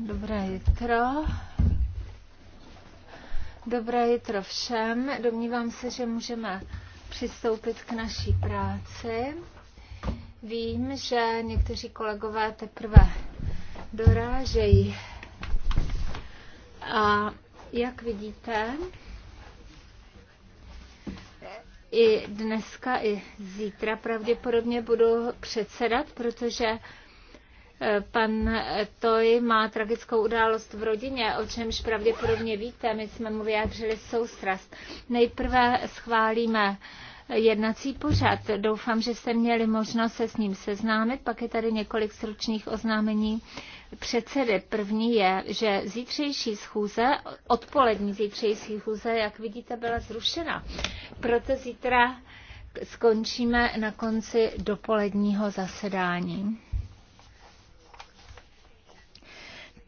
Dobré jitro. Dobré jitro všem. Domnívám se, že můžeme přistoupit k naší práci. Vím, že někteří kolegové teprve dorážejí. A jak vidíte, i dneska, i zítra pravděpodobně budu předsedat, protože eh, pan Toj má tragickou událost v rodině, o čemž pravděpodobně víte, my jsme mu vyjádřili soustrast. Nejprve schválíme jednací pořad. Doufám, že jste měli možnost se s ním seznámit, pak je tady několik stručných oznámení předsedy. První je, že zítřejší schůze, odpolední zítřejší schůze, jak vidíte, byla zrušena. Proto zítra skončíme na konci dopoledního zasedání.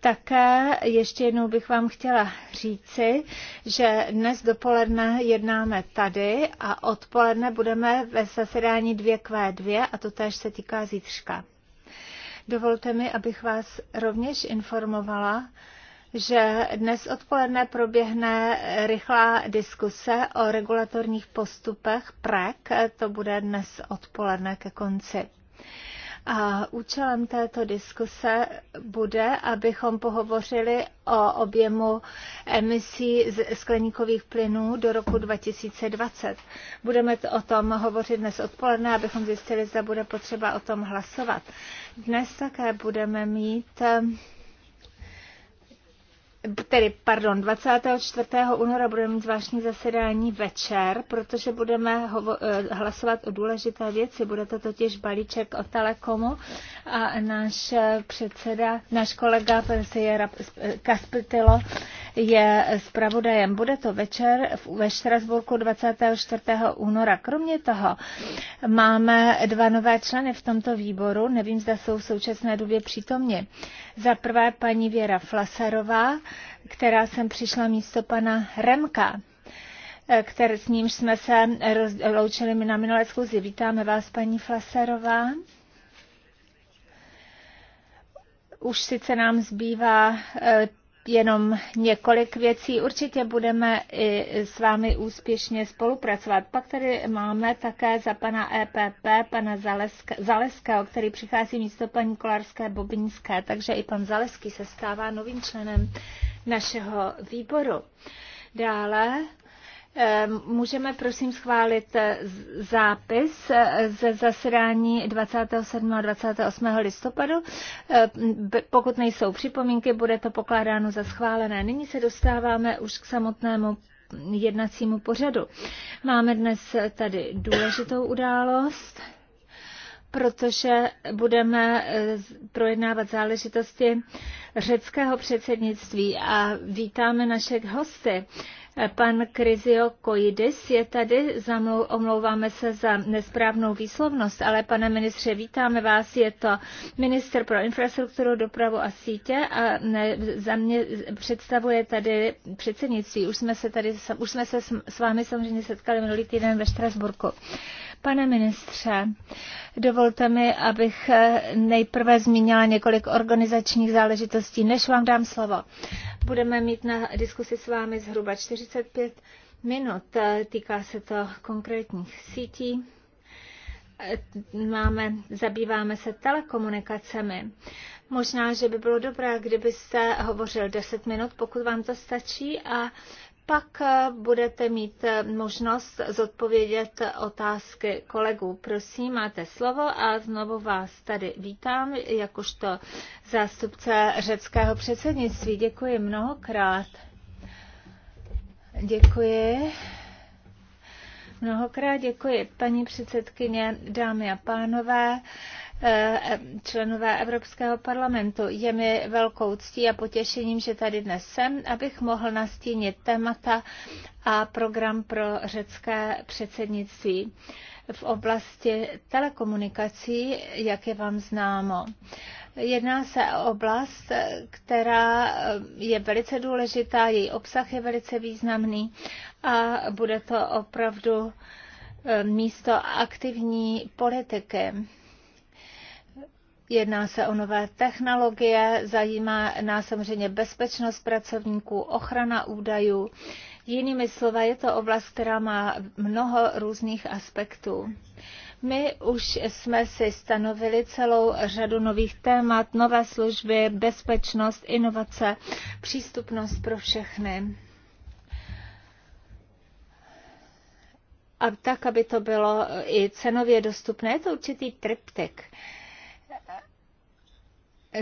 Také ještě jednou bych vám chtěla říci, že dnes dopoledne jednáme tady a odpoledne budeme ve zasedání 2Q2 a to tež se týká zítřka. Dovolte mi, abych vás rovněž informovala, že dnes odpoledne proběhne rychlá diskuse o regulatorních postupech PREK. To bude dnes odpoledne ke konci. A účelem této diskuse bude, abychom pohovořili o objemu emisí z skleníkových plynů do roku 2020. Budeme o tom hovořit dnes odpoledne, abychom zjistili, zda bude potřeba o tom hlasovat. Dnes také budeme mít eh, tedy pardon, 24. února budeme mít zvláštní zasedání večer, protože budeme eh, hlasovat o důležité věci. Bude to totiž balíček o Telekomu a náš eh, předseda, náš kolega eh, Kaspitilo je zpravodajem. Bude to večer ve Štrasburku 24. února. Kromě toho máme dva nové členy v tomto výboru. Nevím, zda jsou v současné době přítomni. Za prvé paní Věra Flasarová, která jsem přišla místo pana Remka eh, který, s nímž jsme se rozloučili na minulé schůzi. Vítáme vás, paní Flaserová. Už sice nám zbývá eh, jenom několik věcí. Určitě budeme i s vámi úspěšně spolupracovat. Pak tady máme také za pana EPP, pana Zaleska, Zaleského, který přichází místo paní Kolarské Bobinské, takže i pan Zaleský se stává novým členem našeho výboru. Dále Eh, můžeme prosím schválit eh, zápis eh, ze zasedání 27. a 28. listopadu. Pokud nejsou připomínky, bude to pokládáno za schválené. Nyní se dostáváme už k samotnému jednacímu pořadu. Máme dnes tady důležitou událost, protože budeme projednávat záležitosti řeckého předsednictví a vítáme naše hosty. Pan Krizio Koidis je tady, omlouváme se za nesprávnou výslovnost, ale pane ministře, vítáme vás, je to minister pro infrastrukturu, dopravu a sítě a ne, za mě představuje tady předsednictví. Už jsme se, tady, už jsme se s, s vámi samozřejmě setkali minulý týden ve Štrasburku. Pane ministře, dovolte mi, abych eh, nejprve zmínila několik organizačních záležitostí, než vám dám slovo. Budeme mít na diskusi s vámi zhruba 45 minut. Eh, týká se to konkrétních sítí. Eh, máme, zabýváme se telekomunikacemi. Možná, že by bylo dobré, kdybyste hovořil 10 minut, pokud vám to stačí, a pak eh, budete mít eh, možnost zodpovědět otázky kolegů. Prosím, máte slovo a znovu vás tady vítám jakožto zástupce řeckého předsednictví. Děkuji mnohokrát. Děkuji. Mnohokrát děkuji, paní předsedkyně, dámy a pánové. Eh, členové Evropského parlamentu. Je mi velkou ctí a potěšením, že tady dnes jsem, abych mohl nastínit témata a program pro řecké předsednictví v oblasti telekomunikací, jak je vám známo. Jedná se o oblast, která je velice důležitá, její obsah je velice významný a bude to opravdu eh, místo aktivní politiky Jedná se o nové technologie, zajímá nás samozřejmě bezpečnost pracovníků, ochrana údajů. Jinými slovy, je to oblast, která má mnoho různých aspektů. My už jsme si stanovili celou řadu nových témat, nové služby, bezpečnost, inovace, přístupnost pro všechny. A tak, aby to bylo i cenově dostupné, je to určitý triptyk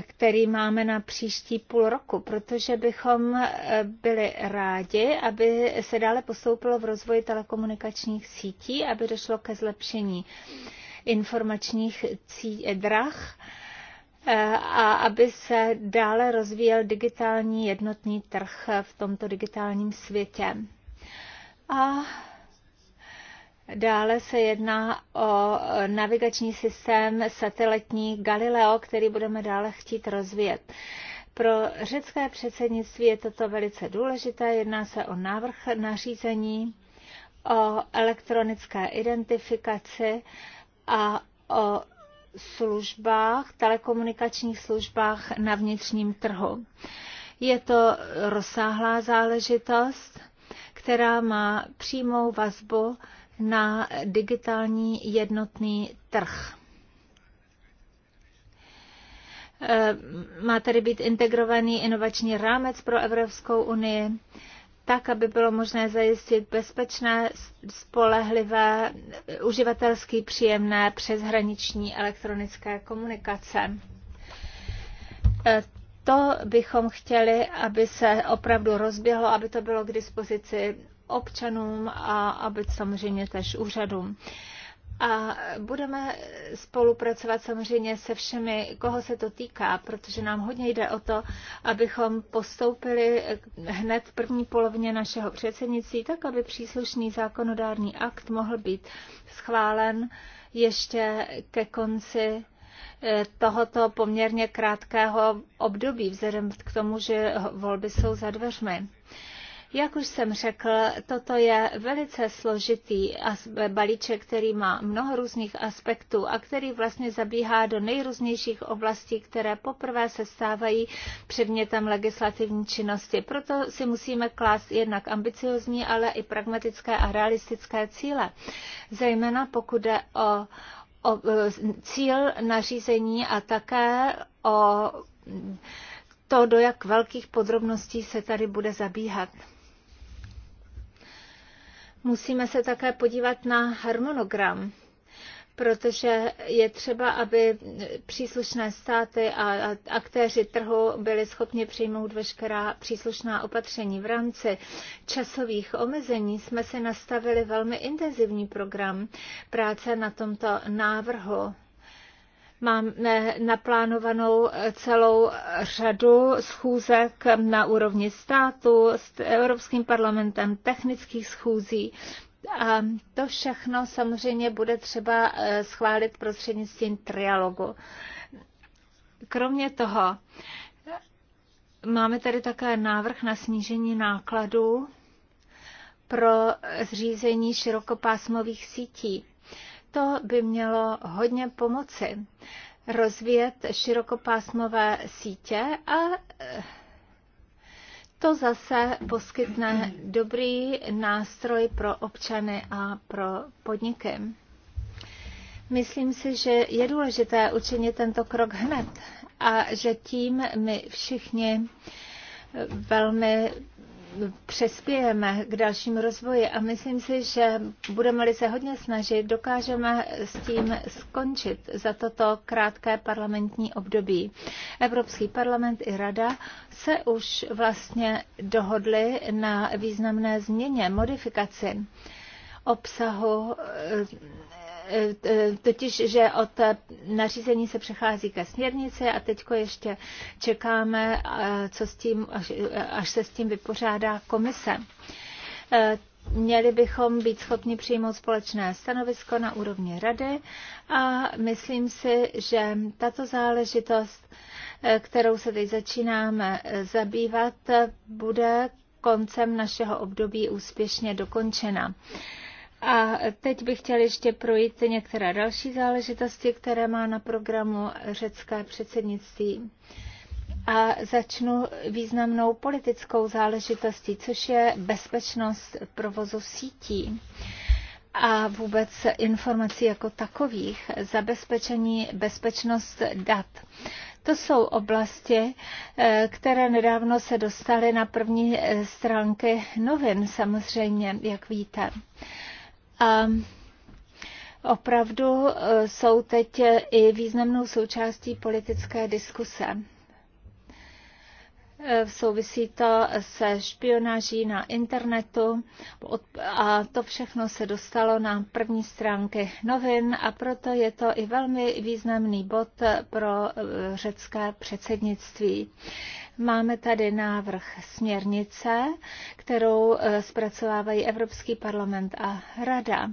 který máme na příští půl roku, protože bychom eh, byli rádi, aby se dále postoupilo v rozvoji telekomunikačních sítí, aby došlo ke zlepšení informačních eh, drah eh, a aby se dále rozvíjel digitální jednotný trh v tomto digitálním světě. A Dále se jedná o navigační systém satelitní Galileo, který budeme dále chtít rozvíjet. Pro řecké předsednictví je toto velice důležité. Jedná se o návrh nařízení, o elektronické identifikaci a o službách, telekomunikačních službách na vnitřním trhu. Je to rozsáhlá záležitost, která má přímou vazbu na digitální jednotný trh. Eh, má tedy být integrovaný inovační rámec pro Evropskou unii, tak, aby bylo možné zajistit bezpečné, spolehlivé, uživatelsky příjemné přeshraniční elektronické komunikace. Eh, to bychom chtěli, aby se opravdu rozběhlo, aby to bylo k dispozici občanům a aby samozřejmě tež úřadům. A budeme spolupracovat samozřejmě se všemi, koho se to týká, protože nám hodně jde o to, abychom postoupili hned v první polovině našeho předsednictví, tak aby příslušný zákonodárný akt mohl být schválen ještě ke konci eh, tohoto poměrně krátkého období, vzhledem k tomu, že volby jsou za dveřmi. Jak už jsem řekl, toto je velice složitý balíček, který má mnoho různých aspektů a který vlastně zabíhá do nejrůznějších oblastí, které poprvé se stávají předmětem legislativní činnosti. Proto si musíme klást jednak ambiciozní, ale i pragmatické a realistické cíle, zejména pokud jde o, o e, cíl nařízení a také o to, do jak velkých podrobností se tady bude zabíhat. Musíme se také podívat na harmonogram protože je třeba, aby příslušné státy a aktéři trhu byli schopni přijmout veškerá příslušná opatření. V rámci časových omezení jsme si nastavili velmi intenzivní program práce na tomto návrhu Máme naplánovanou celou řadu schůzek na úrovni státu s Evropským parlamentem, technických schůzí. A to všechno samozřejmě bude třeba eh, schválit prostřednictvím trialogu. Kromě toho máme tady také návrh na snížení nákladů pro zřízení širokopásmových sítí. To by mělo hodně pomoci rozvíjet širokopásmové sítě a eh, to zase poskytne dobrý nástroj pro občany a pro podniky. Myslím si, že je důležité učinit tento krok hned a že tím my všichni velmi přespějeme k dalšímu rozvoji a myslím si, že budeme-li se hodně snažit, dokážeme s tím skončit za toto krátké parlamentní období. Evropský parlament i rada se už vlastně dohodli na významné změně, modifikaci obsahu totiž, že od nařízení se přechází ke směrnici a teď ještě čekáme, co s tím, až, až se s tím vypořádá komise. Měli bychom být schopni přijmout společné stanovisko na úrovni rady a myslím si, že tato záležitost, kterou se teď začínáme zabývat, bude koncem našeho období úspěšně dokončena. A teď bych chtěl ještě projít některé další záležitosti, které má na programu řecké předsednictví. A začnu významnou politickou záležitostí, což je bezpečnost provozu sítí a vůbec informací jako takových, zabezpečení bezpečnost dat. To jsou oblasti, eh, které nedávno se dostaly na první eh, stránky novin, samozřejmě, jak víte a ehm, opravdu eh, jsou teď eh, i významnou součástí politické diskuse. Eh, souvisí to se špionáží na internetu a to všechno se dostalo na první stránky novin a proto je to i velmi významný bod pro řecké předsednictví. Máme tady návrh směrnice, kterou eh, zpracovávají Evropský parlament a Rada.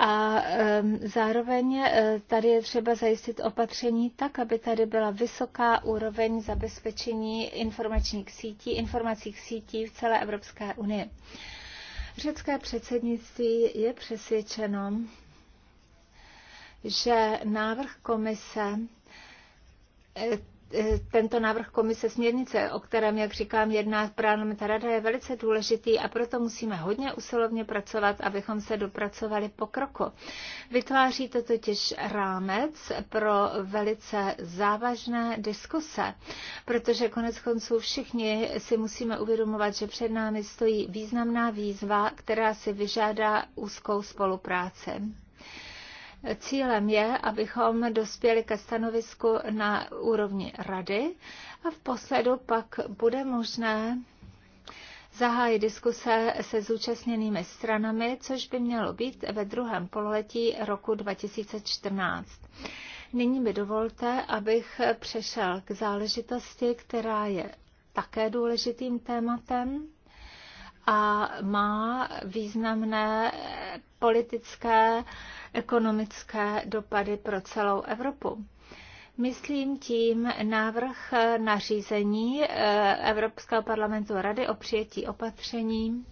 A ehm, zároveň eh, tady je třeba zajistit opatření tak, aby tady byla vysoká úroveň zabezpečení informačních sítí, informacích sítí v celé Evropské unii. Řecké předsednictví je přesvědčeno, že návrh komise eh, E, tento návrh komise směrnice, o kterém, jak říkám, jedná právě rada, je velice důležitý a proto musíme hodně usilovně pracovat, abychom se dopracovali po kroku. Vytváří to totiž rámec pro velice závažné diskuse, protože konec konců všichni si musíme uvědomovat, že před námi stojí významná výzva, která si vyžádá úzkou spolupráci. Cílem je, abychom dospěli ke stanovisku na úrovni rady a v posledu pak bude možné zahájit diskuse se zúčastněnými stranami, což by mělo být ve druhém pololetí roku 2014. Nyní mi dovolte, abych přešel k záležitosti, která je také důležitým tématem a má významné politické ekonomické dopady pro celou Evropu. Myslím tím návrh nařízení eh, Evropského parlamentu a Rady o přijetí opatření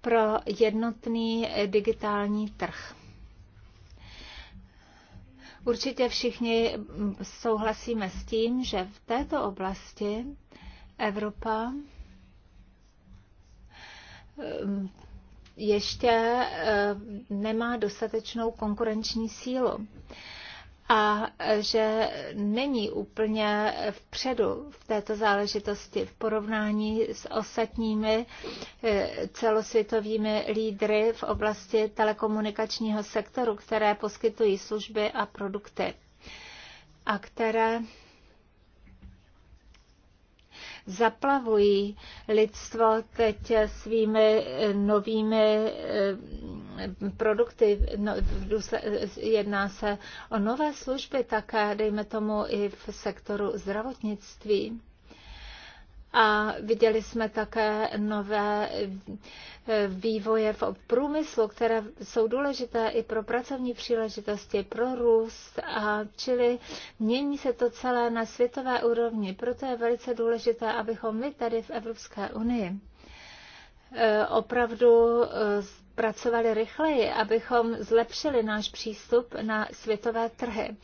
pro jednotný digitální trh. Určitě všichni souhlasíme s tím, že v této oblasti Evropa ještě eh, nemá dostatečnou konkurenční sílu a že není úplně vpředu v této záležitosti v porovnání s ostatními eh, celosvětovými lídry v oblasti telekomunikačního sektoru, které poskytují služby a produkty a které zaplavují lidstvo teď svými eh, novými eh, produkty. No, jedná se o nové služby také, dejme tomu i v sektoru zdravotnictví a viděli jsme také nové eh, vývoje v průmyslu, které jsou důležité i pro pracovní příležitosti, pro růst, a čili mění se to celé na světové úrovni. Proto je velice důležité, abychom my tady v Evropské unii Eh, opravdu eh, pracovali rychleji, abychom zlepšili náš přístup na světové trhy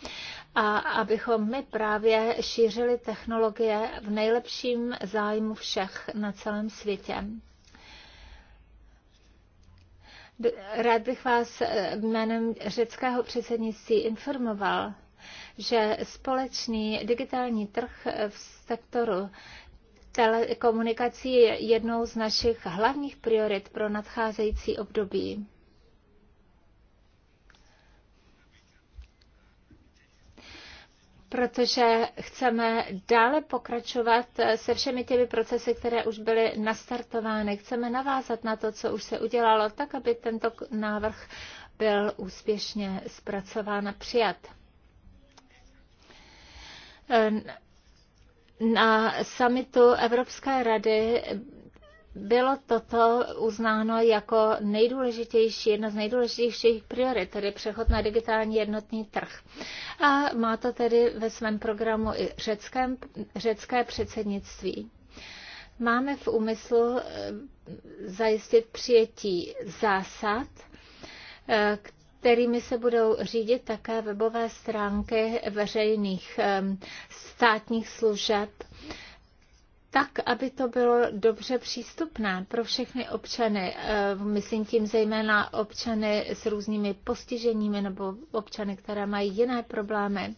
a abychom my právě šířili technologie v nejlepším zájmu všech na celém světě. Rád bych vás eh, jménem řeckého předsednictví informoval, že společný digitální trh v sektoru telekomunikací je jednou z našich hlavních priorit pro nadcházející období. protože chceme dále pokračovat se všemi těmi procesy, které už byly nastartovány. Chceme navázat na to, co už se udělalo, tak, aby tento návrh byl úspěšně zpracován a přijat. Na summitu Evropské rady bylo toto uznáno jako nejdůležitější, jedna z nejdůležitějších priorit, tedy přechod na digitální jednotný trh. A má to tedy ve svém programu i Řecké řecké předsednictví. Máme v úmyslu eh, zajistit přijetí zásad, eh, kterými se budou řídit také webové stránky veřejných státních služeb tak, aby to bylo dobře přístupné pro všechny občany. Myslím tím zejména občany s různými postiženími nebo občany, které mají jiné problémy.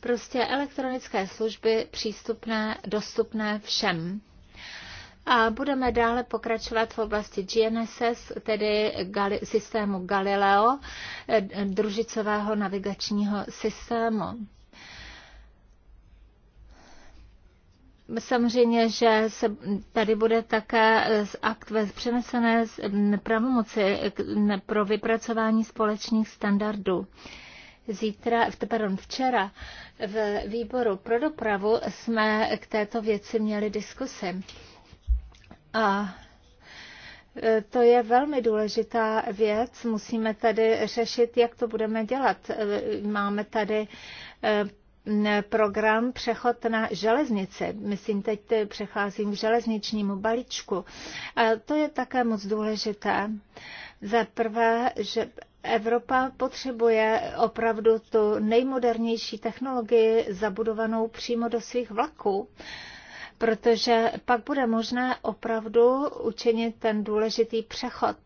Prostě elektronické služby přístupné, dostupné všem. A budeme dále pokračovat v oblasti GNSS, tedy systému Galileo, eh, družicového navigačního systému. Samozřejmě, že se tady bude také eh, akt ve přenesené mm, pravomoci mm, pro vypracování společných standardů. Zítra, pardon, včera v výboru pro dopravu jsme k této věci měli diskusi. A e, to je velmi důležitá věc. Musíme tady řešit, jak to budeme dělat. E, máme tady e, program Přechod na železnici. Myslím, teď přecházím k železničnímu balíčku. A to je také moc důležité. Za prvé, že Evropa potřebuje opravdu tu nejmodernější technologii zabudovanou přímo do svých vlaků protože pak bude možné opravdu učinit ten důležitý přechod.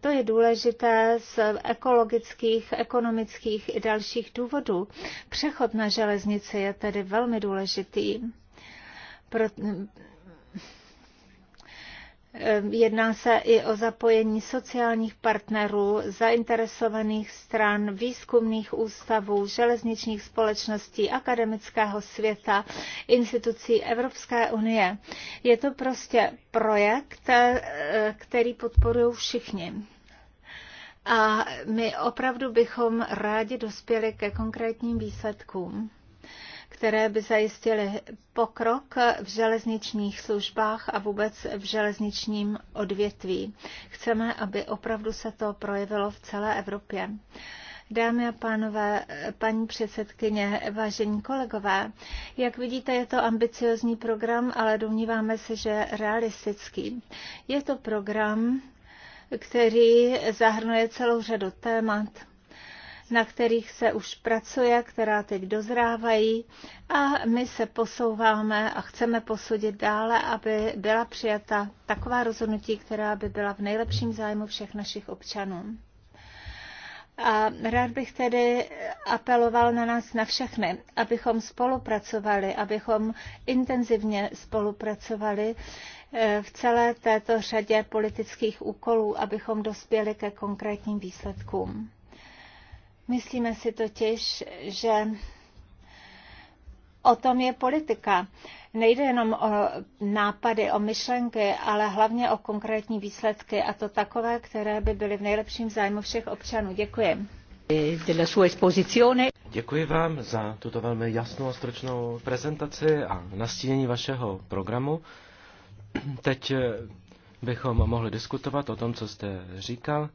To je důležité z ekologických, ekonomických i dalších důvodů. Přechod na železnici je tedy velmi důležitý. Pro, Ehm, jedná se i o zapojení sociálních partnerů, zainteresovaných stran, výzkumných ústavů, železničních společností, akademického světa, institucí Evropské unie. Je to prostě projekt, eh, který podporují všichni. A my opravdu bychom rádi dospěli ke konkrétním výsledkům které by zajistily pokrok v železničních službách a vůbec v železničním odvětví. Chceme, aby opravdu se to projevilo v celé Evropě. Dámy a pánové, paní předsedkyně, vážení kolegové, jak vidíte, je to ambiciozní program, ale domníváme se, že realistický. Je to program, který zahrnuje celou řadu témat, na kterých se už pracuje, která teď dozrávají a my se posouváme a chceme posudit dále, aby byla přijata taková rozhodnutí, která by byla v nejlepším zájmu všech našich občanů. A rád bych tedy apeloval na nás, na všechny, abychom spolupracovali, abychom intenzivně spolupracovali eh, v celé této řadě politických úkolů, abychom dospěli ke konkrétním výsledkům. Myslíme si totiž, že o tom je politika. Nejde jenom o nápady, o myšlenky, ale hlavně o konkrétní výsledky a to takové, které by byly v nejlepším zájmu všech občanů. Děkuji. Děkuji vám za tuto velmi jasnou a stručnou prezentaci a nastínění vašeho programu. Teď bychom mohli diskutovat o tom, co jste říkal.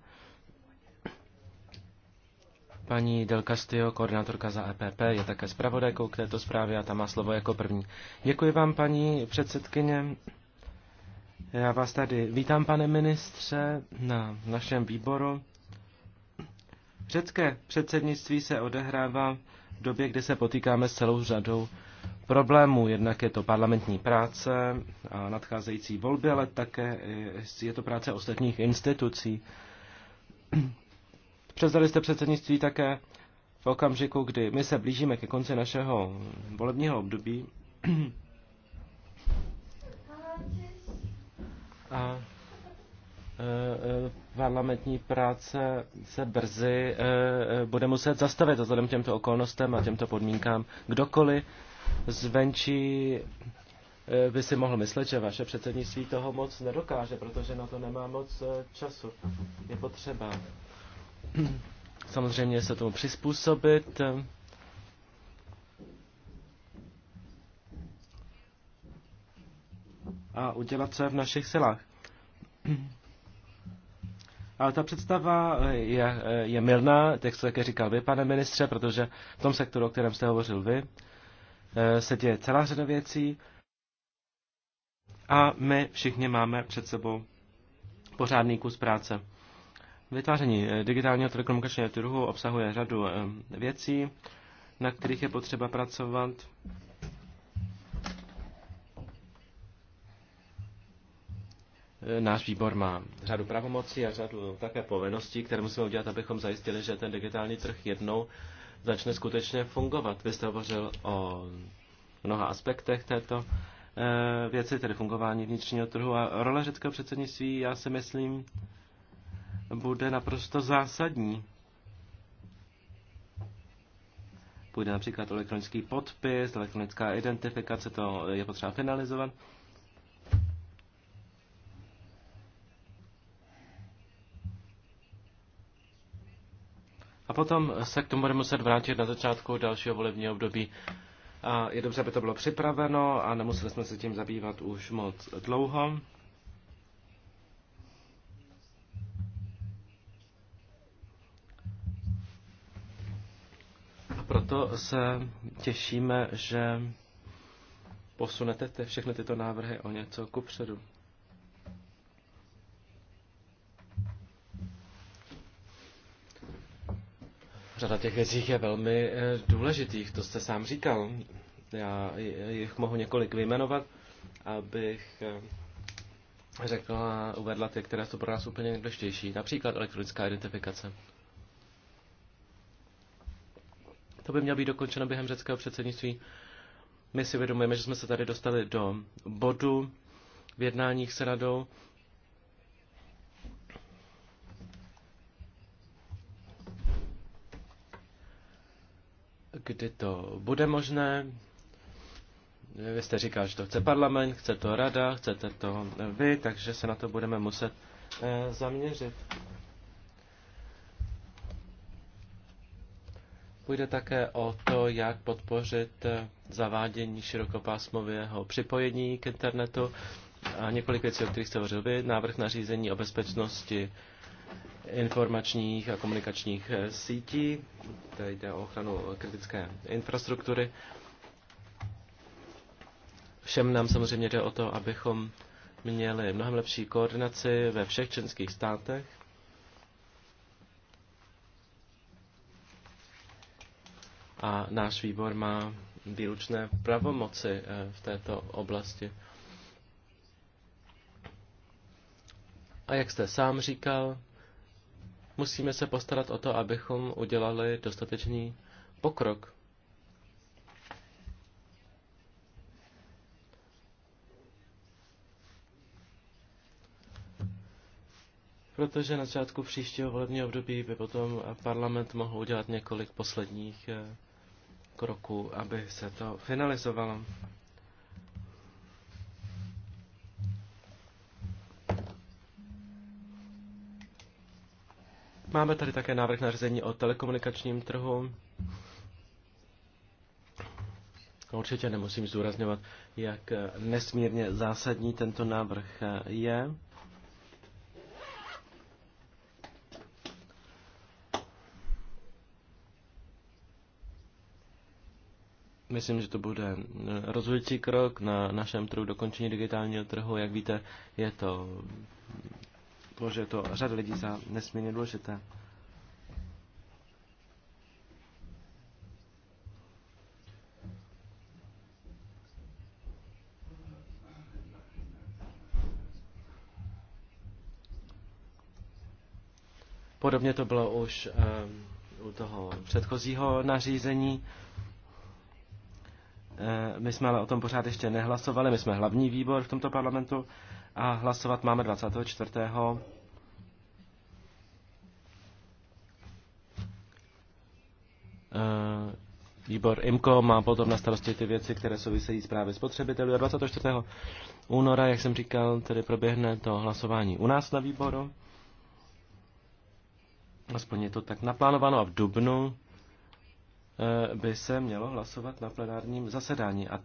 Paní Del Castillo, koordinátorka za EPP, je také zpravodajkou k této zprávě a ta má slovo jako první. Děkuji vám, paní předsedkyně. Já vás tady vítám, pane ministře, na našem výboru. Řecké předsednictví se odehrává v době, kdy se potýkáme s celou řadou problémů. Jednak je to parlamentní práce a nadcházející volby, ale také je to práce ostatních institucí. Převzali jste předsednictví také v okamžiku, kdy my se blížíme ke konci našeho volebního období. A e, e, parlamentní práce se brzy e, bude muset zastavit vzhledem těmto okolnostem a těmto podmínkám. Kdokoliv zvenčí by si mohl myslet, že vaše předsednictví toho moc nedokáže, protože na to nemá moc času. Je potřeba samozřejmě se tomu přizpůsobit. A udělat, co je v našich silách. Ale ta představa je, je milná, jak jste také říkal vy, pane ministře, protože v tom sektoru, o kterém jste hovořil vy, se děje celá řada věcí a my všichni máme před sebou pořádný kus práce. Vytváření eh, digitálního telekomunikačního trhu obsahuje řadu eh, věcí, na kterých je potřeba pracovat. Eh, náš výbor má řadu pravomocí a řadu také povinností, které musíme udělat, abychom zajistili, že ten digitální trh jednou začne skutečně fungovat. Vy jste hovořil o mnoha aspektech této věci, tedy fungování vnitřního trhu a role řeckého předsednictví, já si myslím, bude naprosto zásadní. Půjde například elektronický podpis, elektronická identifikace, to je potřeba finalizovat. A potom se k tomu budeme muset vrátit na začátku dalšího volebního období. A je dobře, aby to bylo připraveno a nemuseli jsme se tím zabývat už moc dlouho. proto se těšíme, že posunete ty všechny tyto návrhy o něco kupředu. Řada těch věcí je velmi eh, důležitých, to jste sám říkal. Já jich mohu několik vyjmenovat, abych eh, řekla, uvedla ty, které jsou pro nás úplně nejdůležitější. Například elektronická identifikace. To by mělo být dokončeno během řeckého předsednictví. My si vědomujeme, že jsme se tady dostali do bodu v jednáních s radou. Kdy to bude možné? Vy jste říkal, že to chce parlament, chce to rada, chcete to vy, takže se na to budeme muset eh, zaměřit. Půjde také o to, jak podpořit zavádění širokopásmového připojení k internetu a několik věcí, o kterých jste hovořil vy. Návrh na řízení o bezpečnosti informačních a komunikačních sítí. Tady jde o ochranu kritické infrastruktury. Všem nám samozřejmě jde o to, abychom měli mnohem lepší koordinaci ve všech členských státech a náš výbor má výlučné pravomoci eh, v této oblasti. A jak jste sám říkal, musíme se postarat o to, abychom udělali dostatečný pokrok. Protože na začátku příštího volebního období by potom parlament mohl udělat několik posledních eh, kroku, aby se to finalizovalo. Máme tady také návrh na řízení o telekomunikačním trhu. Určitě nemusím zdůrazňovat, jak nesmírně zásadní tento návrh je. Myslím, že to bude eh, rozhodující krok na našem trhu dokončení digitálního trhu. Jak víte, je to, považuje to řada lidí za nesmírně důležité. Podobně to bylo už um, u toho předchozího nařízení. Eh, my jsme ale o tom pořád ještě nehlasovali, my jsme hlavní výbor v tomto parlamentu a hlasovat máme 24. Eh, výbor IMCO má potom na starosti ty věci, které souvisejí s právě spotřebitelů. A 24. února, jak jsem říkal, tedy proběhne to hlasování u nás na výboru. Aspoň je to tak naplánováno a v Dubnu Eh, by se mělo hlasovat na plenárním zasedání. A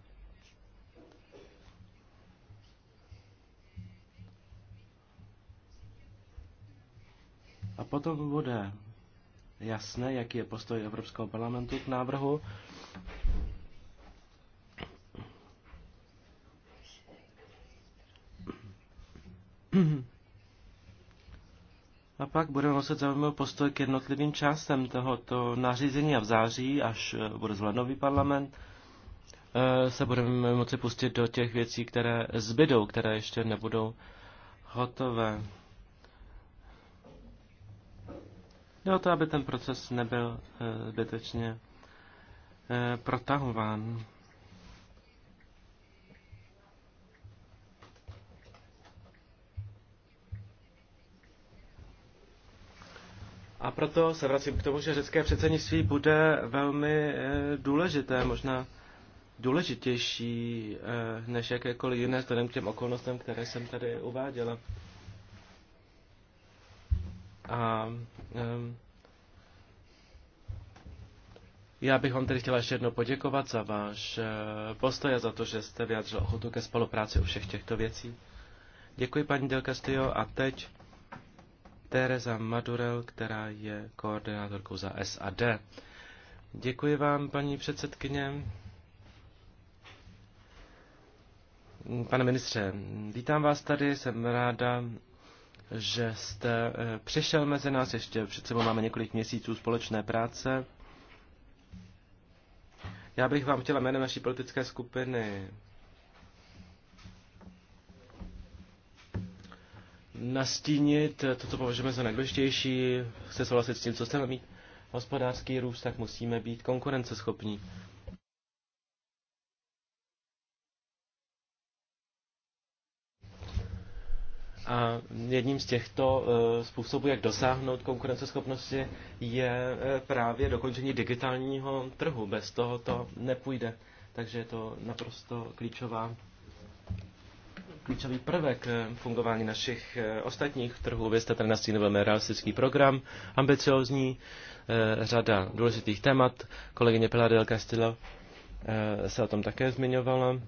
A potom bude jasné, jaký je postoj Evropského parlamentu k návrhu. Mm-hmm. A pak budeme muset zaujmout postoj k jednotlivým částem tohoto nařízení a v září, až eh, bude zvolen nový parlament, eh, se budeme moci pustit do těch věcí, které zbydou, které ještě nebudou hotové. Jde o to, aby ten proces nebyl eh, zbytečně protahován. A proto se vracím k tomu, že řecké předsednictví bude velmi eh, důležité, možná důležitější eh, než jakékoliv jiné, vzhledem k těm okolnostem, které jsem tady uváděla. A um, já bych vám tedy chtěla ještě jednou poděkovat za váš eh, postoj a za to, že jste vyjádřil ochotu ke spolupráci u všech těchto věcí. Děkuji, paní Del Castillo, a teď Teresa Madurel, která je koordinátorkou za SAD. Děkuji vám, paní předsedkyně. Pane ministře, vítám vás tady, jsem ráda, že jste eh, přišel mezi nás, ještě před sebou máme několik měsíců společné práce. Já bych vám chtěla jménem naší politické skupiny nastínit, to, co považujeme za nejdůležitější, chce souhlasit s tím, co chceme mít hospodářský růst, tak musíme být konkurenceschopní. A jedním z těchto eh, způsobů, jak dosáhnout konkurenceschopnosti, je eh, právě dokončení digitálního trhu. Bez toho to nepůjde. Takže je to naprosto klíčová klíčový prvek eh, fungování našich eh, ostatních trhů. Vy jste tady nastínovali realistický program, ambiciozní, eh, řada důležitých témat. Kolegyně Pilar del Castillo se o tom také zmiňovala.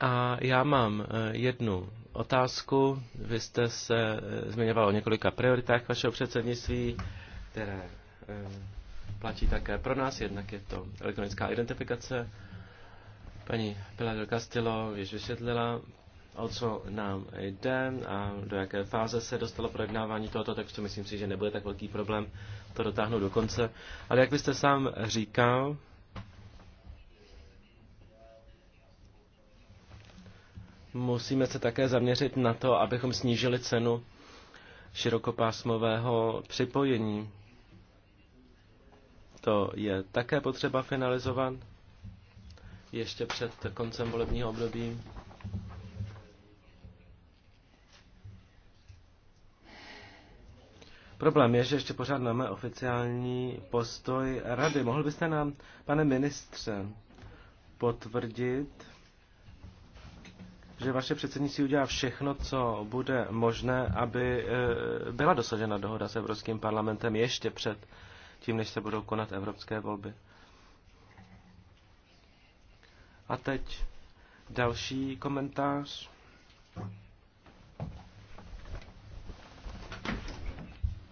A já mám jednu otázku. Vy jste se zmiňoval o několika prioritách vašeho předsednictví, které platí také pro nás, jednak je to elektronická identifikace. Paní Pilar del Castillo již vysvětlila, o co nám jde a do jaké fáze se dostalo projednávání tohoto textu. Myslím si, že nebude tak velký problém to dotáhnout do konce. Ale jak byste sám říkal, musíme se také zaměřit na to, abychom snížili cenu širokopásmového připojení to je také potřeba finalizovat ještě před koncem volebního období. Problém je, že ještě pořád máme oficiální postoj rady. Mohl byste nám, pane ministře, potvrdit, že vaše předsednictví udělá všechno, co bude možné, aby eh, byla dosažena dohoda s Evropským parlamentem ještě před předtím, než se budou konat evropské volby. A teď další komentář.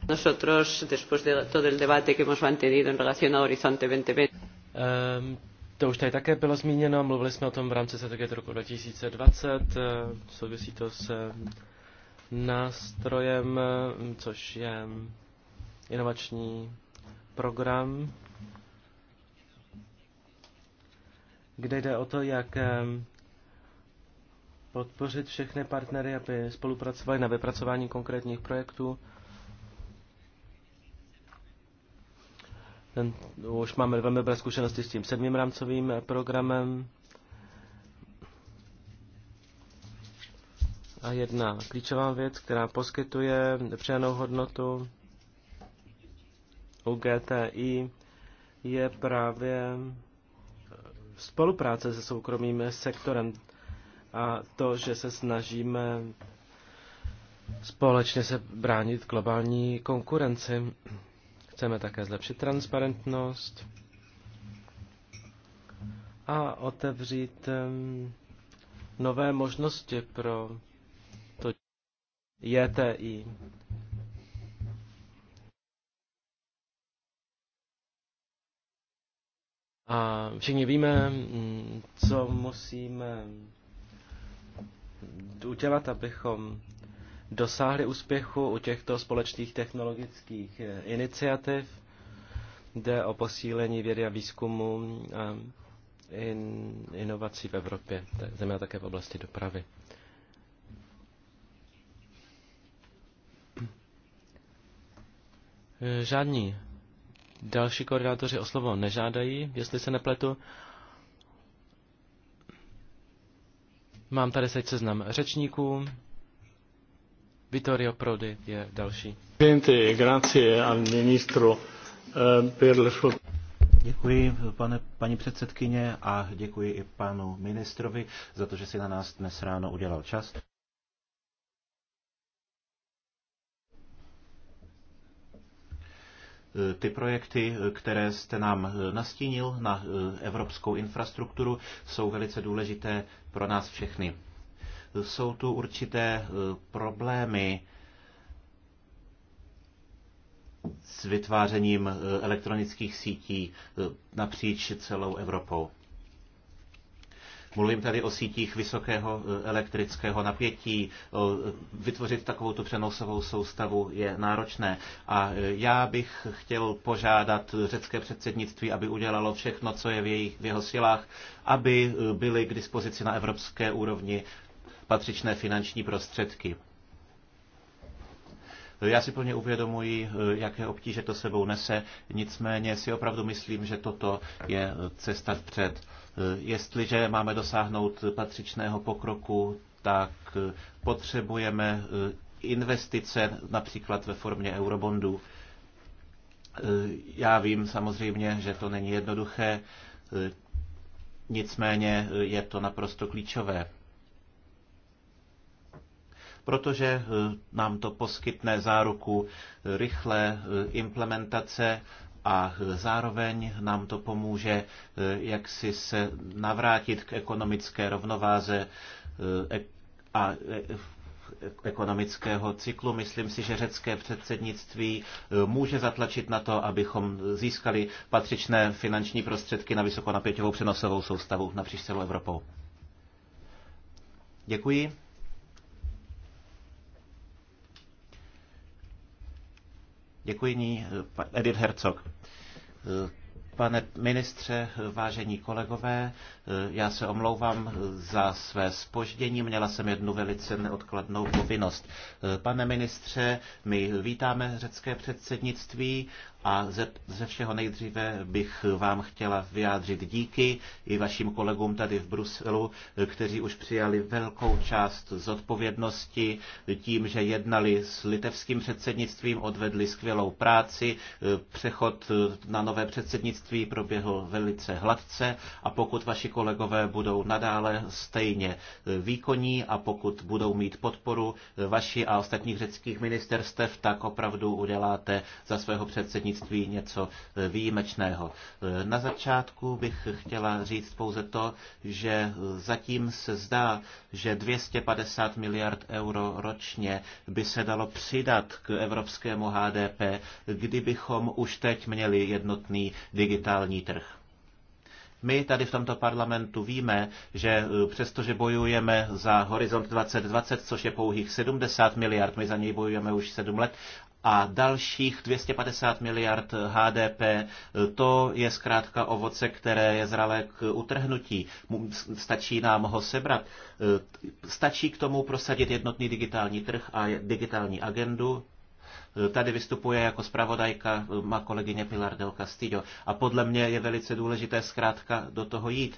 Nosotros, después de todo el debate que hemos mantenido en relación a Horizonte 2020. Um, to už tady také bylo zmíněno, mluvili jsme o tom v rámci strategie roku 2020, eh, souvisí to s nástrojem, eh, což je inovační program, kde jde o to, jak eh, podpořit všechny partnery, aby spolupracovali na vypracování konkrétních projektů. Ten, už máme velmi dobré zkušenosti s tím sedmým rámcovým eh, programem. A jedna klíčová věc, která poskytuje přijanou hodnotu, u GTI je právě spolupráce se soukromým sektorem a to, že se snažíme společně se bránit globální konkurenci. Chceme také zlepšit transparentnost a otevřít nové možnosti pro to JTI. A všichni víme, mm, co musíme udělat, abychom dosáhli úspěchu u těchto společných technologických eh, iniciativ. Jde o posílení vědy a výzkumu a in, inovací v Evropě, zejména také v oblasti dopravy. Eh, žádní Další koordinátoři o slovo nežádají, jestli se nepletu. Mám tady seď seznam řečníků. Vittorio Prodi je další. Eh, děkuji, pane, paní předsedkyně, a děkuji i panu ministrovi za to, že si na nás dnes ráno udělal čas. Eh, ty projekty, eh, které jste nám eh, nastínil na evropskou infrastrukturu, jsou velice důležité pro nás všechny. Jsou tu určité problémy, s vytvářením elektronických sítí napříč celou Evropou. Mluvím tady o sítích vysokého e, elektrického napětí. E, vytvořit takovou tu přenosovou soustavu je náročné. A e, já bych chtěl požádat řecké předsednictví, aby udělalo všechno, co je v, jejich, v jeho silách, aby byly k dispozici na evropské úrovni patřičné finanční prostředky. Já si plně uvědomuji, jaké obtíže to sebou nese, nicméně si opravdu myslím, že toto je cesta vpřed. Eh, jestliže máme dosáhnout patřičného pokroku, tak eh, potřebujeme eh, investice například ve formě eurobondů. Já vím samozřejmě, že to není jednoduché, nicméně je to naprosto klíčové protože nám to poskytne záruku rychlé implementace a zároveň nám to pomůže eh, jak si se navrátit k ekonomické rovnováze eh, a eh, ekonomického cyklu. Myslím si, že řecké předsednictví může zatlačit na to, abychom získali patřičné finanční prostředky na vysokonapěťovou přenosovou soustavu na příští Evropou. Děkuji. Děkuji ní, eh, Edith Herzog. Eh, pane ministře, vážení kolegové, eh, já se omlouvám za své spoždění, měla jsem jednu velice neodkladnou povinnost. Pane ministře, my vítáme řecké předsednictví a ze, ze všeho nejdříve bych vám chtěla vyjádřit díky i vašim kolegům tady v Bruselu, kteří už přijali velkou část zodpovědnosti tím, že jednali s litevským předsednictvím, odvedli skvělou práci, přechod na nové předsednictví proběhl velice hladce a pokud vaši kolegové budou nadále stejně výkonní a pokud budou mít podporu vaši a ostatních řeckých ministerstev, tak opravdu uděláte za svého předsednictví předsednictví něco eh, výjimečného. Eh, na začátku bych chtěla říct pouze to, že eh, zatím se zdá, že 250 miliard euro ročně by se dalo přidat k evropskému HDP, kdybychom už teď měli jednotný digitální trh. My tady v tomto parlamentu víme, že přestože bojujeme za Horizont 2020, což je pouhých 70 miliard, my za něj bojujeme už 7 let, a dalších 250 miliard HDP, to je zkrátka ovoce, které je zralé k utrhnutí. Stačí nám ho sebrat. E, stačí k tomu prosadit jednotný digitální trh a digitální agendu, Tady vystupuje jako zpravodajka má kolegyně Pilar del Castillo a podle mě je velice důležité zkrátka do toho jít.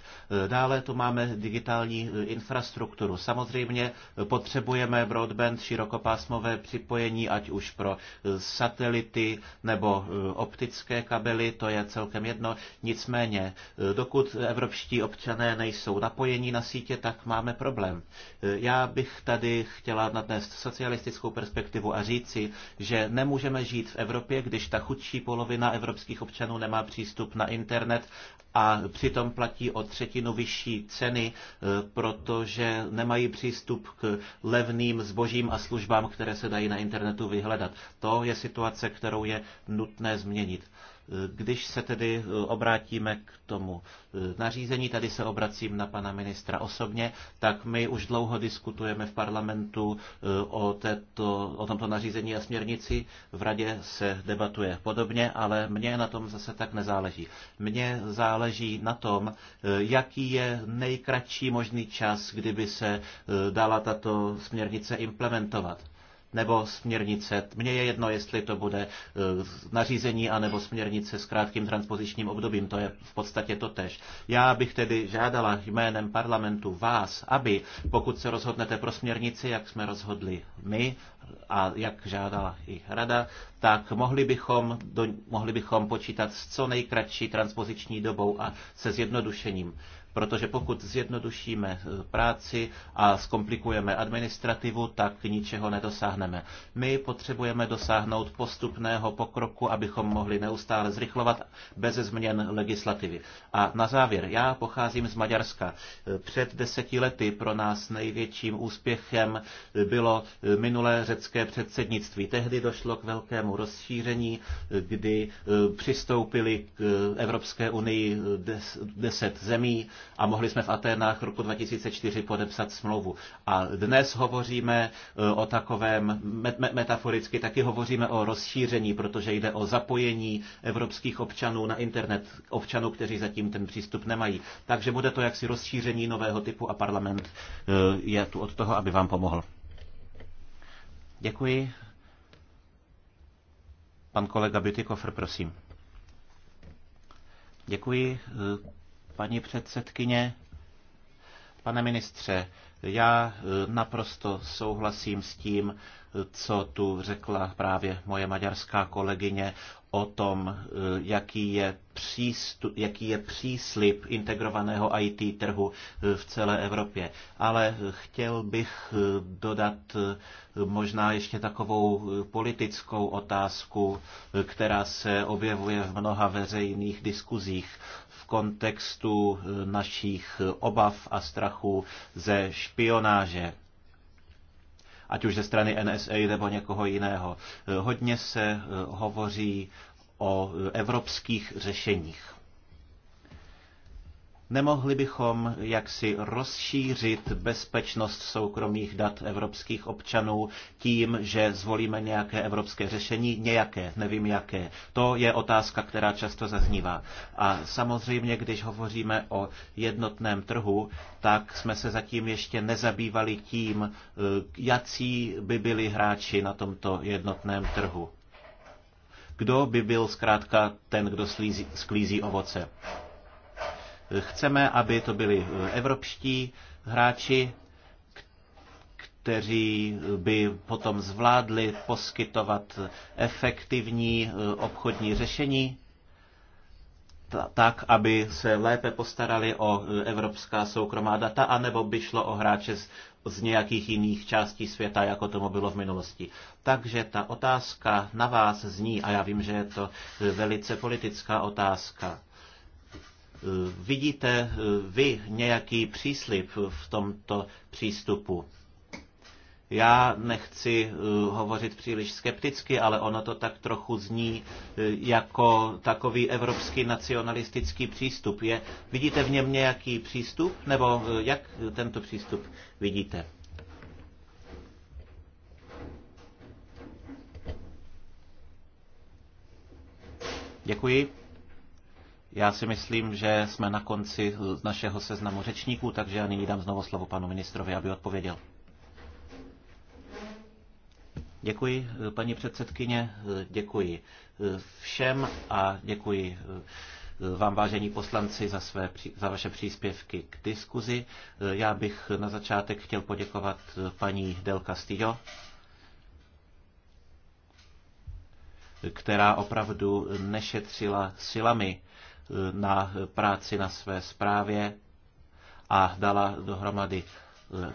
Dále tu máme digitální eh, infrastrukturu. Samozřejmě eh, potřebujeme broadband, širokopásmové připojení, ať už pro eh, satelity nebo optické kabely, to je celkem jedno. Nicméně, dokud evropští občané nejsou napojení na sítě, tak máme problém. Já bych tady chtěla nadnést socialistickou perspektivu a říci, že nemůžeme žít v Evropě, když ta chudší polovina evropských občanů nemá přístup na internet a přitom platí o třetinu vyšší ceny, e, protože nemají přístup k levným zbožím a službám, které se dají na internetu vyhledat. To je situace, kterou je nutné změnit. Když se tedy e, obrátíme k tomu e, nařízení, tady se obracím na pana ministra osobně, tak my už dlouho diskutujeme v parlamentu e, o, této, o tomto nařízení a směrnici. V radě se debatuje podobně, ale mně na tom zase tak nezáleží. Mně záleží na tom, jaký je nejkratší možný čas, kdyby se dala tato směrnice implementovat nebo směrnice. Mně je jedno, jestli to bude e, nařízení anebo směrnice s krátkým transpozičním obdobím, to je v podstatě to tež. Já bych tedy žádala jménem parlamentu vás, aby pokud se rozhodnete pro směrnici, jak jsme rozhodli my a jak žádala i rada, tak mohli bychom, do, mohli bychom počítat s co nejkratší transpoziční dobou a se zjednodušením protože pokud zjednodušíme eh, práci a zkomplikujeme administrativu, tak ničeho nedosáhneme. My potřebujeme dosáhnout postupného pokroku, abychom mohli neustále zrychlovat bez změn legislativy. A na závěr, já pocházím z Maďarska. Eh, před deseti lety pro nás největším úspěchem eh, bylo minulé řecké předsednictví. Tehdy došlo k velkému rozšíření, kdy přistoupili k Evropské unii deset zemí, a mohli jsme v Aténách roku 2004 podepsat smlouvu. A dnes hovoříme eh, o takovém, metaforicky taky hovoříme o rozšíření, protože jde o zapojení evropských občanů na internet, občanů, kteří zatím ten přístup nemají. Takže bude to jaksi rozšíření nového typu a parlament eh, je tu od toho, aby vám pomohl. Děkuji. Pan kolega Bytykofr, prosím. Děkuji. Eh, Paní předsedkyně, pane ministře, já e, naprosto souhlasím s tím, co tu řekla právě moje maďarská kolegyně o tom, e, jaký je, přístup, jaký je příslip integrovaného IT trhu e, v celé Evropě. Ale chtěl bych dodat možná ještě takovou politickou otázku, která se objevuje v mnoha veřejných diskuzích v kontextu e, našich e, obav a strachu ze špionáže ať už ze strany NSA nebo někoho jiného. E, hodně se hovoří o evropských řešeních. Nemohli bychom jaksi rozšířit bezpečnost soukromých dat evropských občanů tím, že zvolíme nějaké evropské řešení, nějaké, nevím jaké. To je otázka, která často zaznívá. A samozřejmě, když hovoříme o jednotném trhu, tak jsme se zatím ještě nezabývali tím, eh, jací by byli hráči na tomto jednotném trhu. Kdo by byl zkrátka ten, kdo sklízí, sklízí ovoce. Chceme, aby to byli eh, evropští hráči, kteří by potom zvládli poskytovat efektivní eh, obchodní řešení, tak, aby se lépe postarali o eh, evropská soukromá data, anebo by šlo o hráče z, z nějakých jiných částí světa, jako tomu bylo v minulosti. Takže ta otázka na vás zní, a já vím, že je to velice politická otázka, Eh, vidíte eh, vy nějaký příslip v tomto přístupu? Já nechci eh, hovořit příliš skepticky, ale ono to tak trochu zní jako takový evropský nacionalistický přístup. Je, vidíte v něm nějaký přístup, nebo jak tento přístup vidíte? Děkuji. Já si myslím, že jsme na konci našeho seznamu řečníků, takže já nyní dám znovu slovo panu ministrovi, aby odpověděl. Děkuji, paní předsedkyně, děkuji všem a děkuji vám, vážení poslanci, za, své, za vaše příspěvky k diskuzi. Já bych na začátek chtěl poděkovat paní Del Castillo, která opravdu nešetřila silami na práci na své zprávě a dala dohromady e,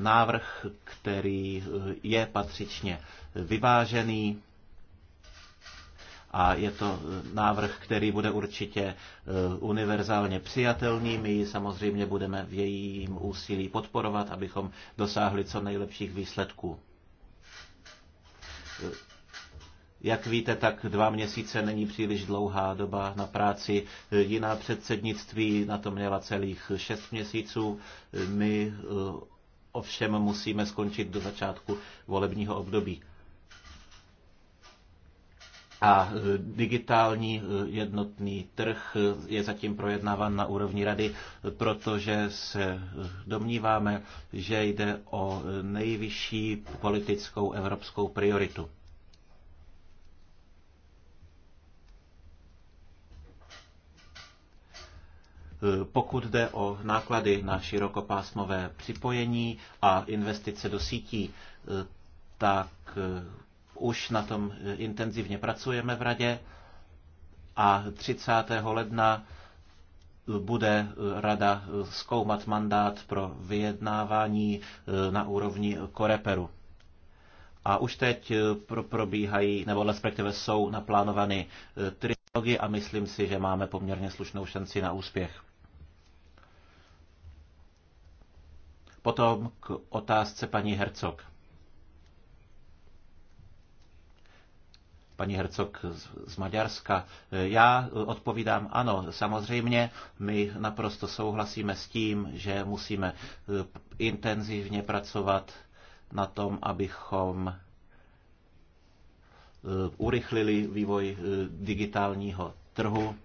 návrh, který e, je patřičně vyvážený a je to e, návrh, který bude určitě univerzálně přijatelný. My ji samozřejmě budeme v jejím úsilí podporovat, abychom dosáhli co nejlepších výsledků. Jak víte, tak dva měsíce není příliš dlouhá doba na práci. Jiná předsednictví na to měla celých šest měsíců. My eh, ovšem musíme skončit do začátku volebního období. A eh, digitální eh, jednotný trh je zatím projednáván na úrovni rady, protože se domníváme, že jde o nejvyšší politickou evropskou prioritu. Pokud jde o náklady na širokopásmové připojení a investice do sítí, eh, tak eh, už na tom eh, intenzivně pracujeme v radě a 30. ledna bude rada zkoumat mandát pro vyjednávání na úrovni koreperu. A už teď probíhají, nebo respektive jsou naplánovány trilogy a myslím si, že máme poměrně slušnou šanci na úspěch. Potom k otázce paní Hercog. paní Hercog z Maďarska. Já odpovídám ano, samozřejmě my naprosto souhlasíme s tím, že musíme eh, intenzivně pracovat na tom, abychom eh, urychlili vývoj eh, digitálního trhu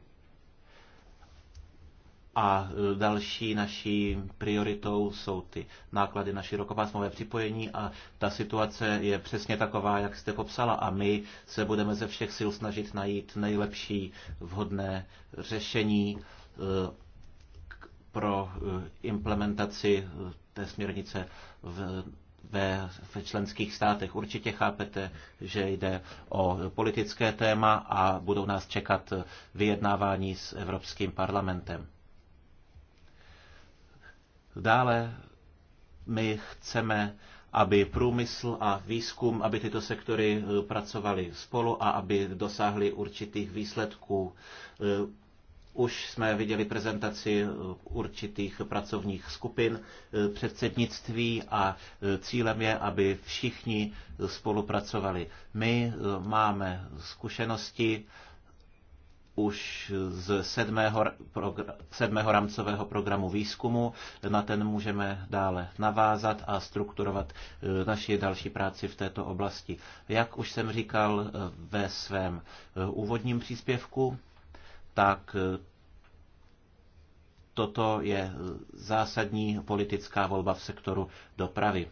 a e, další naší prioritou jsou ty náklady na širokopásmové připojení a ta situace je přesně taková, jak jste popsala a my se budeme ze všech sil snažit najít nejlepší vhodné řešení e, pro e, implementaci té směrnice v ve, ve členských státech. Určitě chápete, že jde o politické téma a budou nás čekat vyjednávání s Evropským parlamentem. Dále my chceme, aby průmysl a výzkum, aby tyto sektory eh, pracovaly spolu a aby dosáhly určitých výsledků. Eh, už jsme viděli prezentaci eh, určitých pracovních skupin předsednictví a cílem je, aby všichni spolupracovali. My máme zkušenosti už z sedmého, progr- sedmého rámcového programu výzkumu. Na ten můžeme dále navázat a strukturovat eh, naši další práci v této oblasti. Jak už jsem říkal eh, ve svém eh, úvodním příspěvku, tak toto je zásadní politická volba v sektoru dopravy.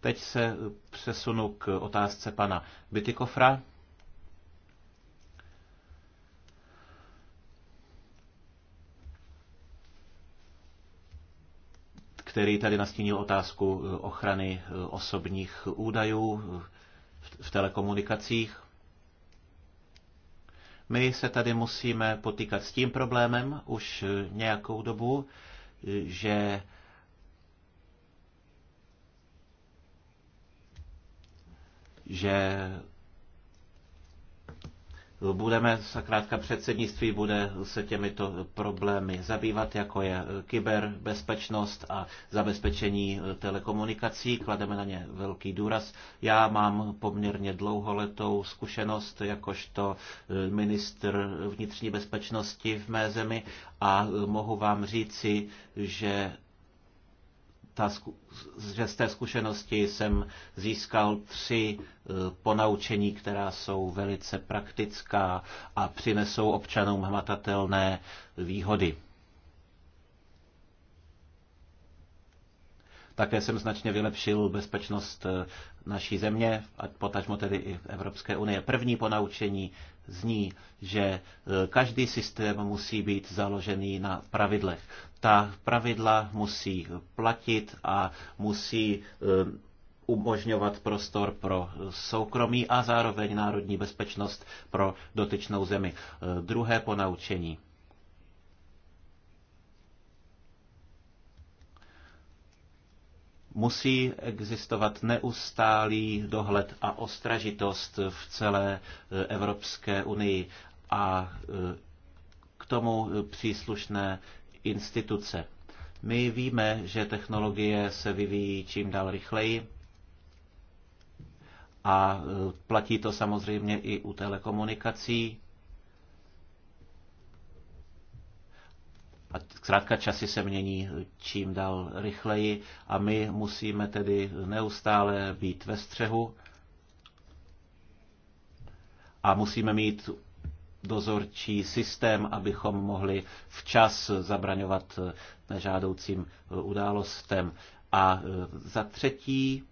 Teď se přesunu k otázce pana Bytykofra. který tady nastínil otázku eh, ochrany eh, osobních údajů v telekomunikacích. My se tady musíme potýkat s tím problémem už eh, nějakou dobu, že že budeme, sakrátka předsednictví bude se těmito problémy zabývat, jako je kyberbezpečnost a zabezpečení telekomunikací. Klademe na ně velký důraz. Já mám poměrně dlouholetou zkušenost jakožto eh, ministr vnitřní bezpečnosti v mé zemi a mohu vám říci, že ta, že z té zkušenosti jsem získal tři eh, ponaučení, která jsou velice praktická a přinesou občanům hmatatelné výhody. Také jsem značně vylepšil bezpečnost eh, naší země, a potažmo tedy i Evropské unie. První ponaučení zní, že eh, každý systém musí být založený na pravidlech ta pravidla musí platit a musí eh, umožňovat prostor pro soukromí a zároveň národní bezpečnost pro dotyčnou zemi. Eh, druhé ponaučení. musí existovat neustálý dohled a ostražitost v celé eh, Evropské unii a k tomu příslušné instituce. My víme, že technologie se vyvíjí čím dál rychleji a e, platí to samozřejmě i u telekomunikací. A zkrátka časy se mění čím dál rychleji a my musíme tedy neustále být ve střehu a musíme mít dozorčí systém, abychom mohli včas zabraňovat nežádoucím událostem. A e, za třetí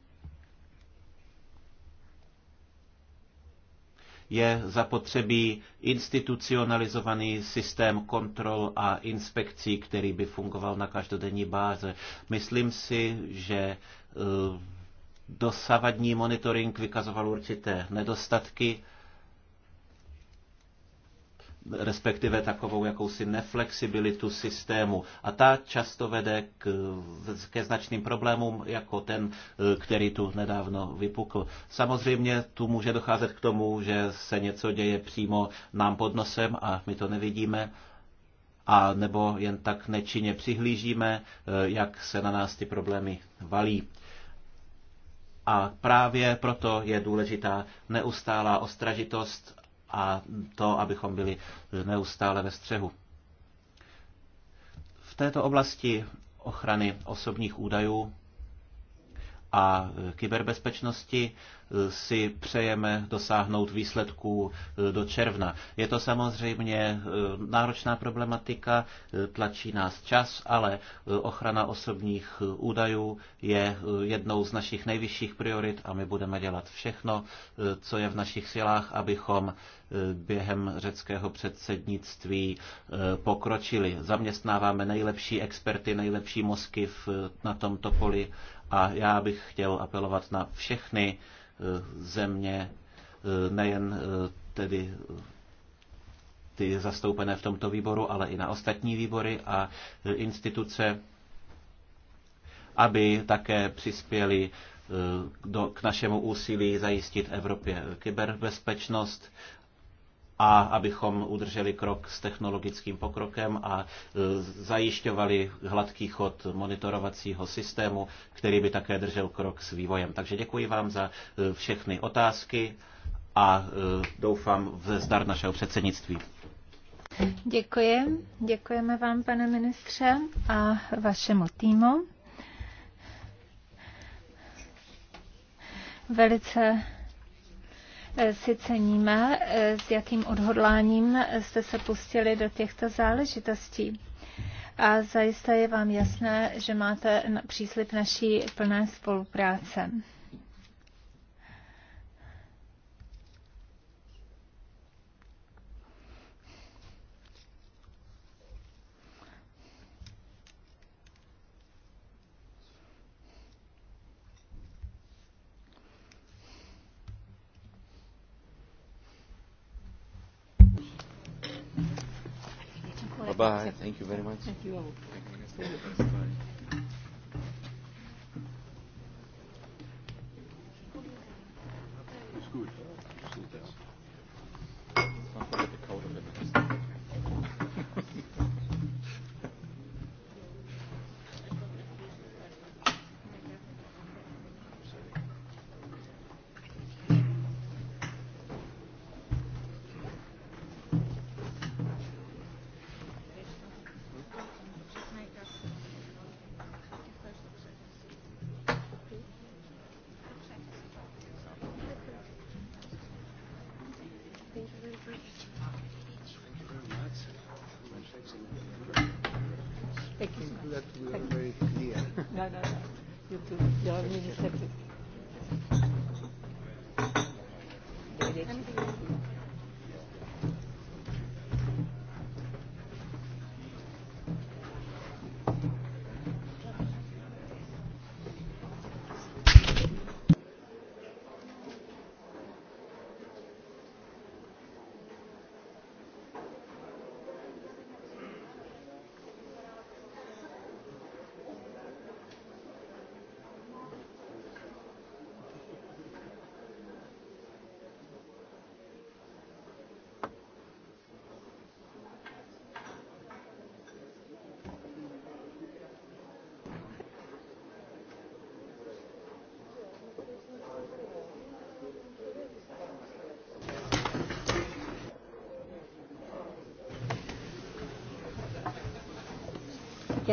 je zapotřebí institucionalizovaný systém kontrol a inspekcí, který by fungoval na každodenní báze. Myslím si, že e, dosavadní monitoring vykazoval určité nedostatky respektive takovou jakousi neflexibilitu systému. A ta často vede k, ke značným problémům, jako ten, který tu nedávno vypukl. Samozřejmě tu může docházet k tomu, že se něco děje přímo nám pod nosem a my to nevidíme, a nebo jen tak nečinně přihlížíme, jak se na nás ty problémy valí. A právě proto je důležitá neustálá ostražitost a to, abychom byli neustále ve střehu. V této oblasti ochrany osobních údajů a kyberbezpečnosti si přejeme dosáhnout výsledků do června. Je to samozřejmě eh, náročná problematika, eh, tlačí nás čas, ale eh, ochrana osobních údajů je jednou z našich nejvyšších priorit a my budeme dělat všechno, co je v našich silách, abychom během řeckého předsednictví pokročili. Zaměstnáváme nejlepší experty, nejlepší mozky na tomto poli a já bych chtěl apelovat na všechny eh, země, eh, nejen eh, tedy ty zastoupené v tomto výboru, ale i na ostatní výbory a instituce, aby také přispěli do, k našemu úsilí zajistit Evropě kyberbezpečnost a abychom udrželi krok s technologickým pokrokem a e, zajišťovali hladký chod monitorovacího systému, který by také držel krok s vývojem. Takže děkuji vám za e, všechny otázky a e, doufám v zdar našeho předsednictví. Děkuji. Děkujeme vám, pane ministře, a vašemu týmu. Velice Eh, si ceníme, eh, s jakým odhodláním jste se pustili do těchto záležitostí. A zajisté je vám jasné, že máte příslip naší plné spolupráce. Bye. Thank you very much. Thank you all.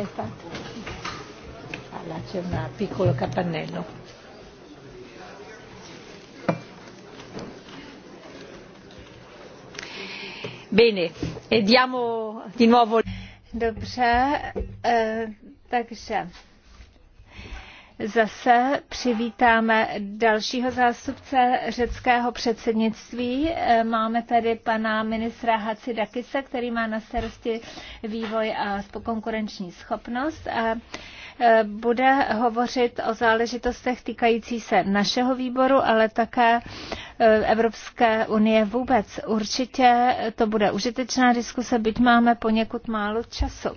che hai fatto? Ah, là c'è un piccolo capannello. Bene, e diamo di nuovo... Dobře, eh, się zase přivítáme dalšího zástupce řeckého předsednictví. Eh, máme tady pana ministra Hacidakisa, který má na starosti vývoj a konkurenční schopnost. A eh, bude hovořit o záležitostech týkající se našeho výboru, ale také eh, Evropské unie vůbec. Určitě to bude užitečná diskuse, byť máme poněkud málo času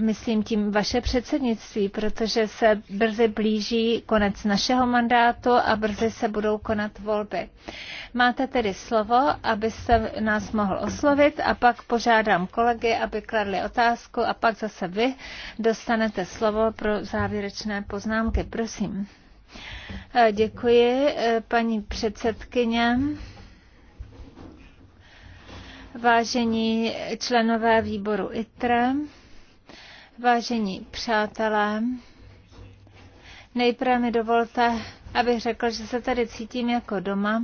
myslím tím vaše předsednictví, protože se brzy blíží konec našeho mandátu a brzy se budou konat volby. Máte tedy slovo, abyste nás mohl oslovit a pak požádám kolegy, aby kladli otázku a pak zase vy dostanete slovo pro závěrečné poznámky. Prosím. E, děkuji, e, paní předsedkyně. Vážení členové výboru ITRE, Vážení přátelé, nejprve mi dovolte, abych řekl, že se tady cítím jako doma,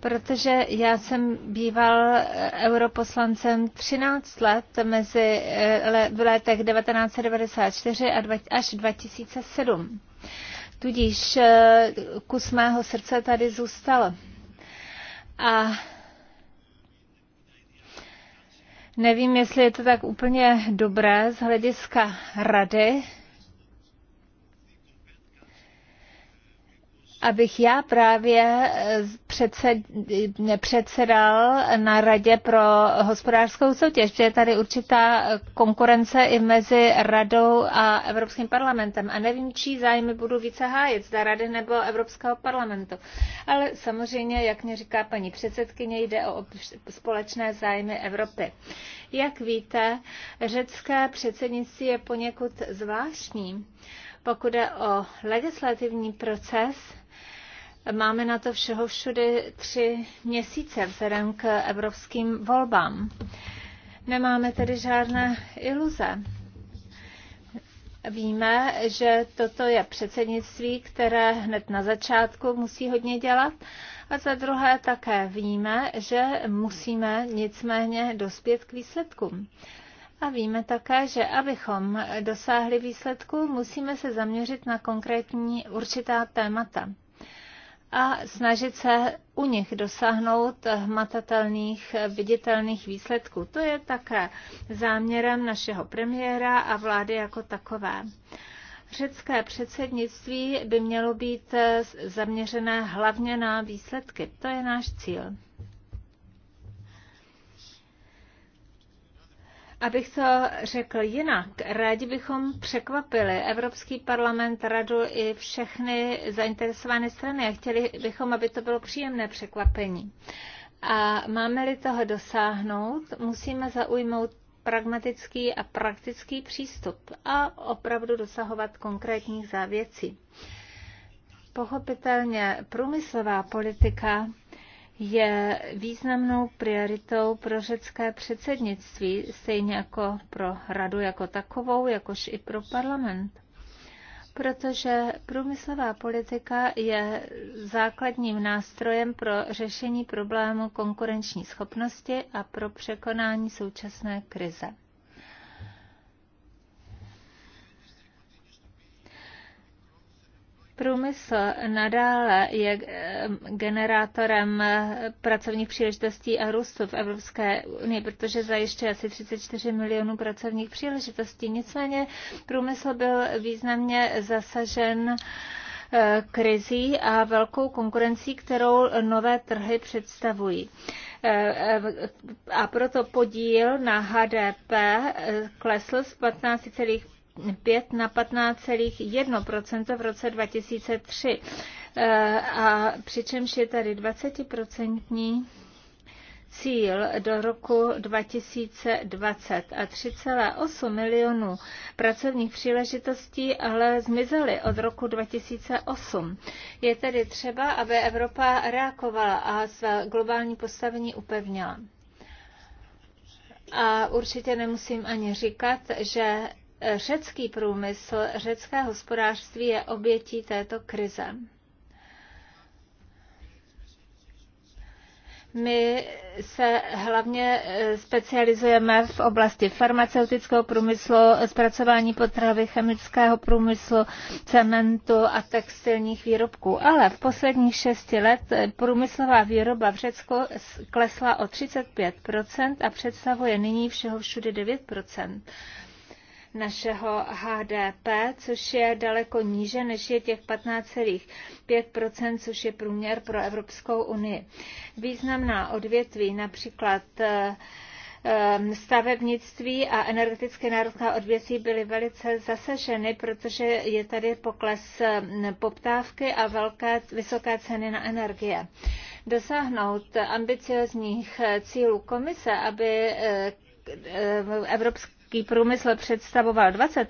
protože já jsem býval eh, europoslancem 13 let mezi eh, v letech 1994 až 2007. Tudíž eh, kus mého srdce tady zůstal. A Nevím, jestli je to tak úplně dobré z hlediska rady, abych já právě eh, předsed, předsedal na Radě pro hospodářskou soutěž, že je tady určitá eh, konkurence i mezi Radou a Evropským parlamentem. A nevím, čí zájmy budu více hájet, zda Rady nebo Evropského parlamentu. Ale samozřejmě, jak mě říká paní předsedkyně, jde o společné zájmy Evropy. Jak víte, řecké předsednictví je poněkud zvláštní pokud je o legislativní proces, Máme na to všeho všude tři měsíce vzhledem k evropským volbám. Nemáme tedy žádné iluze. Víme, že toto je předsednictví, které hned na začátku musí hodně dělat. A za druhé také víme, že musíme nicméně dospět k výsledkům. A víme také, že abychom dosáhli výsledku, musíme se zaměřit na konkrétní určitá témata a snažit se u nich dosáhnout hmatatelných, viditelných výsledků. To je také záměrem našeho premiéra a vlády jako takové. Řecké předsednictví by mělo být zaměřené hlavně na výsledky. To je náš cíl. Abych to řekl jinak, rádi bychom překvapili Evropský parlament, radu i všechny zainteresované strany a chtěli bychom, aby to bylo příjemné překvapení. A máme-li toho dosáhnout, musíme zaujmout pragmatický a praktický přístup a opravdu dosahovat konkrétních závěcí. Pochopitelně průmyslová politika je významnou prioritou pro řecké předsednictví, stejně jako pro radu jako takovou, jakož i pro parlament protože průmyslová politika je základním nástrojem pro řešení problému konkurenční schopnosti a pro překonání současné krize. Průmysl nadále je eh, generátorem eh, pracovních příležitostí a růstu v Evropské unii, protože zajišťuje asi 34 milionů pracovních příležitostí. Nicméně průmysl byl významně zasažen eh, krizí a velkou konkurencí, kterou nové trhy představují. A proto podíl na HDP klesl z 15,5 5 na 15,1 v roce 2003. Eh, a přičemž je tady 20% cíl do roku 2020 a 3,8 milionů pracovních příležitostí ale zmizely od roku 2008. Je tedy třeba, aby Evropa reagovala a své globální postavení upevnila. A určitě nemusím ani říkat, že řecký průmysl, řecké hospodářství je obětí této krize. My se hlavně eh, specializujeme v oblasti farmaceutického průmyslu, zpracování potravy, chemického průmyslu, cementu a textilních výrobků. Ale v posledních šesti let eh, průmyslová výroba v Řecku klesla o 35% a představuje nyní všeho všude 9% našeho HDP, což je daleko níže, než je těch 15,5%, což je průměr pro Evropskou unii. Významná odvětví, například eh, eh, stavebnictví a energetické národná odvětví byly velice zasaženy, protože je tady pokles eh, poptávky a velké, vysoké ceny na energie. Dosáhnout ambiciozních cílů komise, aby Evropská Český průmysl představoval 20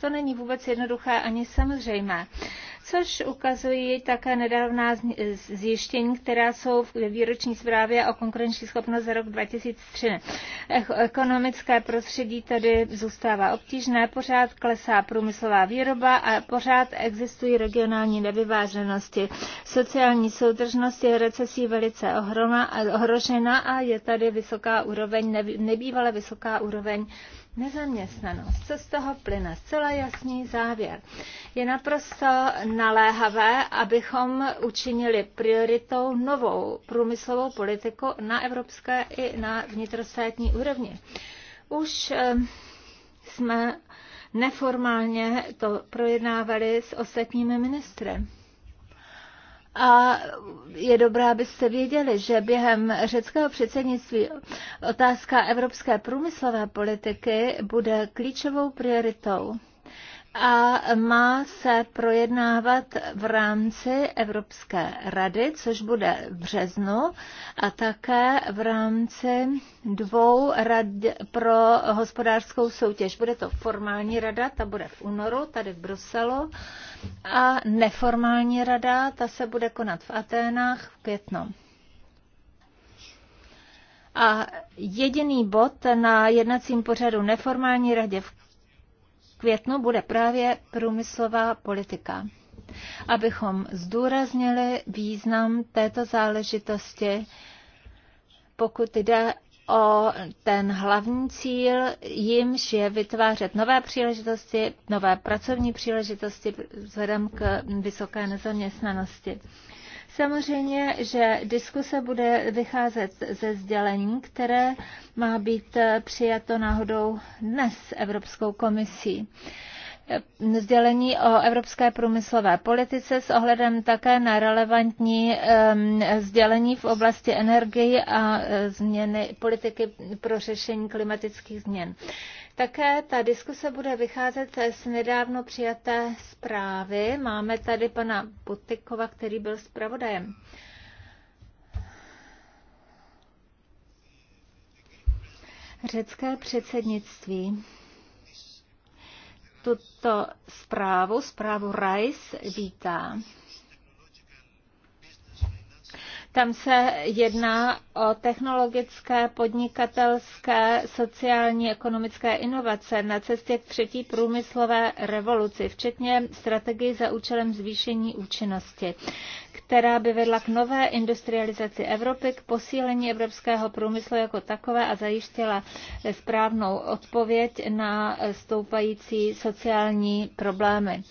to není vůbec jednoduché ani samozřejmé což ukazují také nedávná zjištění, která jsou v výroční zprávě o konkurenční schopnost za rok 2003. Ekonomické prostředí tady zůstává obtížné, pořád klesá průmyslová výroba a pořád existují regionální nevyváženosti. Sociální soudržnost je recesí velice ohroma, ohrožena a je tady vysoká úroveň, nebývale vysoká úroveň nezaměstnanost. Co z toho plyne? Zcela jasný závěr. Je naprosto naléhavé, abychom učinili prioritou novou průmyslovou politiku na evropské i na vnitrostátní úrovni. Už eh, jsme neformálně to projednávali s ostatními ministry. A je dobré, abyste věděli, že během řeckého předsednictví otázka evropské průmyslové politiky bude klíčovou prioritou a má se projednávat v rámci Evropské rady, což bude v březnu, a také v rámci dvou rad pro hospodářskou soutěž. Bude to formální rada, ta bude v únoru tady v Bruselu, a neformální rada, ta se bude konat v Aténách v květnu. A jediný bod na jednacím pořadu neformální radě v květnu bude právě průmyslová politika. Abychom zdůraznili význam této záležitosti, pokud jde o ten hlavní cíl, jimž je vytvářet nové příležitosti, nové pracovní příležitosti vzhledem k vysoké nezaměstnanosti. Samozřejmě, že diskuse bude vycházet ze sdělení, které má být přijato náhodou dnes Evropskou komisí sdělení o evropské průmyslové politice s ohledem také na relevantní sdělení v oblasti energie a e, změny politiky pro řešení klimatických změn. Také ta diskuse bude vycházet z nedávno přijaté zprávy. Máme tady pana Butikova, který byl zpravodajem. Řecké předsednictví tuto zprávu, zprávu RICE, vítá. Tam se jedná o technologické, podnikatelské, sociální, ekonomické inovace na cestě k třetí průmyslové revoluci, včetně strategii za účelem zvýšení účinnosti, která by vedla k nové industrializaci Evropy, k posílení evropského průmyslu jako takové a zajištěla správnou odpověď na stoupající sociální problémy.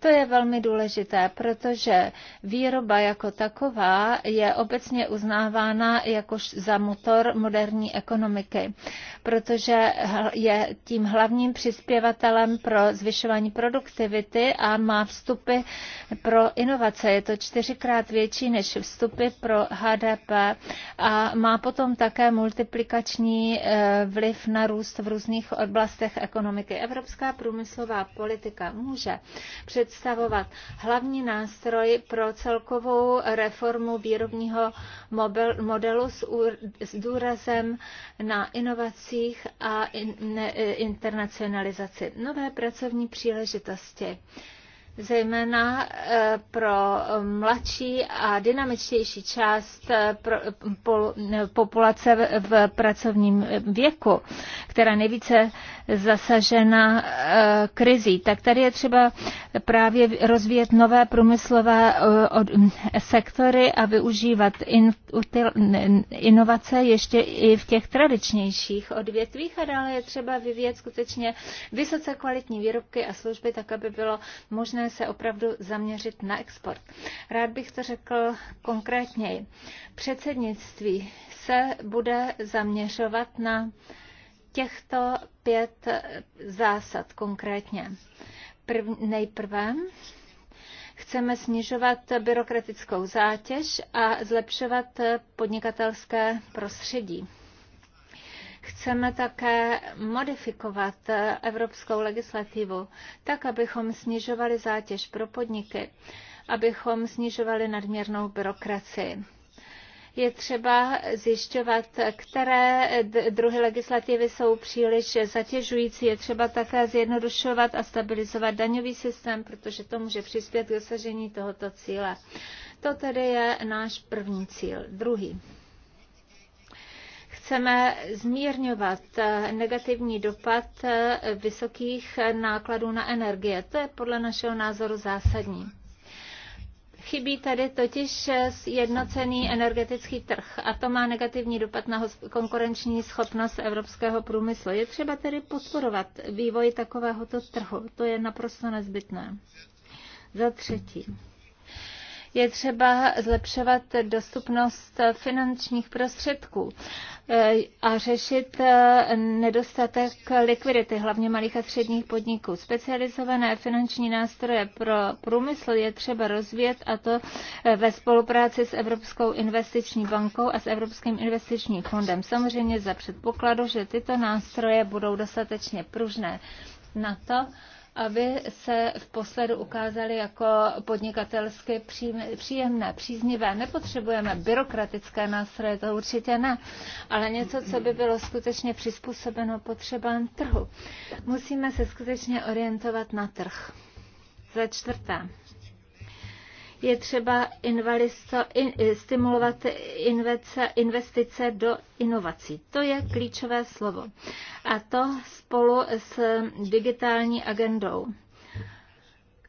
To je velmi důležité, protože výroba jako taková je ob obecně uznávána jakož za motor moderní ekonomiky, protože je tím hlavním přispěvatelem pro zvyšování produktivity a má vstupy pro inovace. Je to čtyřikrát větší než vstupy pro HDP a má potom také multiplikační eh, vliv na růst v různých oblastech ekonomiky. Evropská průmyslová politika může představovat hlavní nástroj pro celkovou reformu výrobního obchodního modelu s důrazem na inovacích a e, internacionalizaci. Nové pracovní příležitosti zejména e, pro mladší a dynamičtější část e, populace v pracovním věku, která nejvíce zasažena eh, krizí. Tak tady je třeba právě rozvíjet nové průmyslové eh, hm, sektory a využívat inovace ještě i v těch tradičnějších odvětvích a dále je třeba vyvíjet skutečně vysoce kvalitní výrobky a služby, tak aby bylo možné se opravdu zaměřit na export. Rád bych to řekl konkrétněji. Předsednictví se bude zaměřovat na těchto pět zásad konkrétně. Prv, nejprve chceme snižovat byrokratickou zátěž a zlepšovat podnikatelské prostředí. Chceme také modifikovat evropskou legislativu tak, abychom snižovali zátěž pro podniky, abychom snižovali nadměrnou byrokracii je třeba zjišťovat, které druhy legislativy jsou příliš zatěžující. Je třeba také zjednodušovat a stabilizovat daňový systém, protože to může přispět k dosažení tohoto cíle. To tedy je náš první cíl. Druhý chceme zmírňovat negativní dopad vysokých nákladů na energie. To je podle našeho názoru zásadní. Chybí tady totiž jednocený energetický trh a to má negativní dopad na konkurenční schopnost evropského průmyslu. Je třeba tedy podporovat vývoj takovéhoto trhu. To je naprosto nezbytné. Za třetí je třeba zlepšovat dostupnost finančních prostředků eh, a řešit eh, nedostatek likvidity, hlavně malých a středních podniků. Specializované finanční nástroje pro průmysl je třeba rozvíjet a to eh, ve spolupráci s Evropskou investiční bankou a s Evropským investičním fondem. Samozřejmě za předpokladu, že tyto nástroje budou dostatečně pružné na to, a vy se v posledu ukázali jako podnikatelsky příjemné, příznivé. Nepotřebujeme byrokratické nástroje, to určitě ne, ale něco, co by bylo skutečně přizpůsobeno potřebám trhu. Musíme se skutečně orientovat na trh. Za čtvrté je třeba eh, stimulovat investice do inovací. To je klíčové slovo. A to spolu s digitální agendou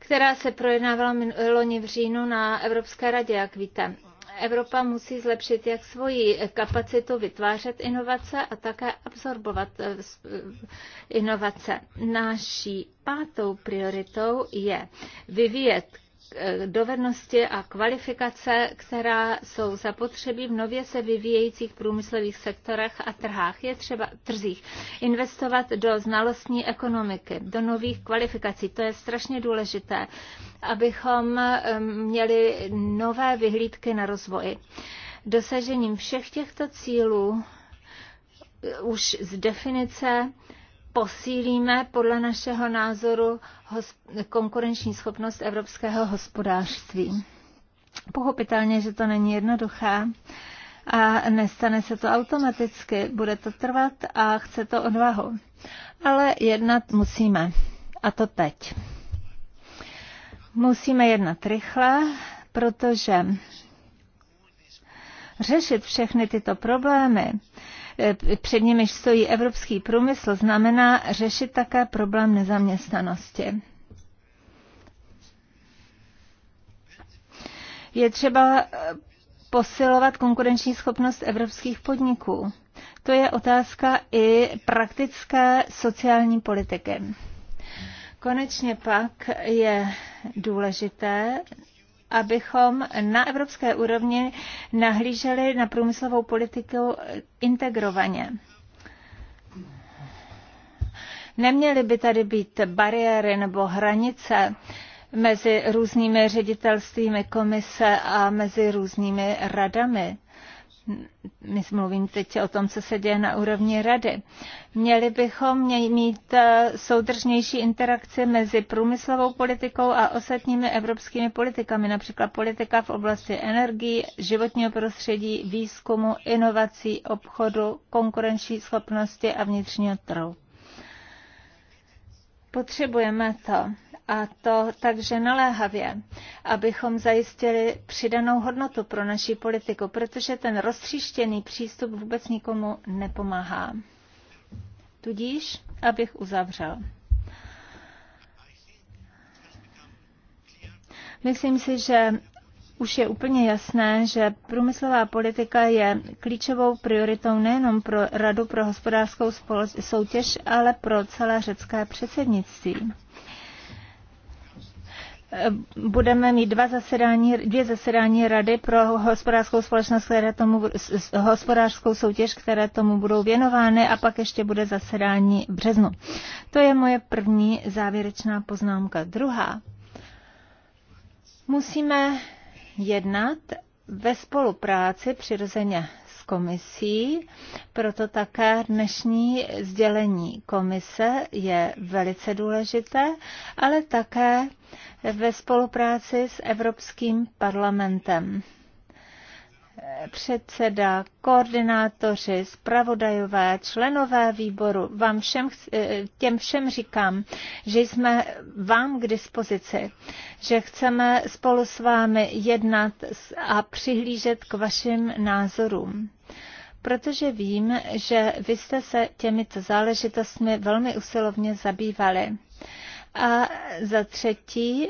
která se projednávala loni v říjnu na Evropské radě, jak víte. Evropa musí zlepšit jak svoji kapacitu vytvářet inovace a také absorbovat eh, eh, inovace. Naší pátou prioritou je vyvíjet Eh, dovednosti a kvalifikace, která jsou zapotřebí v nově se vyvíjejících průmyslových sektorech a trhách. Je třeba trzích investovat do znalostní ekonomiky, do nových kvalifikací. To je strašně důležité, abychom měli nové vyhlídky na rozvoji. Dosažením všech těchto cílů eh, už z definice posílíme podle našeho názoru konkurenční schopnost evropského hospodářství. Pochopitelně, že to není jednoduché a nestane se to automaticky, bude to trvat a chce to odvahu. Ale jednat musíme. A to teď. Musíme jednat rychle, protože řešit všechny tyto problémy E, před nimiž stojí evropský průmysl, znamená řešit také problém nezaměstnanosti. Je třeba e, posilovat konkurenční schopnost evropských podniků. To je otázka i praktické sociální politiky. Konečně pak je důležité abychom na evropské úrovni nahlíželi na průmyslovou politiku integrovaně. Neměly by tady být bariéry nebo hranice mezi různými ředitelstvími komise a mezi různými radami my mluvím teď o tom, co se děje na úrovni rady. Měli bychom mít eh, soudržnější interakci mezi průmyslovou politikou a ostatními evropskými politikami, například politika v oblasti energii, životního prostředí, výzkumu, inovací, obchodu, konkurenční schopnosti a vnitřního trhu. Potřebujeme to a to takže naléhavě, abychom zajistili přidanou hodnotu pro naši politiku, protože ten roztříštěný přístup vůbec nikomu nepomáhá. Tudíž, abych uzavřel. Myslím si, že už je úplně jasné, že průmyslová politika je klíčovou prioritou nejenom pro Radu pro hospodářskou soutěž, ale pro celé řecké předsednictví budeme mít dva zasedání, dvě zasedání rady pro hospodářskou společnost, které tomu, hospodářskou soutěž, které tomu budou věnovány a pak ještě bude zasedání v březnu. To je moje první závěrečná poznámka. Druhá. Musíme jednat ve spolupráci přirozeně komisí, proto také dnešní sdělení komise je velice důležité, ale také ve spolupráci s Evropským parlamentem předseda, koordinátoři, zpravodajové, členové výboru, vám všem, eh, těm všem říkám, že jsme vám k dispozici, že chceme spolu s vámi jednat a přihlížet k vašim názorům protože vím, že vy jste se těmito záležitostmi velmi usilovně zabývali. A za třetí,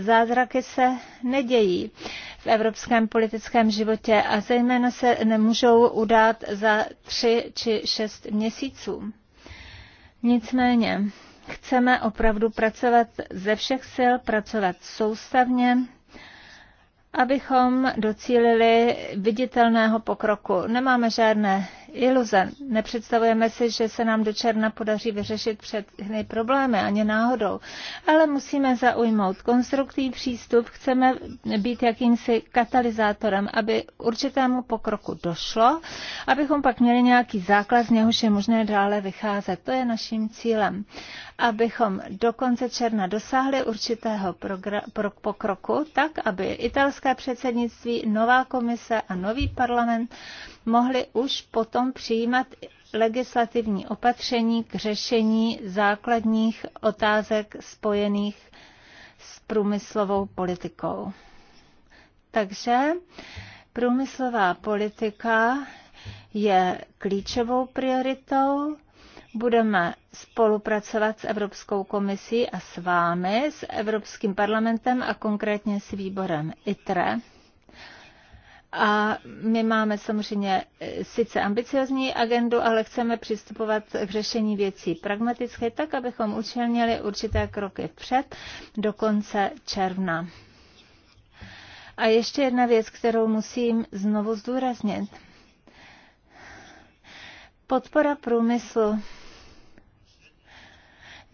zázraky se nedějí v evropském politickém životě a zejména se nemůžou udát za tři či šest měsíců. Nicméně, chceme opravdu pracovat ze všech sil, pracovat soustavně, abychom docílili viditelného pokroku. Nemáme žádné iluze. Nepředstavujeme si, že se nám do června podaří vyřešit všechny problémy, ani náhodou. Ale musíme zaujmout konstruktivní přístup, chceme být jakýmsi katalyzátorem, aby určitému pokroku došlo, abychom pak měli nějaký základ, z něhož je možné dále vycházet. To je naším cílem. Abychom do konce června dosáhli určitého pro pokroku, tak aby italské předsednictví, nová komise a nový parlament mohli už potom přijímat legislativní opatření k řešení základních otázek spojených s průmyslovou politikou. Takže průmyslová politika je klíčovou prioritou. Budeme spolupracovat s Evropskou komisí a s vámi, s Evropským parlamentem a konkrétně s výborem ITRE a my máme samozřejmě eh, sice ambiciozní agendu, ale chceme přistupovat k řešení věcí pragmaticky, tak, abychom učinili určité kroky vpřed do konce června. A ještě jedna věc, kterou musím znovu zdůraznit. Podpora průmyslu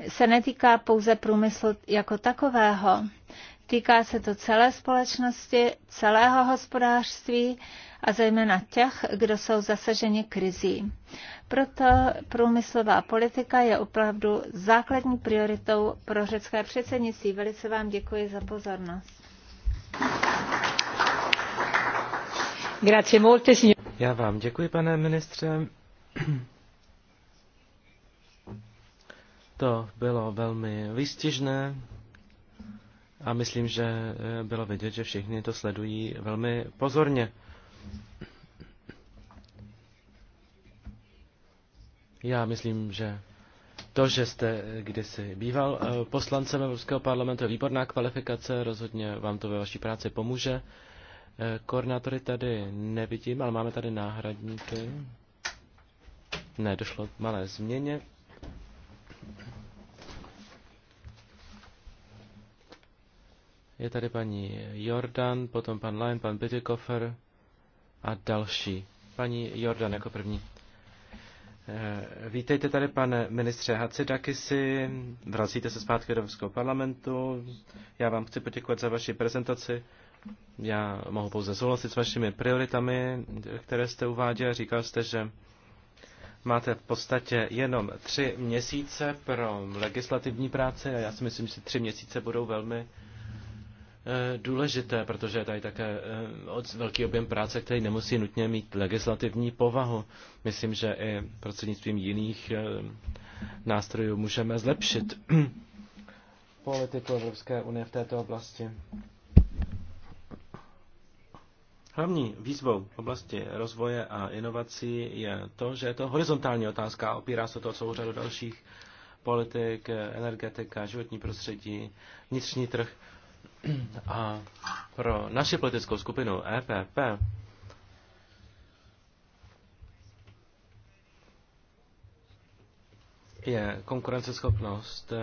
se netýká pouze průmyslu jako takového, Týká se to celé společnosti, celého hospodářství a zejména těch, kdo jsou zasaženi krizí. Proto průmyslová politika je opravdu základní prioritou pro řecké předsednictví. Velice vám děkuji za pozornost. Já vám děkuji, pane ministře. To bylo velmi výstižné. A myslím, že eh, bylo vidět, že všichni to sledují velmi pozorně. Já myslím, že to, že jste eh, kdysi býval eh, poslancem Evropského parlamentu, je výborná kvalifikace, rozhodně vám to ve vaší práci pomůže. Koordinátory tady nevidím, ale máme tady náhradníky. Ne, došlo k malé změně. Je tady paní Jordan, potom pan Lyon, pan Bittekofer a další. Paní Jordan jako první. Eh, vítejte tady, pane ministře Hacidakisi. Vracíte se zpátky do Evropského parlamentu. Já vám chci poděkovat za vaši prezentaci. Já mohu pouze souhlasit s vašimi prioritami, které jste uváděl. Říkal jste, že máte v podstatě jenom tři měsíce pro legislativní práci a já si myslím, že tři měsíce budou velmi Eh, důležité, protože je tady také eh, velký objem práce, který nemusí nutně mít legislativní povahu. Myslím, že i prostřednictvím jiných eh, nástrojů můžeme zlepšit politiku Evropské unie v této oblasti. Hlavní výzvou v oblasti rozvoje a inovací je to, že je to horizontální otázka a opírá se to o celou řadu dalších politik, energetika, životní prostředí, vnitřní trh. A pro naši politickou skupinu EPP je konkurenceschopnost eh,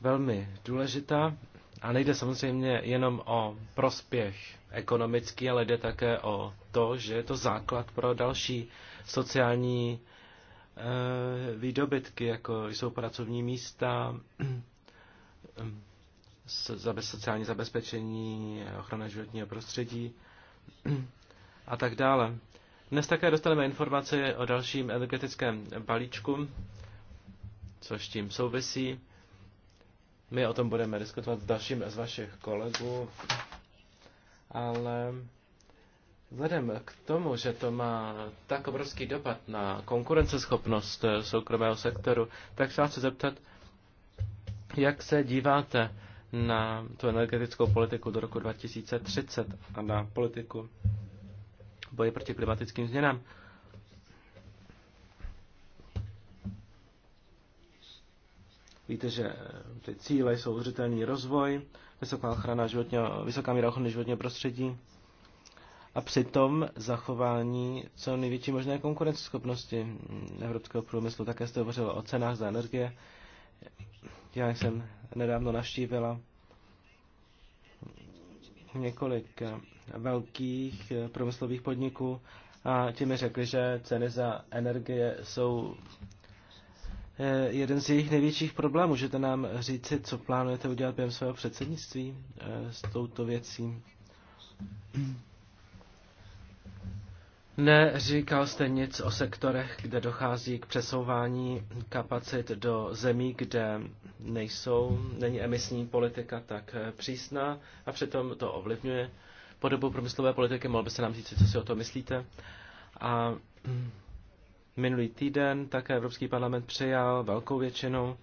velmi důležitá a nejde samozřejmě jenom o prospěch ekonomický, ale jde také o to, že je to základ pro další sociální eh, výdobytky, jako jsou pracovní místa, eh, sociální zabezpečení, ochrana životního prostředí a tak dále. Dnes také dostaneme informaci o dalším energetickém balíčku, což tím souvisí. My o tom budeme diskutovat s dalším z vašich kolegů, ale vzhledem k tomu, že to má tak obrovský dopad na konkurenceschopnost soukromého sektoru, tak se vás chci zeptat, jak se díváte na tu energetickou politiku do roku 2030 a na politiku boje proti klimatickým změnám. Víte, že ty cíle jsou udržitelný rozvoj, vysoká, ochrana životního, vysoká míra ochrany životního prostředí a přitom zachování co největší možné konkurenceschopnosti evropského průmyslu. Také jste hovořil o cenách za energie. Já jsem nedávno naštívila několik velkých průmyslových podniků a ti mi řekli, že ceny za energie jsou eh, jeden z jejich největších problémů. Můžete nám říci, co plánujete udělat během svého předsednictví eh, s touto věcí? Neříkal jste nic o sektorech, kde dochází k přesouvání kapacit do zemí, kde nejsou, není emisní politika tak eh, přísná a přitom to ovlivňuje podobu průmyslové politiky. Mohl byste nám říct, co si o to myslíte? A minulý týden také Evropský parlament přijal velkou většinou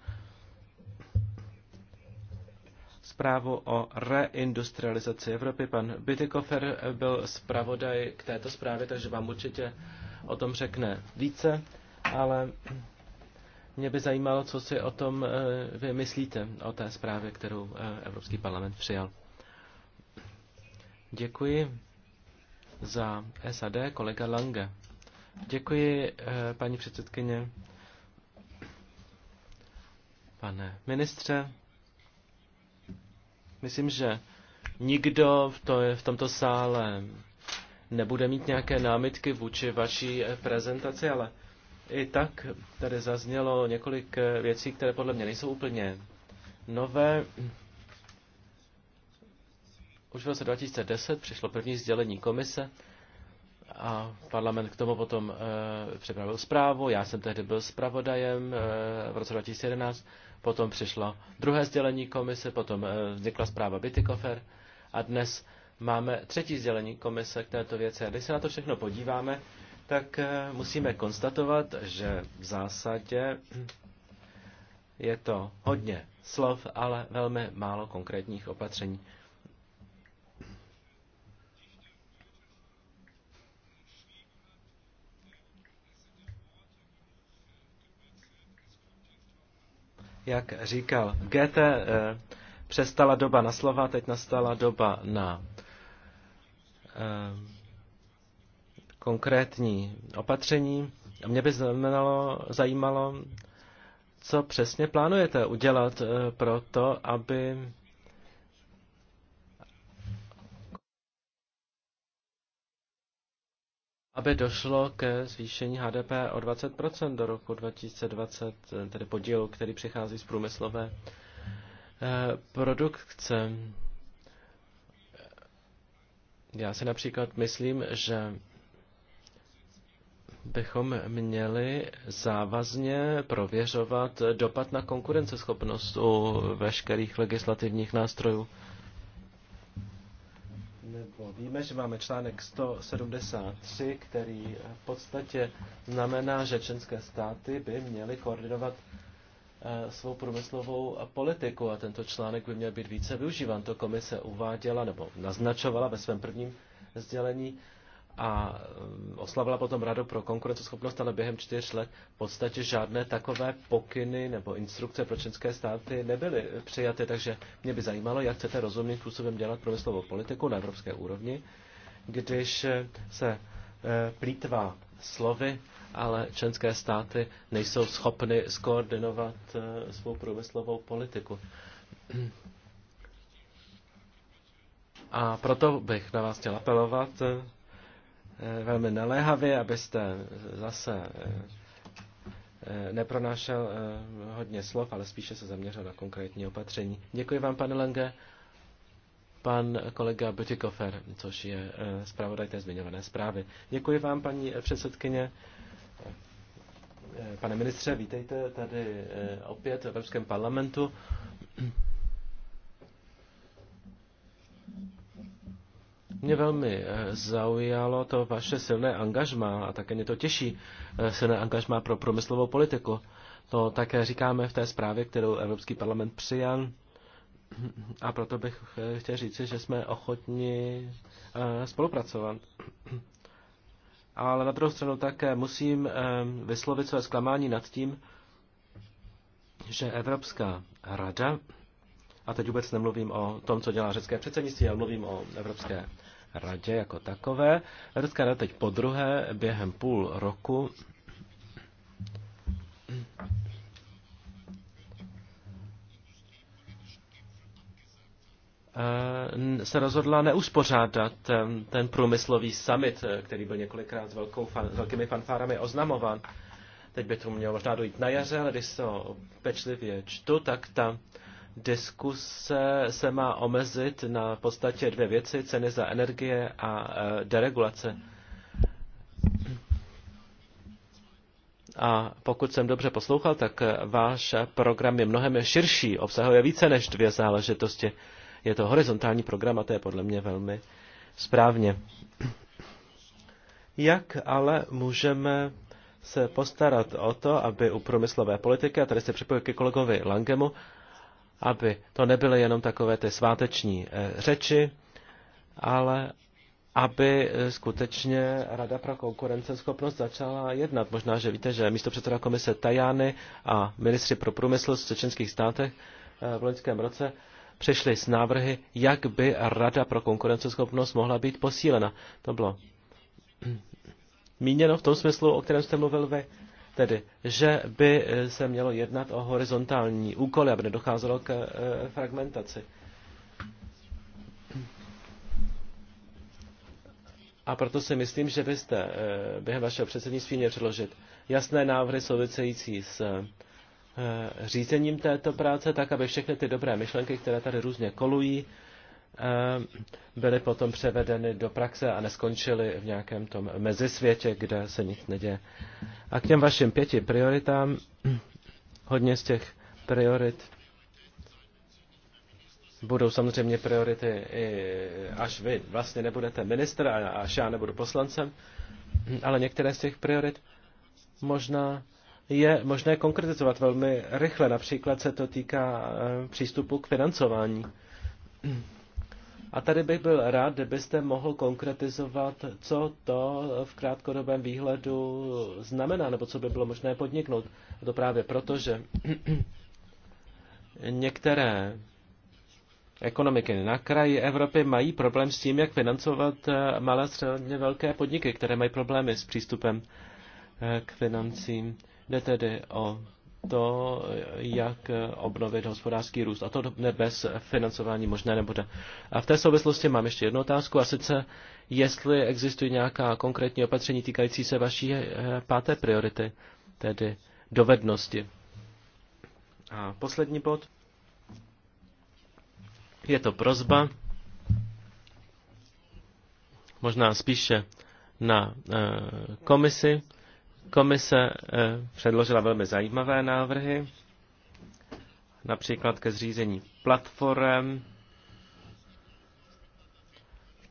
zprávu o reindustrializaci Evropy. Pan Bytykofer byl zpravodaj k této zprávě, takže vám určitě o tom řekne více, ale mě by zajímalo, co si o tom eh, vy myslíte, o té zprávě, kterou eh, Evropský parlament přijal. Děkuji za SAD, kolega Lange. Děkuji, eh, paní předsedkyně. Pane ministře, Myslím, že nikdo v, to, v tomto sále nebude mít nějaké námitky vůči vaší eh, prezentaci, ale i tak tady zaznělo několik eh, věcí, které podle mě nejsou úplně nové. Už v roce 2010 přišlo první sdělení komise a parlament k tomu potom e, připravil zprávu. Já jsem tehdy byl zpravodajem e, v roce 2011 potom přišlo druhé sdělení komise, potom eh, vznikla zpráva Bitykofer a dnes máme třetí sdělení komise k této věci. A když se na to všechno podíváme, tak eh, musíme konstatovat, že v zásadě je to hodně slov, ale velmi málo konkrétních opatření. Jak říkal GT, eh, přestala doba na slova, teď nastala doba na eh, konkrétní opatření. A mě by znamenalo, zajímalo, co přesně plánujete udělat eh, pro to, aby aby došlo ke zvýšení HDP o 20% do roku 2020, tedy podílu, který přichází z průmyslové eh, produkce. Já si například myslím, že bychom měli závazně prověřovat dopad na konkurenceschopnost u veškerých legislativních nástrojů nebo víme, že máme článek 173, který v podstatě znamená, že členské státy by měly koordinovat eh, svou průmyslovou politiku a tento článek by měl být více využíván. To komise uváděla nebo naznačovala ve svém prvním sdělení a mm, oslavila potom Radu pro konkurenceschopnost, ale během čtyř let v podstatě žádné takové pokyny nebo instrukce pro české státy nebyly přijaty, takže mě by zajímalo, jak chcete rozumným způsobem dělat průmyslovou politiku na evropské úrovni, když eh, se eh, plítvá slovy, ale členské státy nejsou schopny skoordinovat eh, svou průmyslovou politiku. A proto bych na vás chtěl apelovat, Eh, velmi naléhavě, abyste zase eh, eh, nepronášel hodně slov, ale spíše se zaměřil na konkrétní opatření. Děkuji vám, pane Lange. Pan kolega Butikofer, což je zpravodaj té zmiňované zprávy. Děkuji vám, paní předsedkyně. Pane ministře, vítejte tady opět v Evropském parlamentu. Mě velmi eh, zaujalo to vaše silné angažma a také mě to těší eh, silné angažma pro průmyslovou politiku. To také říkáme v té zprávě, kterou Evropský parlament přijal. A proto bych eh, chtěl říci, že jsme ochotni spolupracovat. Ale na druhou stranu také musím vyslovit své zklamání nad tím, že Evropská rada, a teď vůbec nemluvím o tom, co dělá řecké předsednictví, ale mluvím o Evropské radě jako takové. Evropská rada teď po druhé během půl roku eh, se rozhodla neuspořádat eh, ten průmyslový summit, eh, který byl několikrát s, velkou, s velkými fanfárami oznamován. Teď by to mělo možná dojít na jaře, ale když se ho pečlivě čtu, tak ta diskuse se má omezit na podstatě dvě věci, ceny za energie a e, deregulace. A pokud jsem dobře poslouchal, tak e, váš program je mnohem širší, obsahuje více než dvě záležitosti. Je to horizontální program a to je podle mě velmi správně. Jak ale můžeme se postarat o to, aby u průmyslové politiky, a tady se připojuji ke kolegovi Langemu, aby to nebyly jenom takové ty sváteční eh, řeči, ale aby eh, skutečně Rada pro konkurenceschopnost začala jednat. Možná, že víte, že místo předseda komise Tajany a ministři pro průmysl z čečenských státech eh, v loňském roce přišli s návrhy, jak by Rada pro konkurenceschopnost mohla být posílena. To bylo míněno v tom smyslu, o kterém jste mluvil vy. Tedy, že by eh, se mělo jednat o horizontální úkoly, aby nedocházelo k eh, fragmentaci. A proto si myslím, že byste eh, během vašeho předsednictví měli předložit jasné návrhy související s řízením této práce, tak aby všechny ty dobré myšlenky, které tady různě kolují, byly potom převedeny do praxe a neskončily v nějakém tom mezisvětě, kde se nic neděje. A k těm vašim pěti prioritám, hodně z těch priorit budou samozřejmě priority, i až vy vlastně nebudete ministr a až já nebudu poslancem, ale některé z těch priorit možná je možné konkretizovat velmi rychle. Například se to týká eh, přístupu k financování a tady bych byl rád, kdybyste mohl konkretizovat, co to v krátkodobém výhledu znamená, nebo co by bylo možné podniknout. A to právě proto, že některé ekonomiky na kraji Evropy mají problém s tím, jak financovat eh, malé středně velké podniky, které mají problémy s přístupem eh, k financím. Jde tedy o to, jak obnovit hospodářský růst. A to bez financování možné nebude. A v té souvislosti mám ještě jednu otázku, a sice, jestli existují nějaká konkrétní opatření týkající se vaší eh, páté priority, tedy dovednosti. A poslední bod. Je to prozba, možná spíše na eh, komisi, Komise eh, předložila velmi zajímavé návrhy, například ke zřízení platform,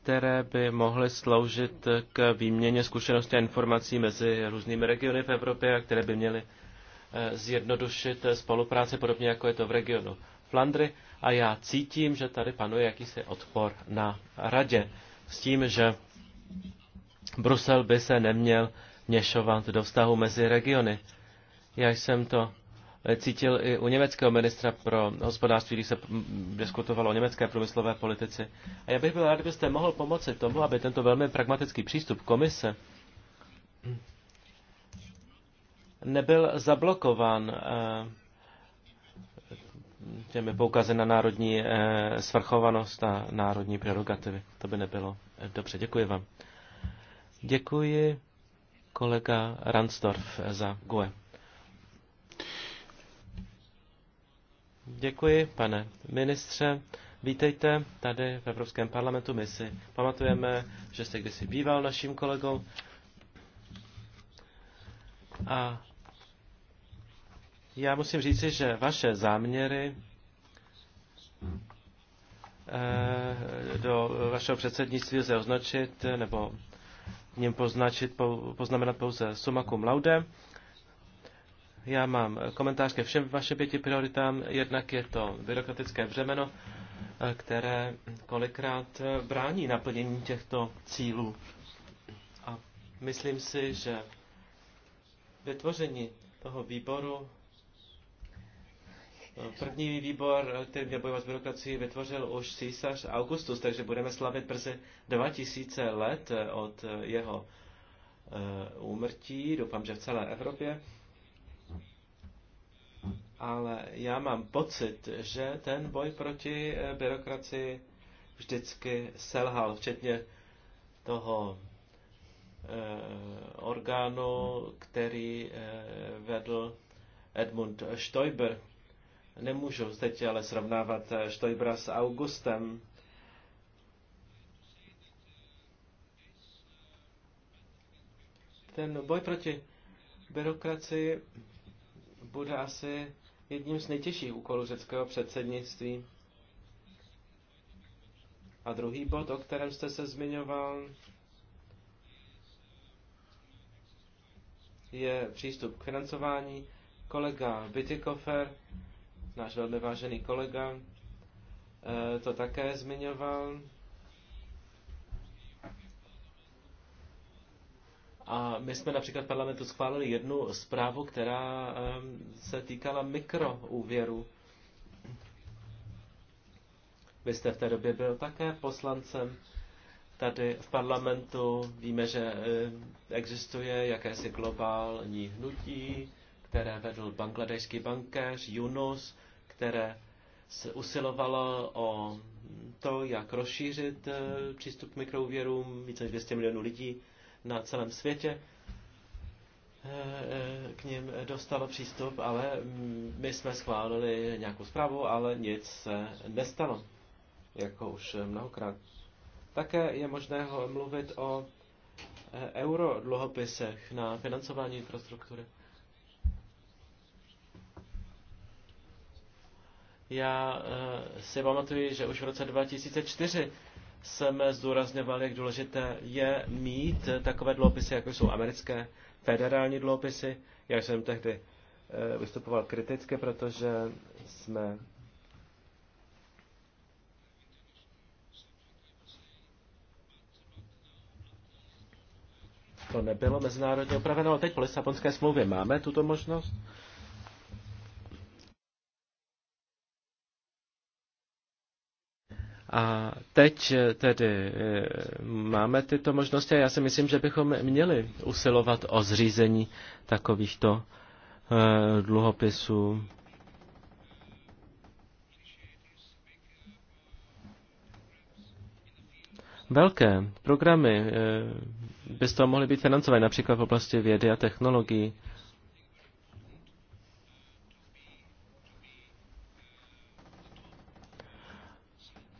které by mohly sloužit k výměně zkušeností a informací mezi různými regiony v Evropě a které by měly eh, zjednodušit spolupráci, podobně jako je to v regionu Flandry. A já cítím, že tady panuje jakýsi odpor na radě s tím, že Brusel by se neměl měšovat do vztahu mezi regiony. Já jsem to eh, cítil i u německého ministra pro hospodářství, když se diskutovalo o německé průmyslové politice. A já bych byl rád, kdybyste mohl pomoci tomu, aby tento velmi pragmatický přístup komise nebyl zablokován eh, těmi poukazy na národní eh, svrchovanost a národní prerogativy. To by nebylo dobře. Děkuji vám. Děkuji kolega Ransdorf za GUE. Děkuji, pane ministře. Vítejte tady v Evropském parlamentu. My si pamatujeme, že jste kdysi býval naším kolegou. A já musím říci, že vaše záměry eh, do vašeho předsednictví lze označit, nebo něm poznačit, poznamenat pouze suma cum laude. Já mám komentář ke všem vašim pěti prioritám. Jednak je to byrokratické břemeno, eh, které kolikrát eh, brání naplnění těchto cílů. A myslím si, že vytvoření toho výboru První výbor, který měl bojovat s byrokracií, vytvořil už císař Augustus, takže budeme slavit brzy 2000 let eh, od eh, jeho eh, úmrtí, doufám, že v celé Evropě. Ale já mám pocit, že ten boj proti byrokracii vždycky selhal, včetně toho orgánu, který vedl Edmund Stoiber, Nemůžu teď ale srovnávat Štojbra eh, s Augustem. Ten boj proti byrokracii bude asi jedním z nejtěžších úkolů řeckého předsednictví. A druhý bod, o kterém jste se zmiňoval, je přístup k financování. Kolega Bitikofer náš velmi vážený kolega eh, to také zmiňoval. A my jsme například parlamentu schválili jednu zprávu, která ehm, se týkala mikroúvěru. Vy jste v té době byl také poslancem tady v parlamentu. Víme, že eh, existuje jakési globální hnutí, které vedl bangladejský bankéř Yunus, které se usilovalo o to, jak rozšířit eh, přístup k mikrouvěrům více než 200 milionů lidí na celém světě eh, eh, k ním dostalo přístup, ale mm, my jsme schválili nějakou zprávu, ale nic se nestalo, jako už mnohokrát. Také je možné mluvit o eurodluhopisech na financování infrastruktury. Já eh, si pamatuju, že už v roce 2004 jsme zdůrazňovali, jak důležité je mít takové dluhopisy, jako jsou americké federální dluhopisy. Já jsem tehdy eh, vystupoval kriticky, protože jsme to nebylo mezinárodně opraveno, ale teď po Lisabonské smlouvě máme tuto možnost. A teď eh, tedy eh, máme tyto možnosti a já si myslím, že bychom měli usilovat o zřízení takovýchto eh, dluhopisů. Velké programy by z toho mohly být financovány například v oblasti vědy a technologií.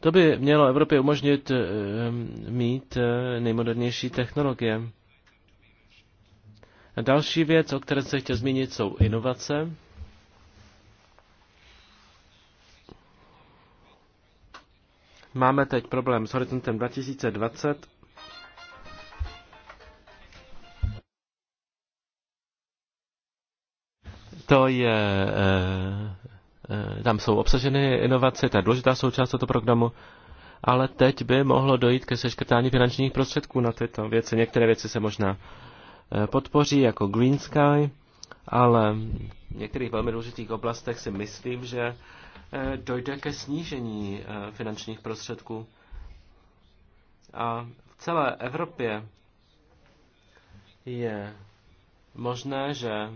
To by mělo Evropě umožnit eh, mít eh, nejmodernější technologie. A další věc, o které se chtěl zmínit, jsou inovace. Máme teď problém s horizontem 2020. To je eh, Eh, tam jsou obsaženy inovace, to je důležitá součást tohoto programu, ale teď by mohlo dojít ke seškrtání finančních prostředků na tyto věci. Některé věci se možná eh, podpoří, jako Green Sky, ale v některých velmi důležitých oblastech si myslím, že eh, dojde ke snížení finančních prostředků. A v celé Evropě je možné, že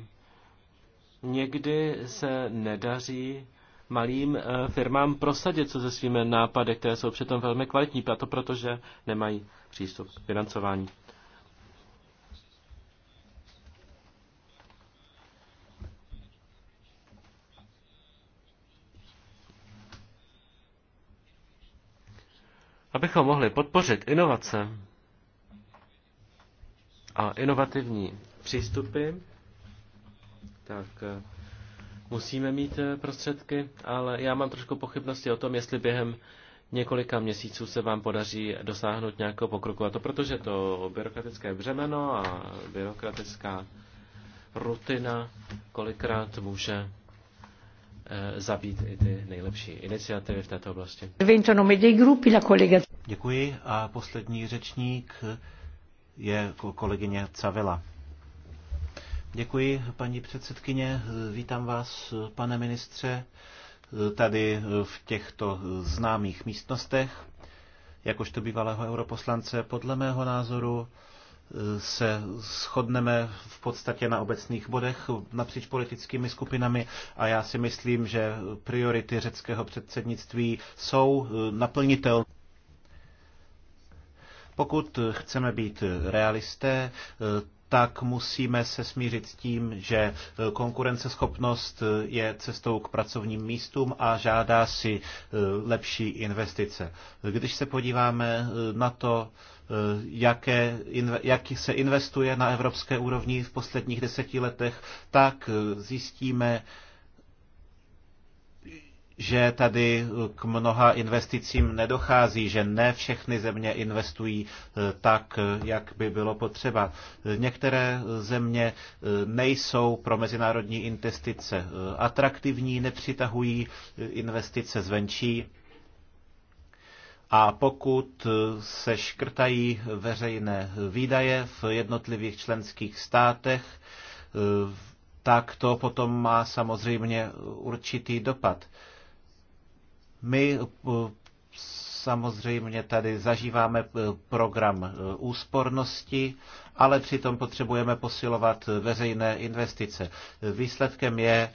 Někdy se nedaří malým eh, firmám prosadit se se svými nápady, které jsou přitom velmi kvalitní, a to proto, že nemají přístup k financování. Abychom mohli podpořit inovace a inovativní přístupy, tak eh, musíme mít eh, prostředky, ale já mám trošku pochybnosti o tom, jestli během několika měsíců se vám podaří dosáhnout nějakého pokroku. A to protože to byrokratické břemeno a byrokratická rutina kolikrát může eh, zabít i ty nejlepší iniciativy v této oblasti. Děkuji a poslední řečník je kolegyně Cavila. Děkuji, paní předsedkyně. Vítám vás, pane ministře, tady v těchto známých místnostech. Jakožto bývalého europoslance, podle mého názoru, se shodneme v podstatě na obecných bodech napříč politickými skupinami a já si myslím, že priority řeckého předsednictví jsou naplnitelné. Pokud chceme být realisté, tak musíme se smířit s tím, že e, konkurenceschopnost e, je cestou k pracovním místům a žádá si e, lepší investice. Když se podíváme na to, jaké, jak se investuje na evropské úrovni v posledních deseti letech, tak zjistíme, že tady k mnoha investicím nedochází, že ne všechny země investují eh, tak, eh, jak by bylo potřeba. Eh, některé země nejsou pro mezinárodní investice atraktivní, nepřitahují investice zvenčí. A pokud se škrtají veřejné výdaje v jednotlivých členských státech, tak to potom má samozřejmě určitý dopad. My eh, samozřejmě tady zažíváme eh, program eh, úspornosti, ale přitom potřebujeme posilovat veřejné investice. Výsledkem je,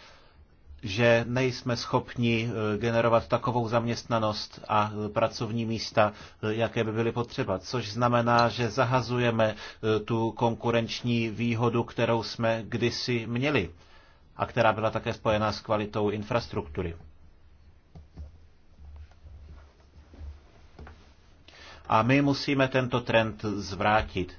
že nejsme schopni generovat takovou zaměstnanost a pracovní místa, jaké by byly potřeba. Což znamená, že zahazujeme tu konkurenční výhodu, kterou jsme kdysi měli a která byla také spojená s kvalitou infrastruktury. A my musíme tento trend zvrátit.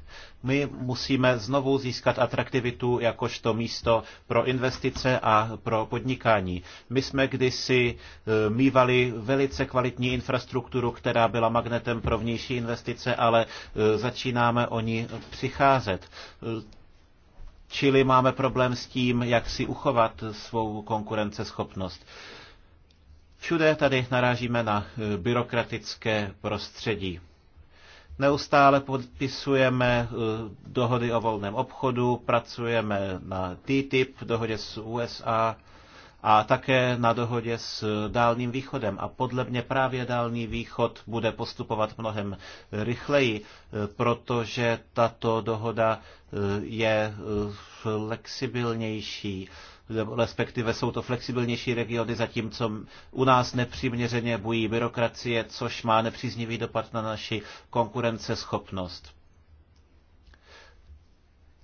My musíme znovu získat atraktivitu jakožto místo pro investice a pro podnikání. My jsme kdysi e, mývali velice kvalitní infrastrukturu, která byla magnetem pro vnější investice, ale e, začínáme o ní přicházet. E, čili máme problém s tím, jak si uchovat svou konkurenceschopnost. Všude tady narážíme na byrokratické prostředí. Neustále podpisujeme eh, dohody o volném obchodu, pracujeme na TTIP, dohodě s USA a také na dohodě s Dálným východem. A podle mě právě Dálný východ bude postupovat mnohem rychleji, eh, protože tato dohoda eh, je flexibilnější respektive jsou to flexibilnější regiony, zatímco u nás nepřiměřeně bují byrokracie, což má nepříznivý dopad na naši konkurenceschopnost.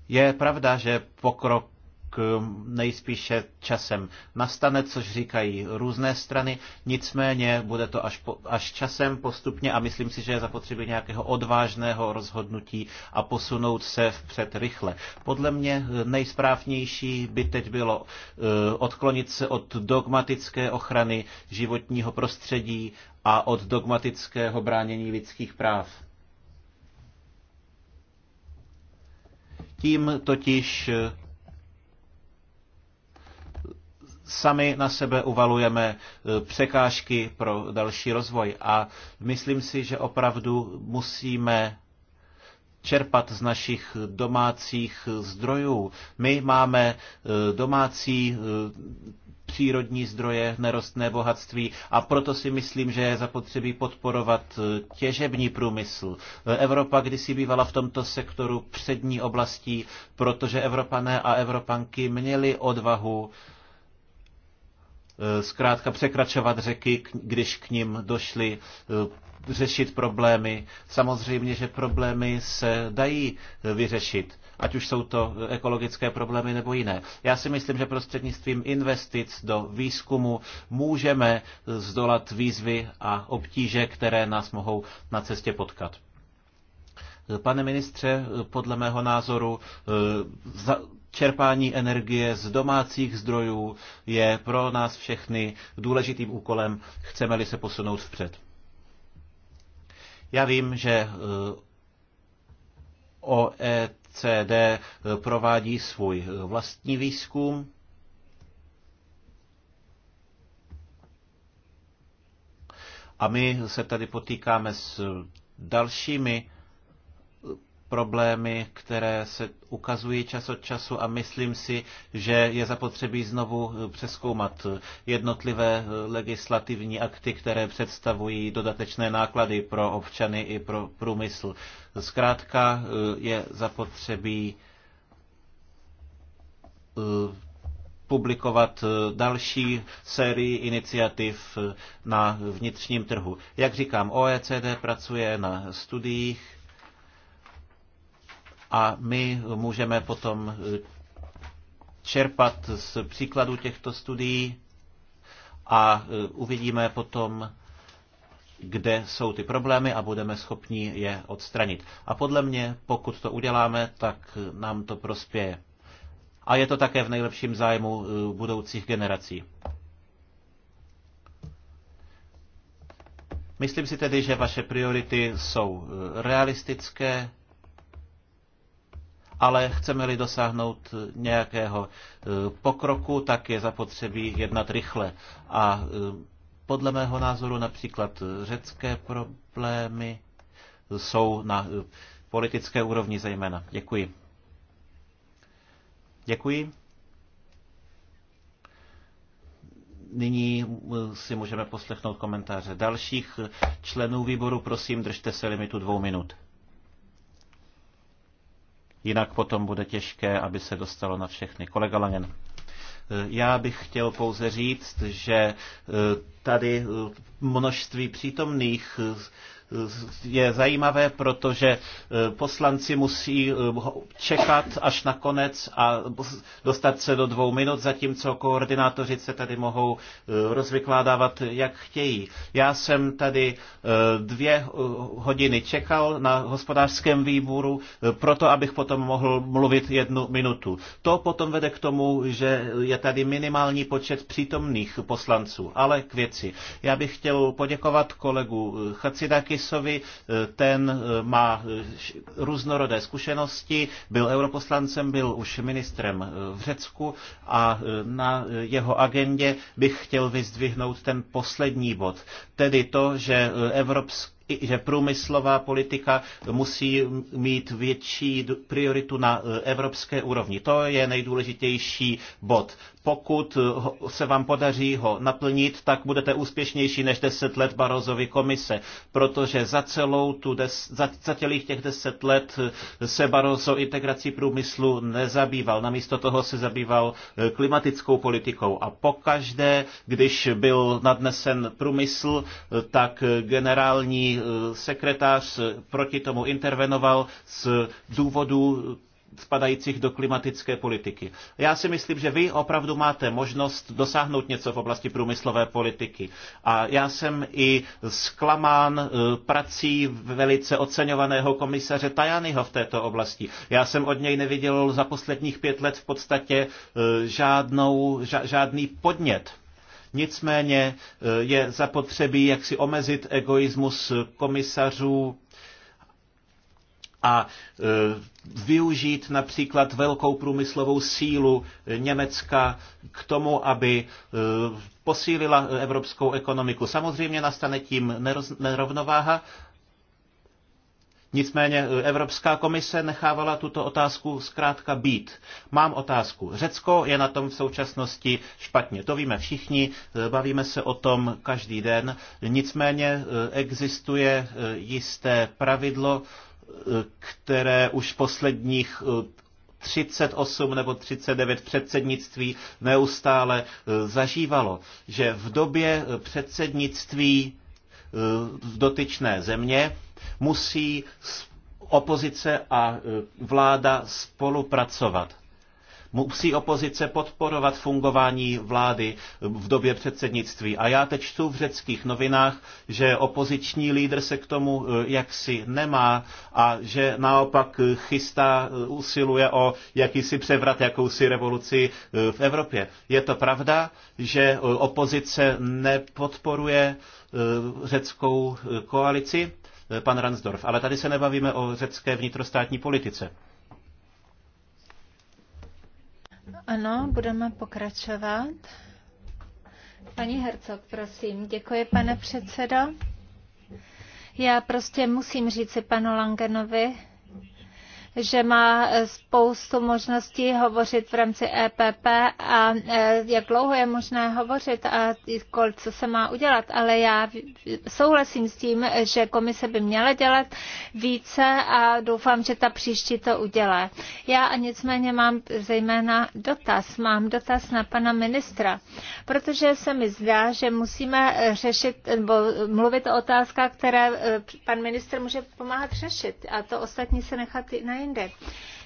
Je pravda, že pokrok nejspíše časem nastane, což říkají různé strany, nicméně bude to až, po, až časem postupně a myslím si, že je zapotřebí nějakého odvážného rozhodnutí a posunout se vpřed rychle. Podle mě nejsprávnější by teď bylo e, odklonit se od dogmatické ochrany životního prostředí a od dogmatického bránění lidských práv. Tím totiž sami na sebe uvalujeme e, překážky pro další rozvoj. A myslím si, že opravdu musíme čerpat z našich domácích zdrojů. My máme e, domácí e, přírodní zdroje, nerostné bohatství a proto si myslím, že je zapotřebí podporovat těžební průmysl. Evropa kdysi bývala v tomto sektoru přední oblastí, protože Evropané a Evropanky měli odvahu Eh, zkrátka překračovat řeky, když k ním došli, eh, řešit problémy. Samozřejmě, že problémy se dají eh, vyřešit, ať už jsou to ekologické problémy nebo jiné. Já si myslím, že prostřednictvím investic do výzkumu můžeme zdolat výzvy a obtíže, které nás mohou na cestě potkat. Pane ministře, podle mého názoru, za čerpání energie z domácích zdrojů je pro nás všechny důležitým úkolem, chceme-li se posunout vpřed. Já vím, že eh, OECD eh, provádí svůj eh, vlastní výzkum, A my se tady potýkáme s dalšími problémy, které se ukazují čas od času a myslím si, že je zapotřebí znovu eh, přeskoumat eh, jednotlivé eh, legislativní akty, které představují dodatečné náklady pro občany i pro průmysl. Zkrátka je zapotřebí publikovat další sérii iniciativ na vnitřním trhu. Jak říkám, OECD pracuje na studiích, a my můžeme potom eh, čerpat z příkladu těchto studií a eh, uvidíme potom, kde jsou ty problémy a budeme schopni je odstranit. A podle mě, pokud to uděláme, tak eh, nám to prospěje. A je to také v nejlepším zájmu budoucích generací. Myslím si tedy, že vaše priority jsou realistické ale chceme-li dosáhnout nějakého eh, pokroku, tak je zapotřebí jednat rychle. A eh, podle mého názoru například řecké problémy jsou na eh, politické úrovni zejména. Děkuji. Děkuji. Nyní si můžeme poslechnout komentáře dalších členů výboru. Prosím, držte se limitu dvou minut. Jinak potom bude těžké, aby se dostalo na všechny. Kolega Langen. Já bych chtěl pouze říct, že eh, tady eh, množství přítomných eh, je zajímavé, protože eh, poslanci musí eh, čekat až na konec a dostat se do dvou minut, zatímco koordinátoři se tady mohou eh, rozvykládávat, jak chtějí. Já jsem tady dvě hodiny čekal na hospodářském výboru, proto abych potom mohl mluvit jednu minutu. To potom vede k tomu, že je tady minimální počet přítomných poslanců, ale k věci. Já bych chtěl poděkovat kolegu Chacidaky, Davisovi. Eh, ten eh, má eh, různorodé zkušenosti, byl europoslancem, byl už ministrem v Řecku a na jeho agendě bych chtěl vyzdvihnout ten poslední bod, tedy to, že evropský že průmyslová politika musí mít větší prioritu na evropské úrovni. To je nejdůležitější bod pokud eh, se vám podaří ho naplnit, tak budete úspěšnější než deset let Barozovy komise, protože za, celou tu des, za, za těch deset let eh, se Barozo integrací průmyslu nezabýval. Namísto toho se zabýval eh, klimatickou politikou. A pokaždé, když byl nadnesen průmysl, tak generální sekretář proti tomu intervenoval z důvodu spadajících do klimatické politiky. Já si myslím, že vy opravdu máte možnost dosáhnout něco v oblasti průmyslové politiky. A já jsem i zklamán eh, prací velice oceňovaného komisaře Tajanyho v této oblasti. Já jsem od něj neviděl za posledních pět let v podstatě eh, žádnou, žádný podnět. Nicméně eh, je zapotřebí jak si omezit egoismus komisařů a využít například velkou průmyslovou sílu Německa k tomu, aby e, posílila evropskou ekonomiku. Samozřejmě nastane tím nerovnováha, Nicméně e, Evropská komise nechávala tuto otázku zkrátka být. Mám otázku. Řecko je na tom v současnosti špatně. To víme všichni, e, bavíme se o tom každý den. Nicméně existuje jisté pravidlo, které už posledních 38 eh, nebo 39 předsednictví neustále eh, zažívalo, že v době eh, předsednictví v dotyčné země musí opozice a vláda spolupracovat. Musí opozice podporovat fungování vlády v době předsednictví. A já teď čtu v řeckých novinách, že opoziční lídr se k tomu eh, jaksi nemá a že naopak eh, chystá, eh, usiluje o jakýsi převrat, jakousi revoluci v Evropě. Je to pravda, že opozice nepodporuje řeckou koalici? Pan Ransdorf, ale tady se nebavíme o řecké vnitrostátní politice. Ano, budeme pokračovat. Paní Hercog, prosím. Děkuji, pane předsedo. Já prostě musím říci panu Langenovi, že má eh, spoustu možností hovořit v rámci EPP a eh, jak dlouho je možné hovořit a co se má udělat. Ale já souhlasím s tím, že komise by měla dělat více a doufám, že ta příští to udělá. Já a nicméně mám zejména dotaz. Mám dotaz na pana ministra, protože se mi zdá, že musíme řešit nebo mluvit o otázkách, které eh, pan ministr může pomáhat řešit a to ostatní se nechat na jinde.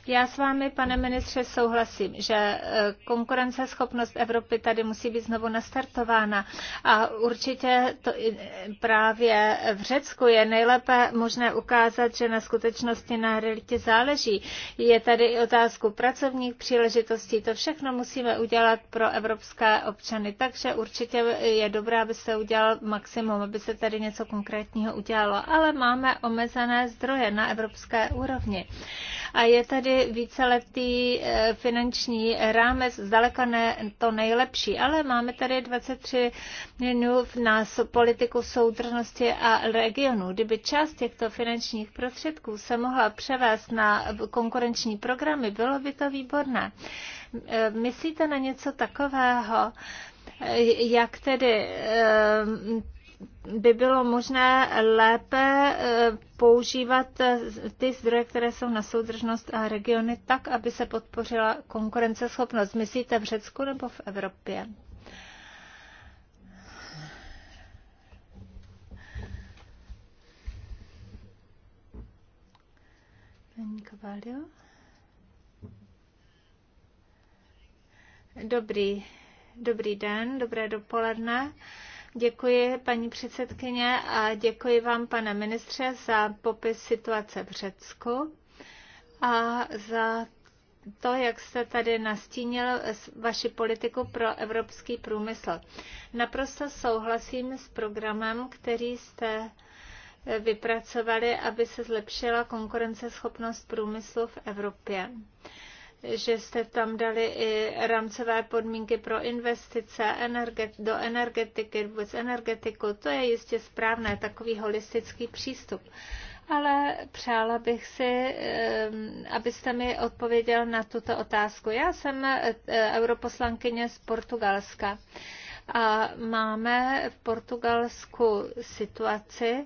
Já s vámi, pane ministře, souhlasím, že e, konkurenceschopnost Evropy tady musí být znovu nastartována a určitě to e, právě v Řecku je nejlépe možné ukázat, že na skutečnosti na realitě záleží. Je tady i otázku pracovních příležitostí. To všechno musíme udělat pro evropské občany. Takže určitě je dobré, aby se udělal maximum, aby se tady něco konkrétního udělalo. Ale máme omezené zdroje na evropské úrovni. A je tady víceletý eh, finanční rámec zdaleka ne to nejlepší, ale máme tady 23 milionů na politiku soudržnosti a regionu. Kdyby část těchto finančních prostředků se mohla převést na konkurenční programy, bylo by to výborné. Eh, myslíte na něco takového? Eh, jak tedy by bylo možné lépe eh, používat eh, ty zdroje, které jsou na soudržnost a regiony tak, aby se podpořila konkurenceschopnost. Myslíte v Řecku nebo v Evropě? Dobrý, dobrý den, dobré dopoledne. Děkuji, paní předsedkyně, a děkuji vám, pane ministře, za popis situace v Řecku a za to, jak jste tady nastínil vaši politiku pro evropský průmysl. Naprosto souhlasím s programem, který jste eh, vypracovali, aby se zlepšila konkurenceschopnost průmyslu v Evropě že jste tam dali i rámcové podmínky pro investice energet, do energetiky, vůbec energetiku. To je jistě správné, takový holistický přístup. Ale přála bych si, abyste mi odpověděl na tuto otázku. Já jsem e, europoslankyně z Portugalska a máme v Portugalsku situaci,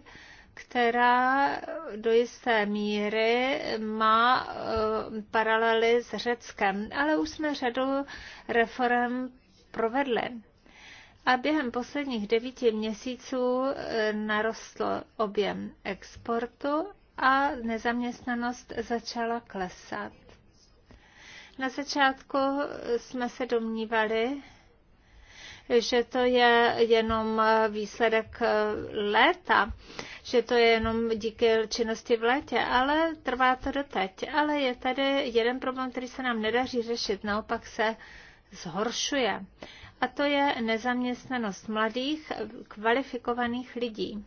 která do jisté míry má eh, paralely s Řeckem, ale už jsme řadu reform provedli. A během posledních devíti měsíců eh, narostl objem exportu a nezaměstnanost začala klesat. Na začátku eh, jsme se domnívali, že to je jenom výsledek léta, že to je jenom díky činnosti v létě, ale trvá to doteď. Ale je tady jeden problém, který se nám nedaří řešit, naopak se zhoršuje. A to je nezaměstnanost mladých, kvalifikovaných lidí.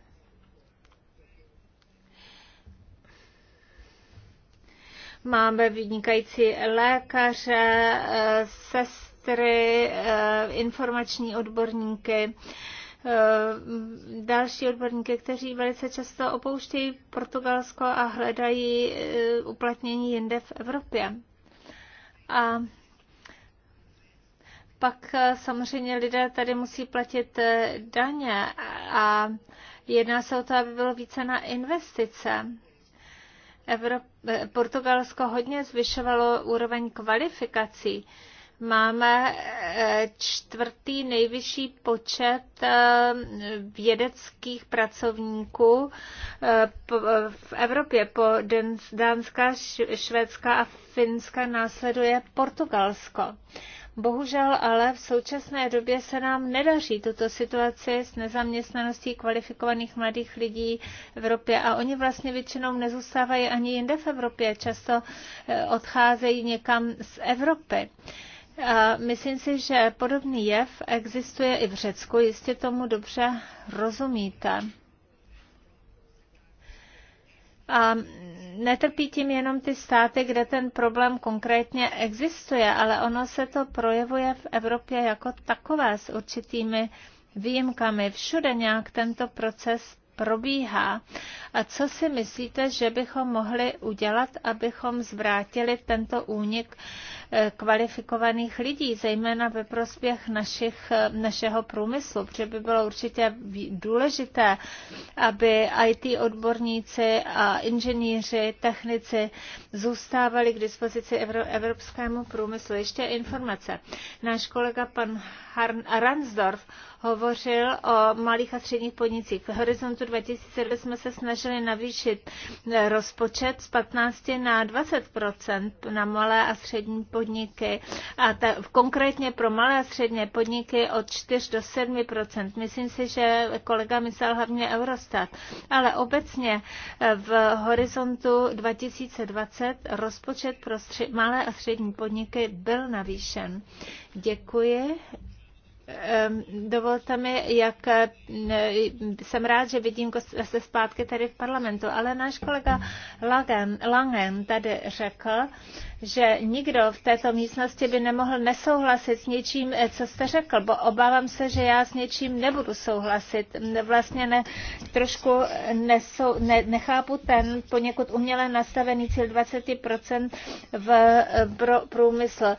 Máme vynikající lékaře, eh, sestry, eh, informační odborníky, Eh, další odborníky, kteří velice často opouštějí Portugalsko a hledají eh, uplatnění jinde v Evropě. A pak eh, samozřejmě lidé tady musí platit daně a jedná se o to, aby bylo více na investice. Evrop- Portugalsko hodně zvyšovalo úroveň kvalifikací máme eh, čtvrtý nejvyšší počet eh, vědeckých pracovníků eh, v Evropě. Po Dánska, Švédska a Finska následuje Portugalsko. Bohužel ale v současné době se nám nedaří tuto situaci s nezaměstnaností kvalifikovaných mladých lidí v Evropě a oni vlastně většinou nezůstávají ani jinde v Evropě, často odcházejí někam z Evropy. Uh, myslím si, že podobný jev existuje i v Řecku, jistě tomu dobře rozumíte. A netrpí tím jenom ty státy, kde ten problém konkrétně existuje, ale ono se to projevuje v Evropě jako takové s určitými výjimkami. Všude nějak tento proces probíhá. A co si myslíte, že bychom mohli udělat, abychom zvrátili tento únik kvalifikovaných lidí, zejména ve prospěch našich, našeho průmyslu, protože by bylo určitě důležité, aby IT odborníci a inženýři, technici zůstávali k dispozici evropskému průmyslu. Ještě informace. Náš kolega pan Ransdorf hovořil o malých a středních podnicích. V horizontu 2000 jsme se snažili navýšit eh, rozpočet z 15 na 20 na malé a střední podniky podniky a ta, konkrétně pro malé a střední podniky od 4 do 7 Myslím si, že kolega myslel hlavně Eurostat, ale obecně eh, v horizontu 2020 rozpočet pro stři- malé a střední podniky byl navýšen. Děkuji Dovolte mi, jak eh, jsem rád, že vidím se zpátky tady v parlamentu, ale náš kolega Langen, Langen tady řekl, že nikdo v této místnosti by nemohl nesouhlasit s něčím, eh, co jste řekl, bo obávám se, že já s něčím nebudu souhlasit. Vlastně ne, trošku nesou, ne, nechápu ten poněkud uměle nastavený cíl 20% v eh, pro, průmysl.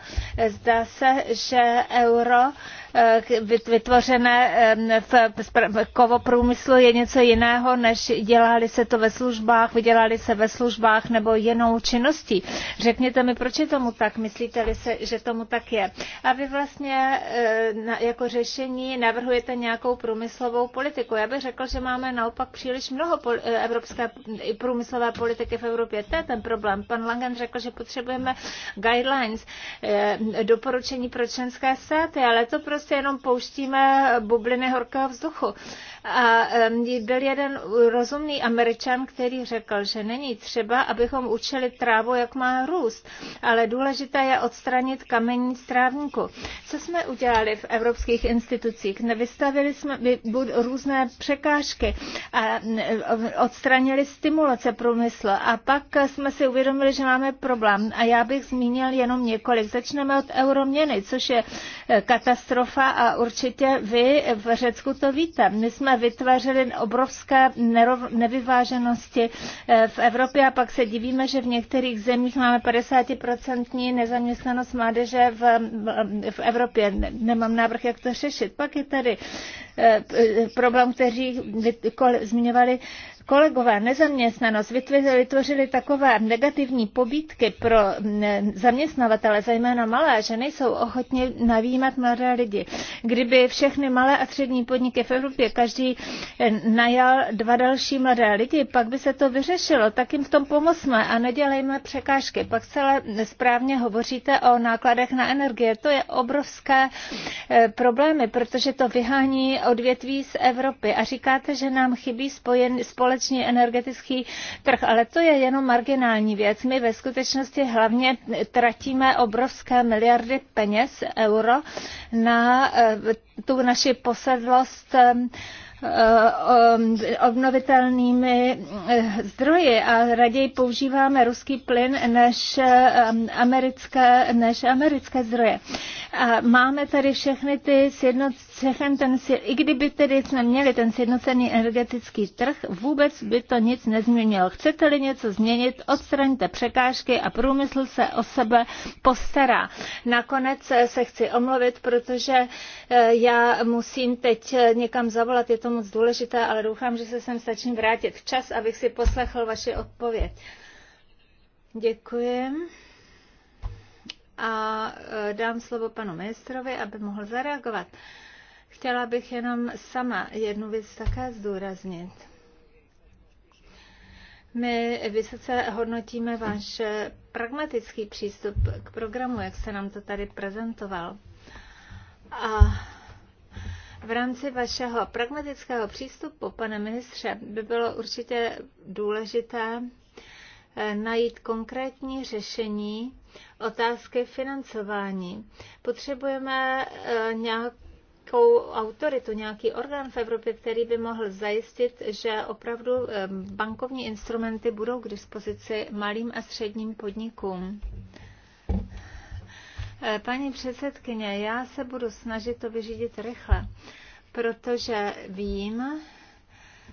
Zdá se, že euro Eh, vytvořené eh, v kovoprůmyslu je něco jiného, než dělali se to ve službách, vydělali se ve službách nebo jinou činností. Řekněte mi, proč je tomu tak? Myslíte-li se, že tomu tak je? A vy vlastně eh, jako řešení navrhujete nějakou průmyslovou politiku. Já bych řekl, že máme naopak příliš mnoho evropské průmyslové politiky v Evropě. To je ten problém. Pan Langen řekl, že potřebujeme guidelines, doporučení pro členské státy, ale to prostě prostě jenom pouštíme bubliny horkého vzduchu. A byl jeden rozumný američan, který řekl, že není třeba, abychom učili trávu, jak má růst, ale důležité je odstranit kamení z trávníku. Co jsme udělali v evropských institucích? Nevystavili jsme různé překážky a odstranili stimulace průmyslu a pak jsme si uvědomili, že máme problém a já bych zmínil jenom několik. Začneme od euroměny, což je katastrofa a určitě vy v Řecku to víte. My jsme vytvářeli obrovské nevyváženosti eh, v Evropě a pak se divíme, že v některých zemích máme 50% nezaměstnanost mládeže v, v Evropě. Nemám návrh, jak to řešit. Pak je tady eh, eh, problém, který zmiňovali Kolegové, nezaměstnanost vytvořili takové negativní pobídky pro zaměstnavatele, zejména malé, že nejsou ochotně navýmat mladé lidi. Kdyby všechny malé a střední podniky v Evropě každý eh, najal dva další mladé lidi, pak by se to vyřešilo. Tak jim v tom pomozme a nedělejme překážky. Pak celé správně hovoříte o nákladech na energie. To je obrovské eh, problémy, protože to vyhání odvětví z Evropy. A říkáte, že nám chybí spojen, spole společný energetický trh, ale to je jenom marginální věc. My ve skutečnosti hlavně tratíme obrovské miliardy peněz, euro, na eh, tu naši posedlost eh, Eh, obnovitelnými eh, zdroji a raději používáme ruský plyn než eh, americké, než americké zdroje. A máme tady všechny ty sjednocené, ten, i kdyby tedy jsme měli ten sjednocený energetický trh, vůbec by to nic nezměnilo. Chcete-li něco změnit, odstraňte překážky a průmysl se o sebe postará. Nakonec se chci omluvit, protože já musím teď někam zavolat, je to moc důležité, ale doufám, že se sem stačím vrátit včas, abych si poslechl vaši odpověď. Děkuji. A e, dám slovo panu ministrovi, aby mohl zareagovat. Chtěla bych jenom sama jednu věc také zdůraznit. My vysoce hodnotíme váš pragmatický přístup k programu, jak se nám to tady prezentoval. A v rámci vašeho pragmatického přístupu, pane ministře, by bylo určitě důležité eh, najít konkrétní řešení otázky financování. Potřebujeme nějak eh, nějakou autoritu, nějaký orgán v Evropě, který by mohl zajistit, že opravdu eh, bankovní instrumenty budou k dispozici malým a středním podnikům. Eh, paní předsedkyně, já se budu snažit to vyřídit rychle, protože vím,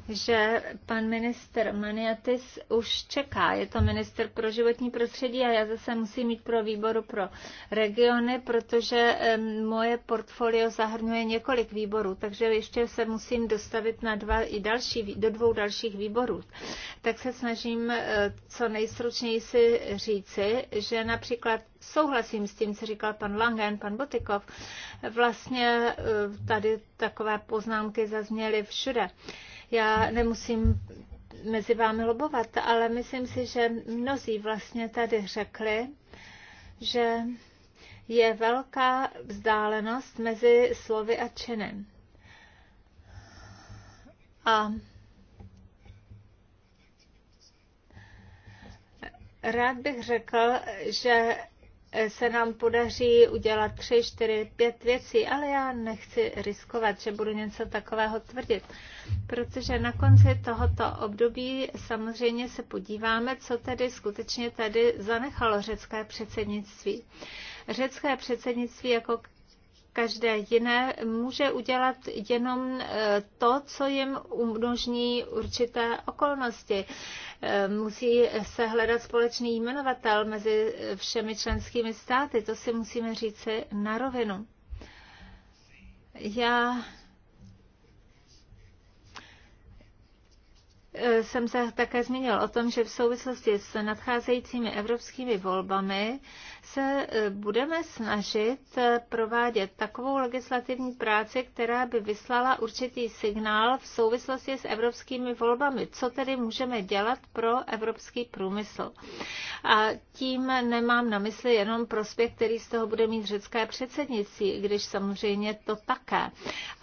že pan minister Maniatis už čeká. Je to minister pro životní prostředí a já zase musím mít pro výboru pro regiony, protože moje portfolio zahrnuje několik výborů, takže ještě se musím dostavit na dva i další, do dvou dalších výborů. Tak se snažím eh, co nejstručněji si říci, že například souhlasím s tím, co říkal pan Langen, pan Botikov. Vlastně eh, tady takové poznámky zazněly všude. Já nemusím mezi vámi lobovat, ale myslím si, že mnozí vlastně tady řekli, že je velká vzdálenost mezi slovy a činem. A rád bych řekl, že Eh, se nám podaří udělat tři, čtyři, pět věcí, ale já nechci riskovat, že budu něco takového tvrdit, protože na konci tohoto období samozřejmě se podíváme, co tedy skutečně tady zanechalo řecké předsednictví. Řecké předsednictví jako každé jiné, může udělat jenom eh, to, co jim umožní určité okolnosti. Eh, musí se hledat společný jmenovatel mezi všemi členskými státy, to si musíme říci na rovinu. Já Eh, jsem se také zmínil o tom, že v souvislosti s nadcházejícími evropskými volbami se eh, budeme snažit eh, provádět takovou legislativní práci, která by vyslala určitý signál v souvislosti s evropskými volbami, co tedy můžeme dělat pro evropský průmysl. A tím nemám na mysli jenom prospěch, který z toho bude mít řecké předsednictví, když samozřejmě to také.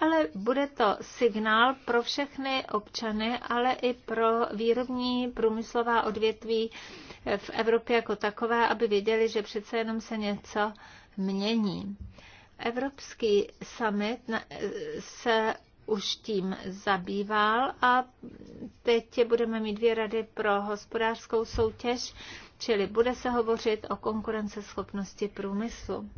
Ale bude to signál pro všechny občany, ale i pro výrobní průmyslová odvětví v Evropě jako takové, aby věděli, že přece jenom se něco mění. Evropský summit se už tím zabýval a teď budeme mít dvě rady pro hospodářskou soutěž, čili bude se hovořit o konkurenceschopnosti průmyslu.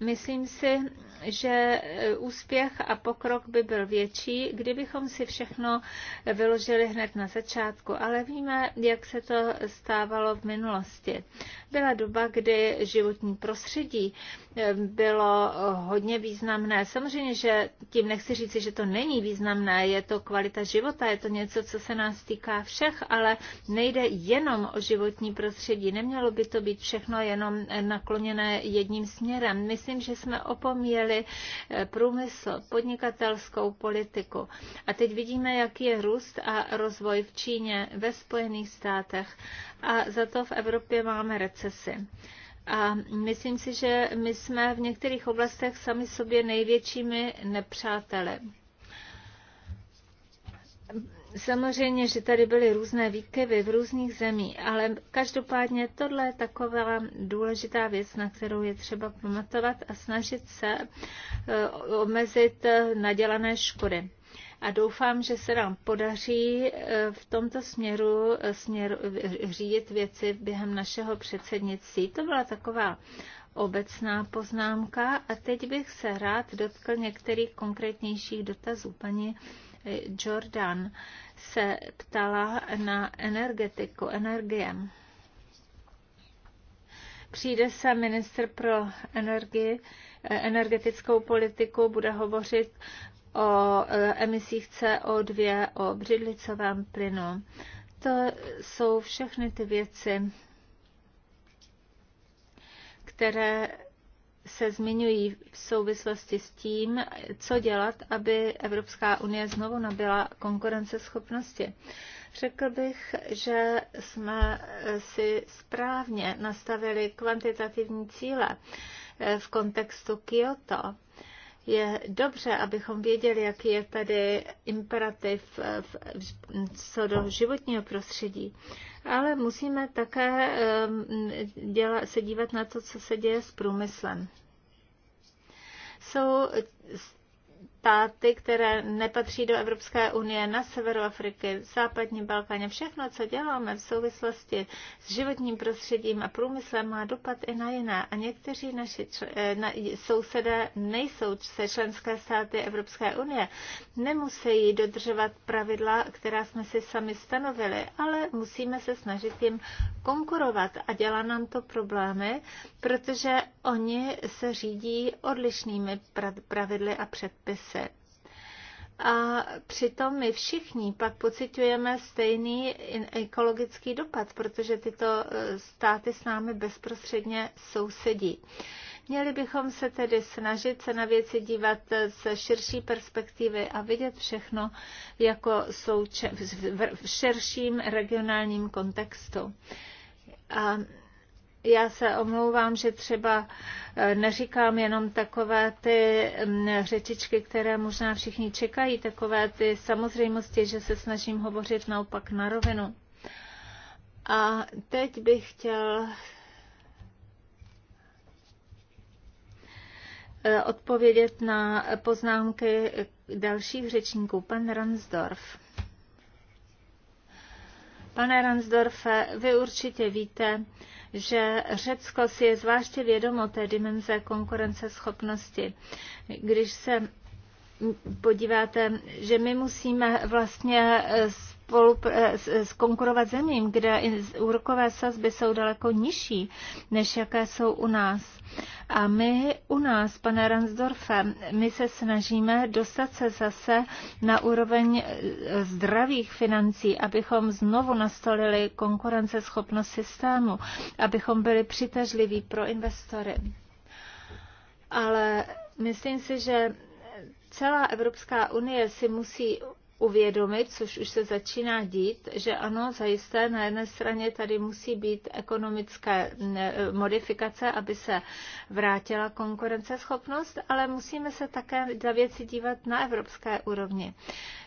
Myslím si, že e, úspěch a pokrok by byl větší, kdybychom si všechno vyložili hned na začátku, ale víme, jak se to stávalo v minulosti. Byla doba, kdy životní prostředí e, bylo hodně významné. Samozřejmě, že tím nechci říci, že to není významné, je to kvalita života, je to něco, co se nás týká všech, ale nejde jenom o životní prostředí. Nemělo by to být všechno jenom nakloněné jedním směrem. Myslím, myslím, že jsme opomíjeli eh, průmysl, podnikatelskou politiku. A teď vidíme, jaký je růst a rozvoj v Číně, ve Spojených státech a za to v Evropě máme recesi. A myslím si, že my jsme v některých oblastech sami sobě největšími nepřáteli Samozřejmě, že tady byly různé výkyvy v různých zemích, ale každopádně tohle je taková důležitá věc, na kterou je třeba pamatovat a snažit se e, omezit e, nadělané škody a doufám, že se nám podaří e, v tomto směru směr, řídit věci během našeho předsednictví. To byla taková obecná poznámka a teď bych se rád dotkl některých konkrétnějších dotazů. Paní Jordan, se ptala na energetiku, energie. Přijde se minister pro energii, energetickou politiku, bude hovořit o e, emisích CO2, o břidlicovém plynu. To jsou všechny ty věci, které se zmiňují v souvislosti s tím, co dělat, aby Evropská unie znovu nabyla konkurenceschopnosti. Řekl bych, že jsme si správně nastavili kvantitativní cíle v kontextu Kyoto je dobře, abychom věděli, jaký je tady imperativ co do životního prostředí. Ale musíme také děla, se dívat na to, co se děje s průmyslem. Jsou státy, které nepatří do Evropské unie, na severu Afriky, v západní Balkáně. Všechno, co děláme v souvislosti s životním prostředím a průmyslem, má dopad i na jiné. A někteří naši eh, na, sousedé nejsou se členské státy Evropské unie. Nemusí dodržovat pravidla, která jsme si sami stanovili, ale musíme se snažit jim konkurovat. A dělá nám to problémy, protože oni se řídí odlišnými pravidly a předpisy situace. A přitom my všichni pak pocitujeme stejný ekologický dopad, protože tyto e, státy s námi bezprostředně sousedí. Měli bychom se tedy snažit se na věci dívat e, z širší perspektivy a vidět všechno jako souče- v širším regionálním kontextu. A já se omlouvám, že třeba eh, neříkám jenom takové ty mm, řečičky, které možná všichni čekají, takové ty samozřejmosti, že se snažím hovořit naopak na rovinu. A teď bych chtěl eh, odpovědět na poznámky dalších řečníků. Pan Ransdorf. Pane Ransdorfe, vy určitě víte, že Řecko si je zvláště vědomo té dimenze konkurenceschopnosti. Když se podíváte, že my musíme vlastně Eh, s konkurovat zemím, kde úrokové sazby jsou daleko nižší, než jaké jsou u nás. A my u nás, pane Ransdorfe, my se snažíme dostat se zase na úroveň eh, zdravých financí, abychom znovu nastolili konkurenceschopnost systému, abychom byli přitažliví pro investory. Ale myslím si, že celá Evropská unie si musí uvědomit, což už se začíná dít, že ano, zajisté na jedné straně tady musí být ekonomické modifikace, aby se vrátila konkurenceschopnost, ale musíme se také za věci dívat na evropské úrovni.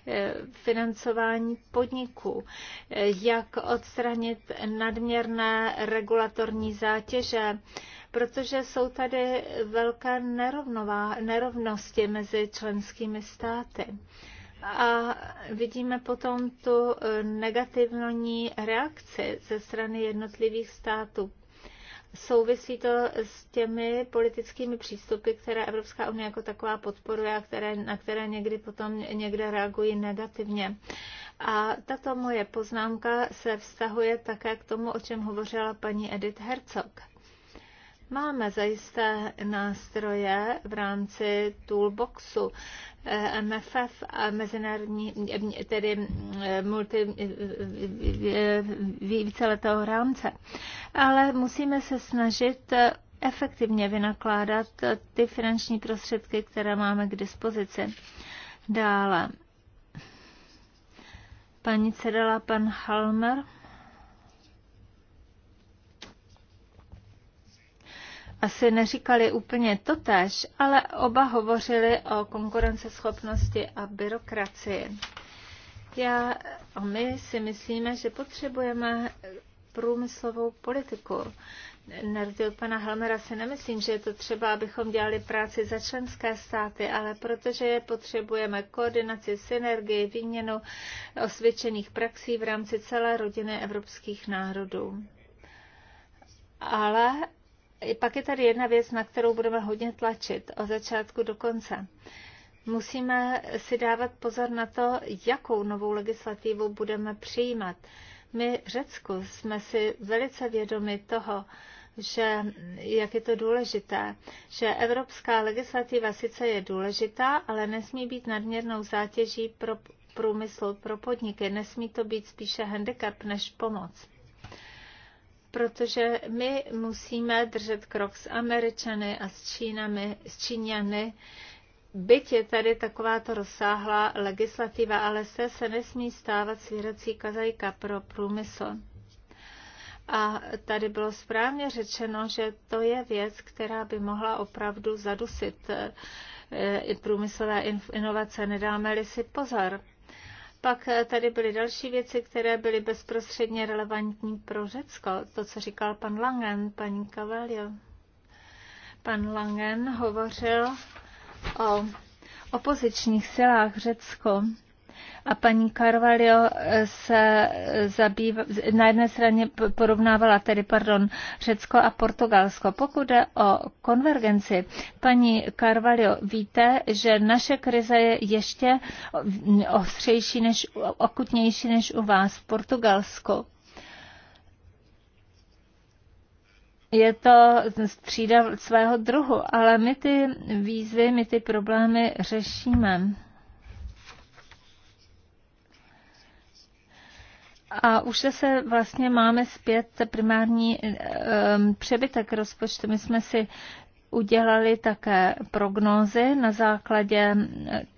Eh, financování podniků, eh, jak odstranit nadměrné regulatorní zátěže, protože jsou tady velké nerovnosti mezi členskými státy. A vidíme potom tu eh, negativní reakci ze strany jednotlivých států. Souvisí to s těmi politickými přístupy, které Evropská unie jako taková podporuje a které, na které někdy potom někde reagují negativně. A tato moje poznámka se vztahuje také k tomu, o čem hovořila paní Edith Herzog. Máme zajisté nástroje v rámci toolboxu eh, MFF a mezinárodní, eh, tedy eh, multi, víceletého rámce. Ale musíme se snažit efektivně vynakládat ty finanční prostředky, které máme k dispozici. Dále. Paní Cedela, pan Halmer. asi neříkali úplně totéž, ale oba hovořili o konkurenceschopnosti a byrokracii. Já a my si myslíme, že potřebujeme průmyslovou politiku. Na rozdíl pana Helmera si nemyslím, že je to třeba, abychom dělali práci za členské státy, ale protože je potřebujeme koordinaci, synergii, výměnu osvědčených praxí v rámci celé rodiny evropských národů. Ale pak je tady jedna věc, na kterou budeme hodně tlačit od začátku do konce. Musíme si dávat pozor na to, jakou novou legislativu budeme přijímat. My v Řecku jsme si velice vědomi toho, že jak je to důležité, že evropská legislativa sice je důležitá, ale nesmí být nadměrnou zátěží pro průmysl, pro podniky. Nesmí to být spíše handicap než pomoc protože my musíme držet krok s Američany a s, Čínami, s Číňany, Byť je tady takováto rozsáhlá legislativa, ale se, se nesmí stávat svěrací kazajka pro průmysl. A tady bylo správně řečeno, že to je věc, která by mohla opravdu zadusit eh, průmyslové inovace. Nedáme-li si pozor. Pak eh, tady byly další věci, které byly bezprostředně relevantní pro Řecko. To, co říkal pan Langen, paní Cavallio, Pan Langen hovořil o opozičních silách Řecku a paní Carvalho se zabývá, na jedné straně porovnávala tedy, pardon, Řecko a Portugalsko. Pokud jde o konvergenci, paní Carvalho, víte, že naše krize je ještě ostřejší než, okutnější než u vás v Portugalsku. je to střída svého druhu, ale my ty výzvy, my ty problémy řešíme. A už zase vlastně máme zpět primární um, přebytek rozpočtu. My jsme si udělali také prognózy na základě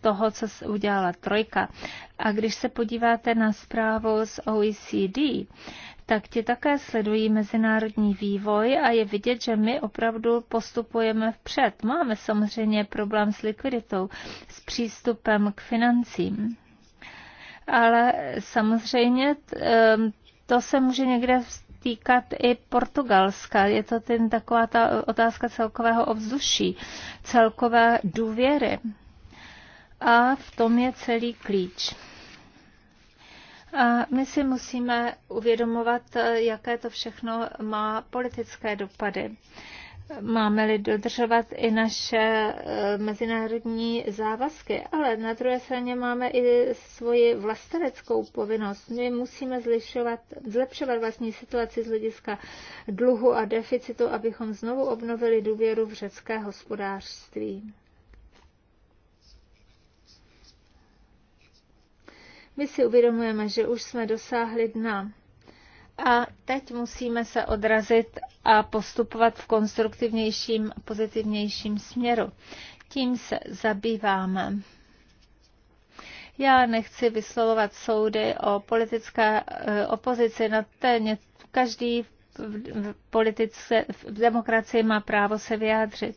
toho, co se udělala trojka. A když se podíváte na zprávu z OECD, tak ti také sledují mezinárodní vývoj a je vidět, že my opravdu postupujeme vpřed. Máme samozřejmě problém s likviditou, s přístupem k financím ale samozřejmě ehm, to se může někde týkat i Portugalska. Je to ten taková ta otázka celkového ovzduší, celkové důvěry. A v tom je celý klíč. A my si musíme uvědomovat, jaké to všechno má politické dopady máme-li dodržovat i naše eh, mezinárodní závazky, ale na druhé straně máme i svoji vlasteneckou povinnost. My musíme zlepšovat, zlepšovat vlastní situaci z hlediska dluhu a deficitu, abychom znovu obnovili důvěru v řecké hospodářství. My si uvědomujeme, že už jsme dosáhli dna a teď musíme se odrazit a postupovat v konstruktivnějším, pozitivnějším směru. Tím se zabýváme. Já nechci vyslovovat soudy o politické eh, opozici. Na téně. každý v politice, v demokracii má právo se vyjádřit.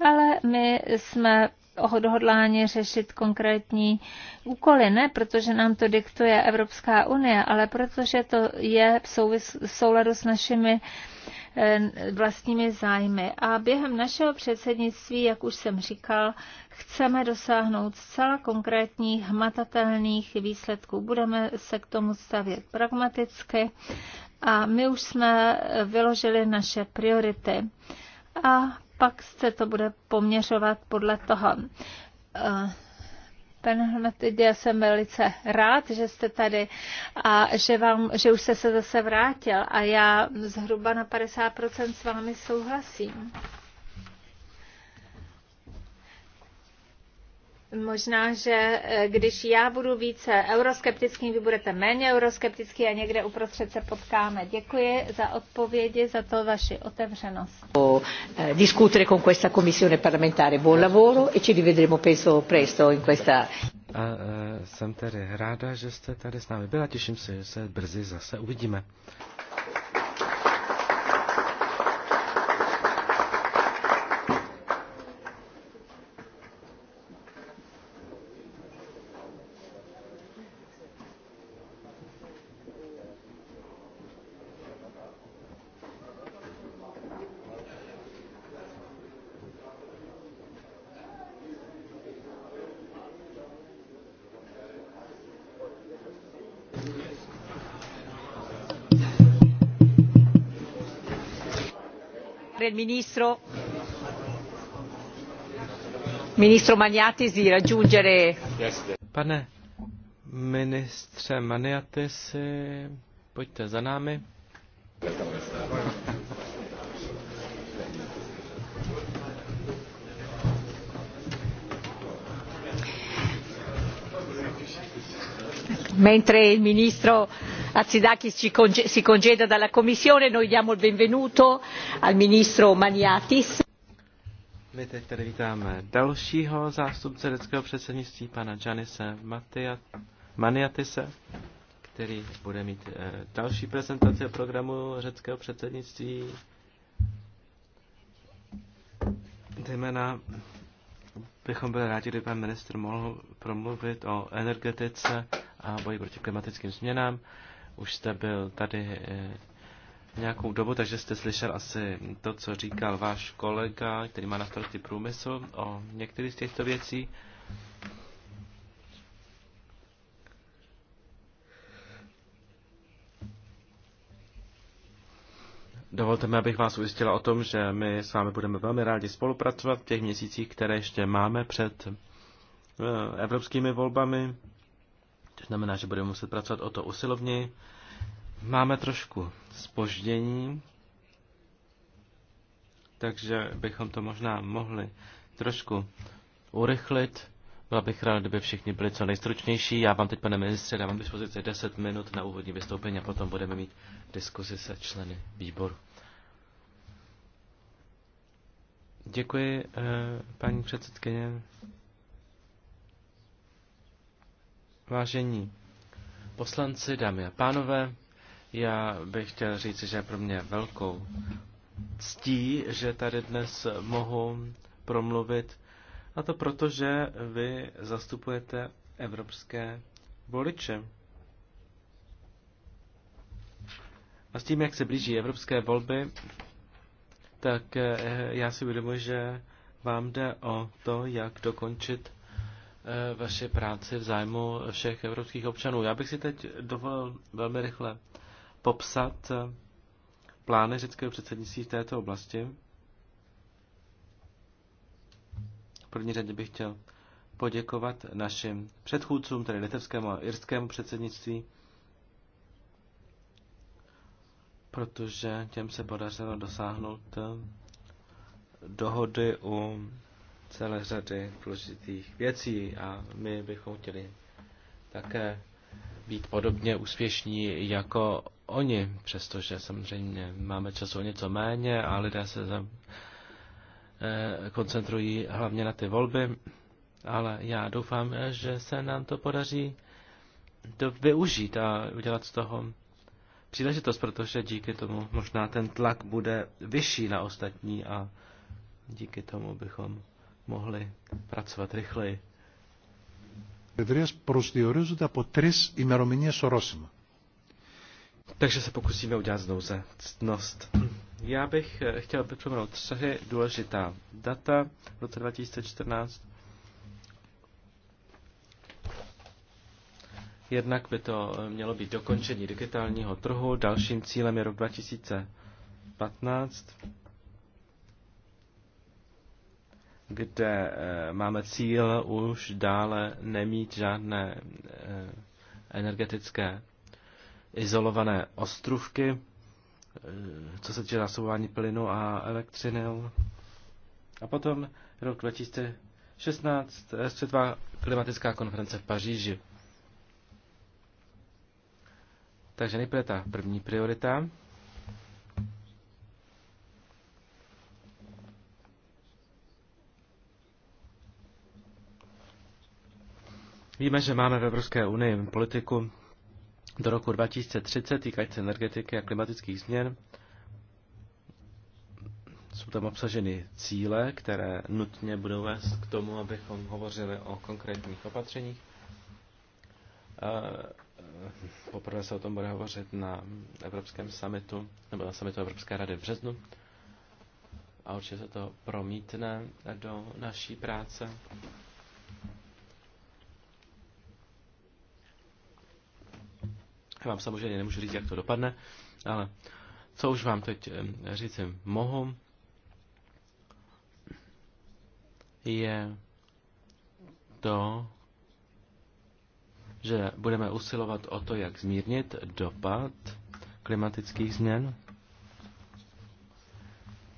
Ale my jsme odhodláně řešit konkrétní úkoly. Ne protože nám to diktuje Evropská unie, ale protože to je v, souvis, v souladu s našimi eh, vlastními zájmy. A během našeho předsednictví, jak už jsem říkal, chceme dosáhnout zcela konkrétních, hmatatelných výsledků. Budeme se k tomu stavět pragmaticky a my už jsme vyložili naše priority. A pak se to bude poměřovat podle toho. Eh, pane Hrmatidě, já jsem velice rád, že jste tady a že, vám, že už jste se zase vrátil a já zhruba na 50% s vámi souhlasím. Možná, že e, když já budu více euroskeptický, vy budete méně euroskeptický a někde uprostřed se potkáme. Děkuji za odpovědi, za to vaši otevřenost. E, Discutere con questa commissione parlamentare. Buon lavoro e ci rivedremo penso presto in questa... A, e, jsem tedy ráda, že jste tady s námi byla. Těším se, že se brzy zase uvidíme. ministro ministro Magnatis raggiungere Pane ministře Maniatisi, pojďte za námi. Mentre il ministro Hatzidakis si congeda dalla Commissione, noi diamo il benvenuto al ministro Maniatis. My teď tady vítáme dalšího zástupce řeckého předsednictví, pana Janise Maniatise, který bude mít eh, další prezentaci o programu řeckého předsednictví, zejména bychom byli rádi, kdyby pan ministr mohl promluvit o energetice a boji proti klimatickým změnám už jste byl tady eh, nějakou dobu, takže jste slyšel asi to, co říkal váš kolega, který má na starosti průmysl o některých z těchto věcí. Dovolte mi, abych vás ujistila o tom, že my s vámi budeme velmi rádi spolupracovat v těch měsících, které ještě máme před eh, evropskými volbami. To znamená, že budeme muset pracovat o to usilovněji. Máme trošku spoždění, takže bychom to možná mohli trošku urychlit. Byla bych rád, kdyby všichni byli co nejstručnější. Já vám teď, pane ministře, dávám dispozici 10 minut na úvodní vystoupení a potom budeme mít diskuzi se členy výboru. Děkuji, eh, paní předsedkyně. Vážení poslanci, dámy a pánové, já bych chtěl říct, že je pro mě velkou ctí, že tady dnes mohu promluvit, a to proto, že vy zastupujete evropské voliče. A s tím, jak se blíží evropské volby, tak eh, já si uvědomuji, že vám jde o to, jak dokončit Eh, vaše práci v zájmu všech evropských občanů. Já bych si teď dovolil velmi rychle popsat eh, plány řeckého předsednictví v této oblasti. V první řadě bych chtěl poděkovat našim předchůdcům, tedy litevskému a irskému předsednictví, protože těm se podařilo dosáhnout eh, dohody u celé řady důležitých věcí a my bychom chtěli také být podobně úspěšní jako oni, přestože samozřejmě máme času o něco méně a lidé se za, e, koncentrují hlavně na ty volby, ale já doufám, že se nám to podaří to využít a udělat z toho příležitost, protože díky tomu možná ten tlak bude vyšší na ostatní a díky tomu bychom mohli pracovat rychleji. Takže se pokusíme udělat znouze ctnost. Já bych eh, chtěl připomenout tři důležitá data v roce 2014. Jednak by to eh, mělo být dokončení digitálního trhu, dalším cílem je rok 2015 kde eh, máme cíl už dále nemít žádné eh, energetické izolované e, co se týče zásobování plynu a elektřiny. A potom rok 2016 světová klimatická konference v Paříži. Takže nejprve ta první priorita. Víme, že máme v Evropské unii politiku do roku 2030 týkající se energetiky a klimatických změn. Jsou tam obsaženy cíle, které nutně budou vést k tomu, abychom hovořili o konkrétních opatřeních. E, poprvé se o tom bude hovořit na Evropském summitu, nebo na summitu Evropské rady v březnu. A určitě se to promítne do naší práce. Já vám samozřejmě nemůžu říct, jak to dopadne, ale co už vám teď eh, říct mohu, je to, že budeme usilovat o to, jak zmírnit dopad klimatických změn.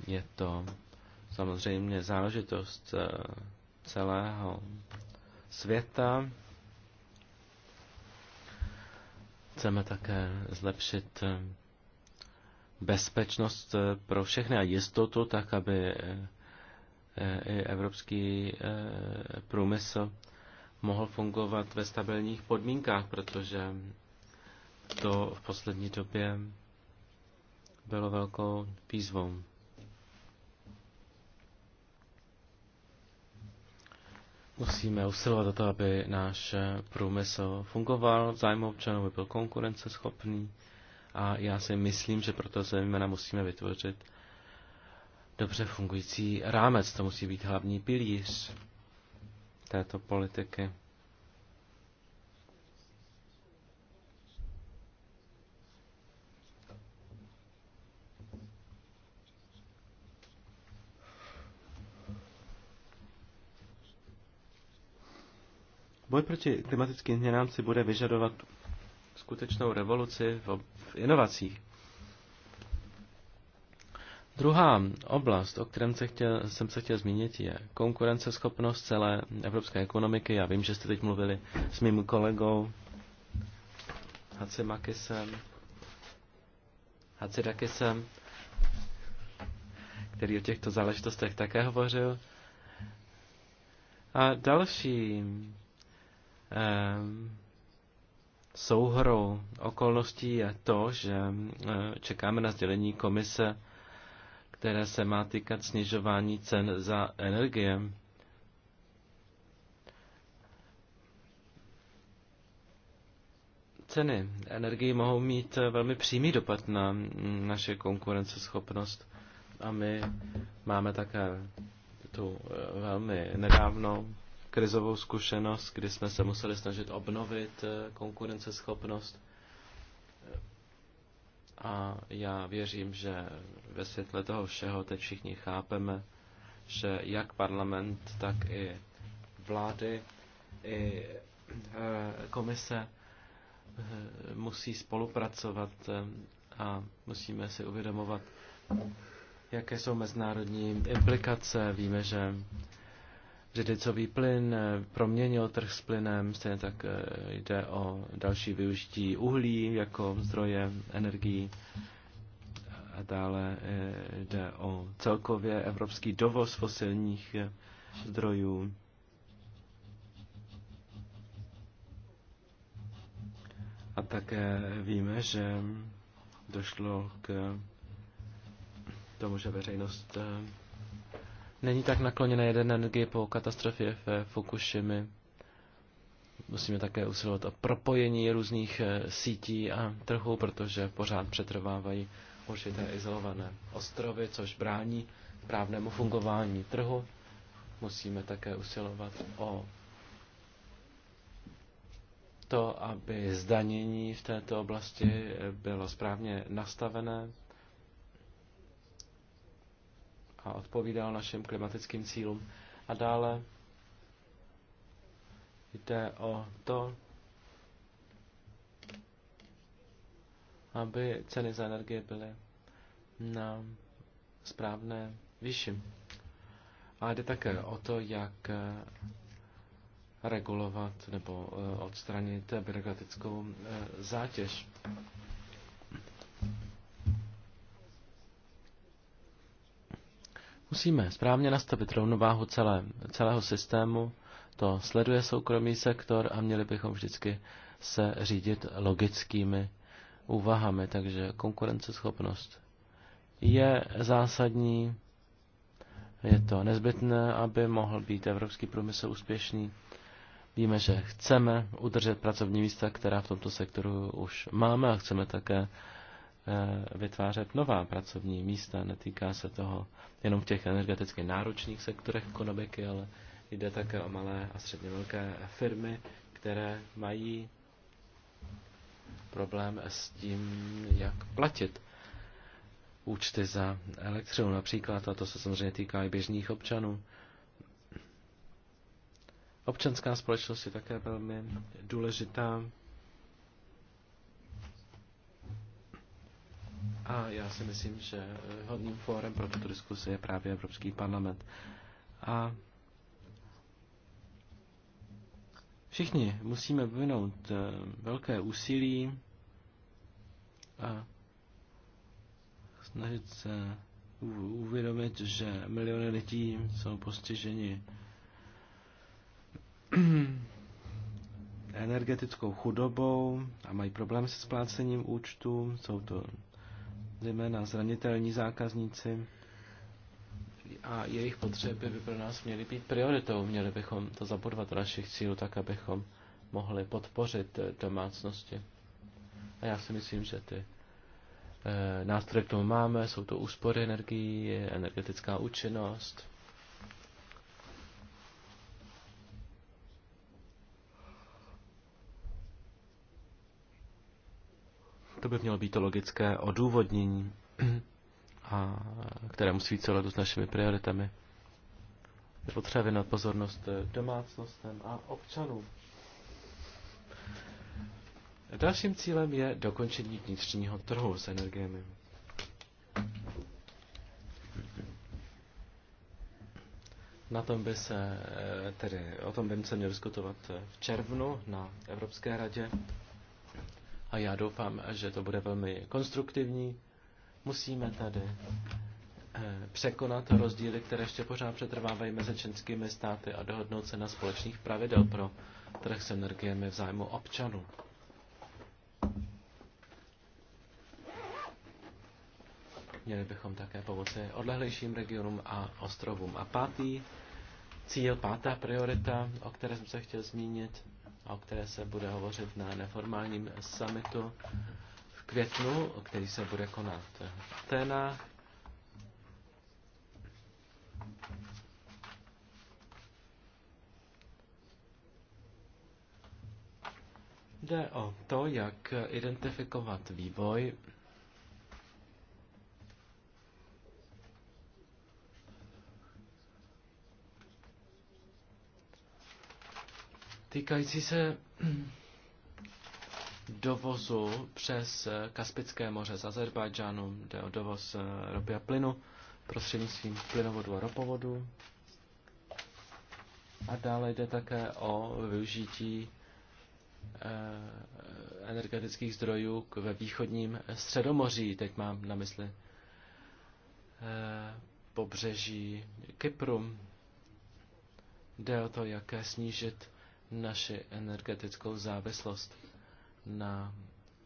Je to samozřejmě záležitost eh, celého světa. Chceme také zlepšit eh, bezpečnost eh, pro všechny a jistotu, tak aby eh, i evropský průmysl mohl fungovat ve stabilních podmínkách, protože to v poslední době bylo velkou výzvou. Musíme usilovat o to, aby náš průmysl fungoval, zájmu občanů by byl konkurenceschopný a já si myslím, že proto zejména musíme vytvořit dobře fungující rámec. To musí být hlavní pilíř této politiky. Boj proti klimatickým změnám si bude vyžadovat skutečnou revoluci v, v inovacích. Druhá oblast, o kterém se chtěl, jsem se chtěl zmínit, je konkurenceschopnost celé evropské ekonomiky. Já vím, že jste teď mluvili s mým kolegou Hacimakisem, Hacidakisem, který o těchto záležitostech také hovořil. A další Ehm, souhrou okolností je to, že e, čekáme na sdělení komise, které se má týkat snižování cen za energie. Ceny energii mohou mít velmi přímý dopad na naše konkurenceschopnost a my máme také tu e, velmi nedávnou krizovou zkušenost, kdy jsme se museli snažit obnovit eh, konkurenceschopnost. A já věřím, že ve světle toho všeho teď všichni chápeme, že jak parlament, tak i vlády, i eh, komise eh, musí spolupracovat a musíme si uvědomovat, jaké jsou mezinárodní implikace. Víme, že Břidlicový plyn eh, proměnil trh s plynem, stejně tak eh, jde o další využití uhlí jako zdroje energií. A dále eh, jde o celkově evropský dovoz fosilních zdrojů. A také víme, že došlo k tomu, že veřejnost není tak nakloněna jeden energie po katastrofě v eh, Fukushimi. Musíme také usilovat o propojení různých eh, sítí a trhů, protože pořád přetrvávají určité izolované ostrovy, což brání správnému fungování trhu. Musíme také usilovat o to, aby zdanění v této oblasti bylo správně nastavené, a odpovídal našim klimatickým cílům. A dále jde o to, aby ceny za energie byly na správné výši. A jde také o to, jak eh, regulovat nebo eh, odstranit byrokratickou eh, zátěž. Musíme správně nastavit rovnováhu celé, celého systému, to sleduje soukromý sektor a měli bychom vždycky se řídit logickými úvahami, takže konkurenceschopnost je zásadní, je to nezbytné, aby mohl být evropský průmysl úspěšný. Víme, že chceme udržet pracovní místa, která v tomto sektoru už máme a chceme také Eh, vytvářet nová pracovní místa. Netýká se toho jenom v těch energeticky náročných sektorech Konobeky, ale jde také o malé a středně velké firmy, které mají problém s tím, jak platit účty za elektřinu například, a to se samozřejmě týká i běžných občanů. Občanská společnost je také velmi důležitá A já si myslím, že eh, hodným fórem pro tuto diskusi je právě Evropský parlament. A všichni musíme vyvinout eh, velké úsilí a snažit se uvědomit, že miliony lidí jsou postiženi energetickou chudobou a mají problém se splácením účtu. Jsou to zejména zranitelní zákazníci a jejich potřeby by pro nás měly být prioritou. Měli bychom to zabudovat do našich cílů tak, abychom mohli podpořit eh, domácnosti. A já si myslím, že ty eh, nástroje k tomu máme, jsou to úspory energií, energetická účinnost, To by mělo být to logické odůvodnění, a které musí být souladu s našimi prioritami. Je potřeba věnovat pozornost eh, domácnostem a občanům. Dalším cílem je dokončení vnitřního trhu s energiemi. Na tom by se, eh, tedy o tom by se měl diskutovat eh, v červnu na Evropské radě a já doufám, že to bude velmi konstruktivní. Musíme tady eh, překonat rozdíly, které ještě pořád přetrvávají mezi členskými státy a dohodnout se na společných pravidel pro trh s energiemi v zájmu občanů. Měli bychom také pomoci odlehlejším regionům a ostrovům. A pátý cíl, pátá priorita, o které jsem se chtěl zmínit, o které se bude hovořit na neformálním summitu v květnu, který se bude konat v Atenách. Jde o to, jak identifikovat vývoj týkající se dovozu přes Kaspické moře z Azerbajdžánu. Jde o dovoz eh, ropy a plynu prostřednictvím plynovodu a ropovodu. A dále jde také o využití eh, energetických zdrojů ve východním středomoří. Teď mám na mysli eh, pobřeží Kypru. Jde o to, jaké snížit naši energetickou závislost na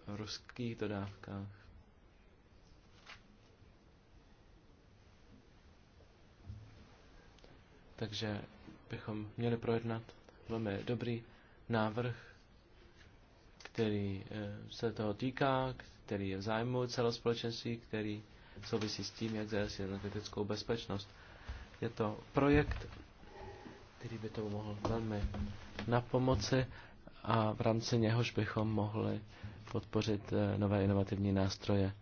ruských dodávkách. Takže bychom měli projednat velmi dobrý návrh, který eh, se toho týká, který je v zájmu celospolečenství, který souvisí s tím, jak zajistit energetickou bezpečnost. Je to projekt který by tomu mohl velmi na pomoci a v rámci něhož bychom mohli podpořit eh, nové inovativní nástroje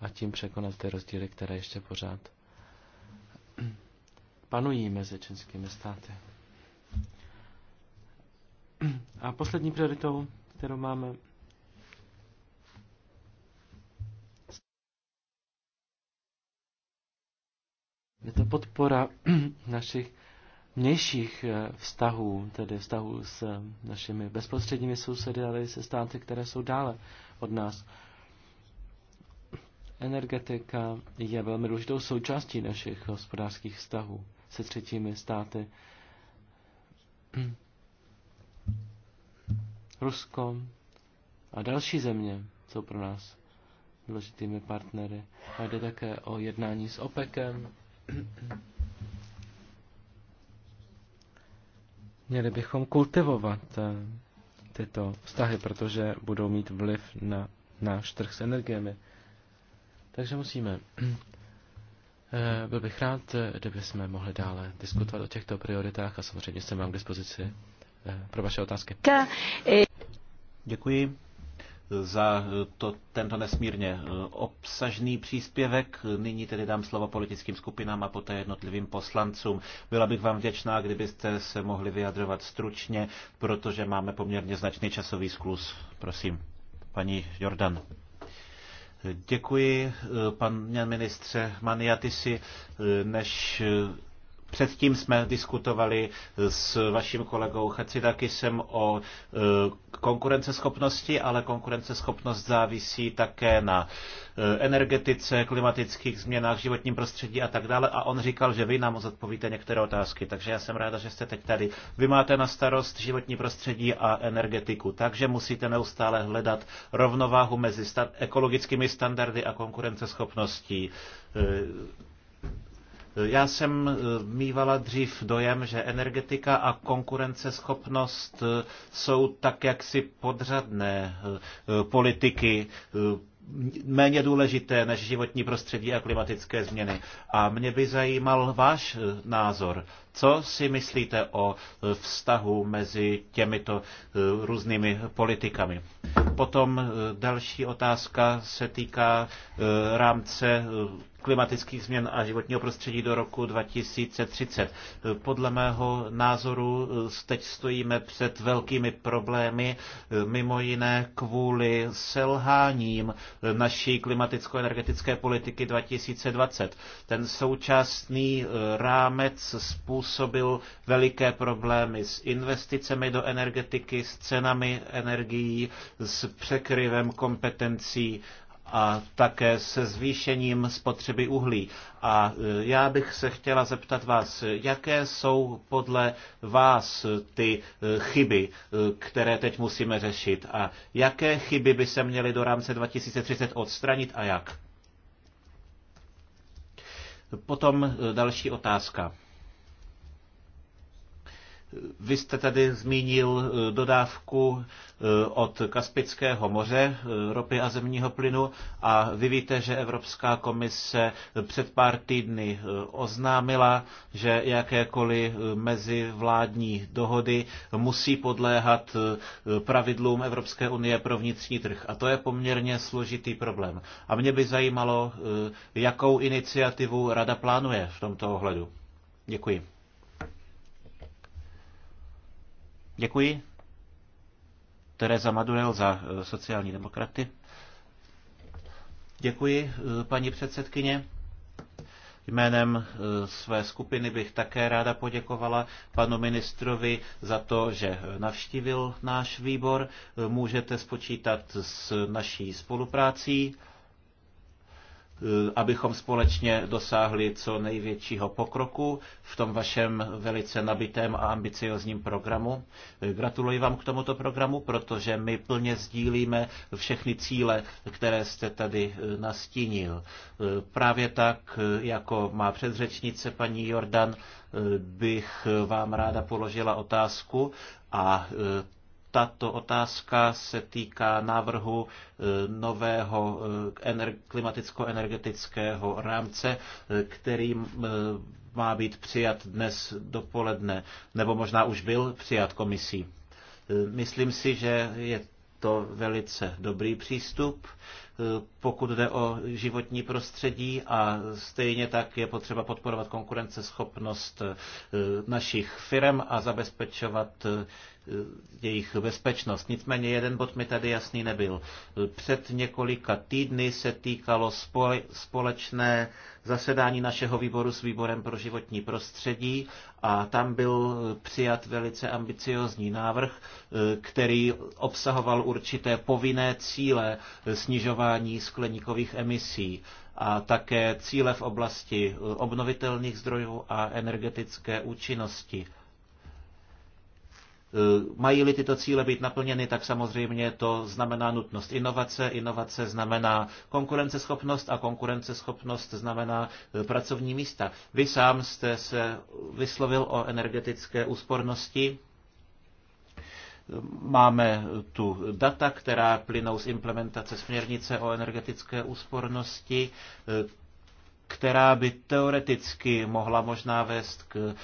a tím překonat ty rozdíly, které ještě pořád panují mezi českými státy. A poslední prioritou, kterou máme, je to podpora našich vnějších eh, vztahů, tedy vztahů s eh, našimi bezprostředními sousedy, ale i se státy, které jsou dále od nás. Energetika je velmi důležitou součástí našich hospodářských vztahů se třetími státy. Rusko a další země jsou pro nás důležitými partnery. A jde také o jednání s OPEKem Měli bychom kultivovat eh, tyto vztahy, protože budou mít vliv na náš trh s energiemi. Takže musíme. Eh, byl bych rád, eh, kdyby jsme mohli dále diskutovat o těchto prioritách a samozřejmě jsem vám k dispozici pro vaše otázky. Děkuji za eh, to, tento nesmírně eh, obsažný příspěvek. Nyní tedy dám slovo politickým skupinám a poté jednotlivým poslancům. Byla bych vám vděčná, kdybyste se mohli vyjadrovat stručně, protože máme poměrně značný časový sklus. Prosím, paní Jordan. Děkuji, eh, pan ministře Maniatisi. Než Předtím jsme diskutovali s vaším kolegou jsem o e, konkurenceschopnosti, ale konkurenceschopnost závisí také na e, energetice, klimatických změnách, životním prostředí a tak dále. A on říkal, že vy nám zodpovíte některé otázky. Takže já jsem ráda, že jste teď tady. Vy máte na starost životní prostředí a energetiku, takže musíte neustále hledat rovnováhu mezi ekologickými standardy a konkurenceschopností e, já jsem eh, mývala dřív dojem, že energetika a konkurenceschopnost eh, jsou tak jaksi podřadné eh, politiky méně důležité než životní prostředí a klimatické změny. A mě by zajímal váš názor. Co si myslíte o e, vztahu mezi těmito e, různými politikami? Potom e, další otázka se týká rámce klimatických změn a životního prostředí do roku 2030. Podle mého názoru teď stojíme před velkými problémy, mimo jiné kvůli selháním naší klimaticko-energetické politiky 2020. Ten současný rámec způsob způsobil veliké problémy s investicemi do energetiky, s cenami energií, s překryvem kompetencí a také se zvýšením spotřeby uhlí. A e, já bych se chtěla zeptat vás, jaké jsou podle vás ty e, chyby, e, které teď musíme řešit a jaké chyby by se měly do rámce 2030 odstranit a jak? Potom další otázka. Vy jste tady zmínil eh, dodávku eh, od Kaspického moře eh, ropy a zemního plynu a vy víte, že Evropská komise před pár týdny oznámila, že jakékoliv mezivládní dohody musí podléhat pravidlům Evropské unie pro vnitřní trh. A to je poměrně složitý problém. A mě by zajímalo, jakou iniciativu Rada plánuje v tomto ohledu. Děkuji. Děkuji. Tereza Madurel za eh, sociální demokraty. Děkuji, eh, paní předsedkyně. Jménem eh, své skupiny bych také ráda poděkovala panu ministrovi za to, že navštívil náš výbor. Můžete spočítat s naší spoluprácí. Eh, abychom společně dosáhli co největšího pokroku v tom vašem velice nabitém a ambiciozním programu. Eh, gratuluji vám k tomuto programu, protože my plně sdílíme všechny cíle, které jste tady eh, nastínil. Právě tak, jako má předřečnice paní Jordan, bych vám ráda položila otázku a tato otázka se týká návrhu e, nového e, klimaticko-energetického rámce, e, který má být přijat dnes dopoledne, nebo možná už byl přijat komisí. Myslím si, že je to velice dobrý přístup, pokud jde o životní prostředí a stejně tak je potřeba podporovat konkurenceschopnost našich firm a zabezpečovat jejich bezpečnost. Nicméně jeden bod mi tady jasný nebyl. Před několika týdny se týkalo společné zasedání našeho výboru s výborem pro životní prostředí a tam byl přijat velice ambiciozní návrh, který obsahoval určité povinné cíle snižování skleníkových emisí a také cíle v oblasti obnovitelných zdrojů a energetické účinnosti. Eh, mají-li tyto cíle být naplněny, tak samozřejmě to znamená nutnost inovace, inovace znamená konkurenceschopnost a konkurenceschopnost znamená eh, pracovní místa. Vy sám jste se vyslovil o energetické úspornosti. Máme tu data, která plynou z implementace směrnice o energetické úspornosti, eh, která by teoreticky mohla možná vést k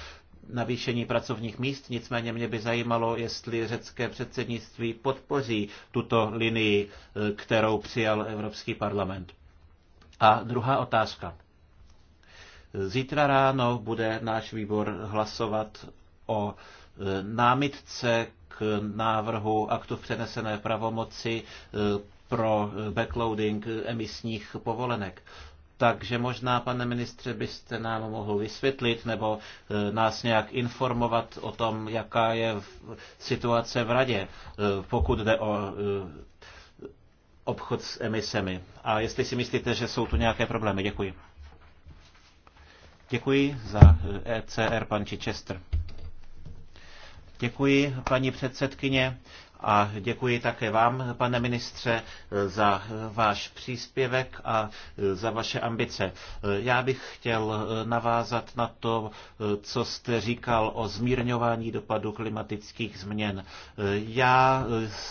navýšení pracovních míst, nicméně mě by zajímalo, jestli řecké předsednictví podpoří tuto linii, eh, kterou přijal Evropský parlament. A druhá otázka. Zítra ráno bude náš výbor hlasovat o eh, námitce k návrhu aktu přenesené pravomoci eh, pro backloading emisních povolenek. Takže možná, pane ministře, byste nám mohl vysvětlit nebo e, nás nějak informovat o tom, jaká je situace v radě, e, pokud jde o e, obchod s emisemi. A jestli si myslíte, že jsou tu nějaké problémy. Děkuji. Děkuji za ECR, pan Chichester. Děkuji, paní předsedkyně. A děkuji také vám, pane ministře, za váš příspěvek a za vaše ambice. Já bych chtěl navázat na to, co jste říkal o zmírňování dopadu klimatických změn. Já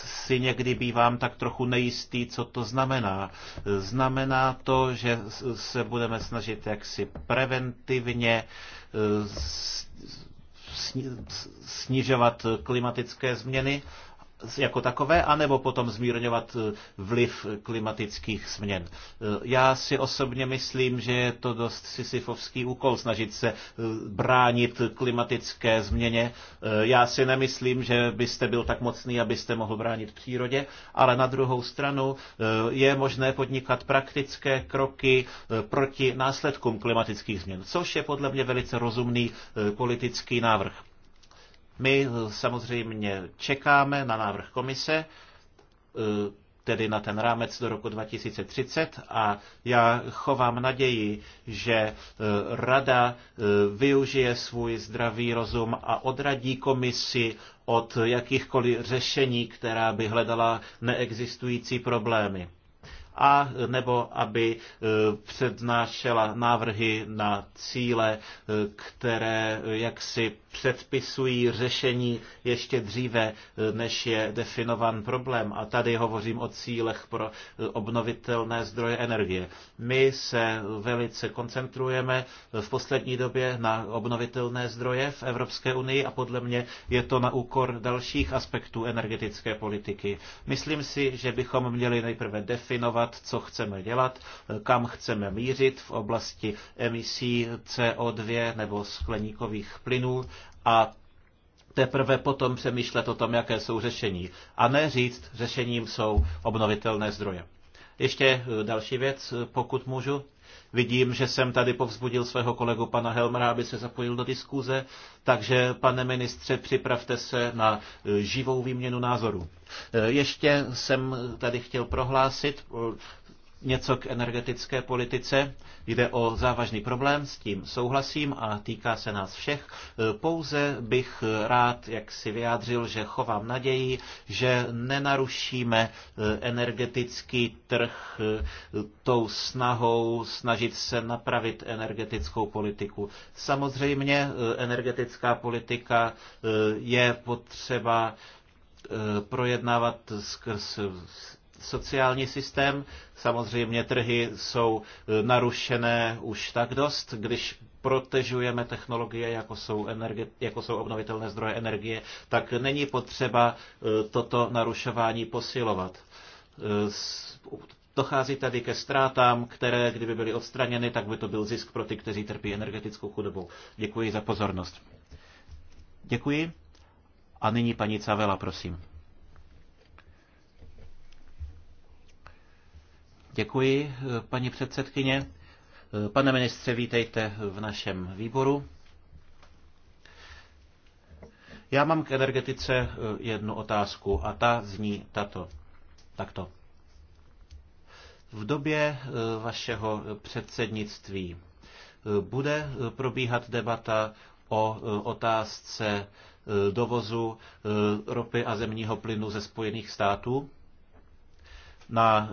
si někdy bývám tak trochu nejistý, co to znamená. Znamená to, že se budeme snažit jaksi preventivně snižovat klimatické změny, jako takové, anebo potom zmírňovat eh, vliv klimatických změn. Eh, já si osobně myslím, že je to dost sisyfovský úkol snažit se eh, bránit klimatické změně. Já si nemyslím, že byste byl tak mocný, abyste mohl bránit přírodě, ale na druhou stranu je možné podnikat praktické kroky proti následkům klimatických změn, což je podle mě velice rozumný politický návrh. My eh, samozřejmě čekáme na návrh komise, eh, tedy na ten rámec do roku 2030 a já chovám naději, že eh, rada využije svůj zdravý rozum a odradí komisi od jakýchkoliv řešení, která by hledala neexistující problémy a nebo aby přednášela návrhy na cíle, které jaksi předpisují řešení ještě dříve, e, než je definovan problém. A tady hovořím o cílech pro e, obnovitelné zdroje energie. My se velice koncentrujeme e, v poslední době na obnovitelné zdroje v Evropské unii a podle mě je to na úkor dalších aspektů energetické politiky. Myslím si, že bychom měli nejprve definovat, co chceme dělat, kam chceme mířit v oblasti emisí CO2 nebo skleníkových plynů a teprve potom přemýšlet o tom, jaké jsou řešení. A ne říct, řešením jsou obnovitelné zdroje. Ještě eh, další věc, eh, pokud můžu. Vidím, že jsem tady povzbudil svého kolegu pana Helmera, aby se zapojil do diskuze, takže pane ministře, připravte se na eh, živou výměnu názorů. Ještě jsem tady chtěl prohlásit, něco k energetické politice. Jde o závažný problém, s tím souhlasím a týká se nás všech. Pouze bych rád, jak si vyjádřil, že chovám naději, že nenarušíme eh, energetický trh eh, tou snahou snažit se napravit energetickou politiku. Samozřejmě eh, energetická politika je potřeba projednávat skrz sociální systém. Samozřejmě trhy jsou e, narušené už tak dost, když protežujeme technologie, jako jsou, energie, jako jsou obnovitelné zdroje energie, tak není potřeba e, toto narušování posilovat. E, dochází tady ke ztrátám, které kdyby byly odstraněny, tak by to byl zisk pro ty, kteří trpí energetickou chudobou. Děkuji za pozornost. Děkuji. A nyní paní Cavela, prosím. Děkuji, paní předsedkyně. Pane ministře, vítejte v našem výboru. Já mám k energetice eh, jednu otázku a ta zní tato. Takto. V době eh, vašeho předsednictví eh, bude probíhat debata o otázce dovozu ropy a zemního plynu ze Spojených států na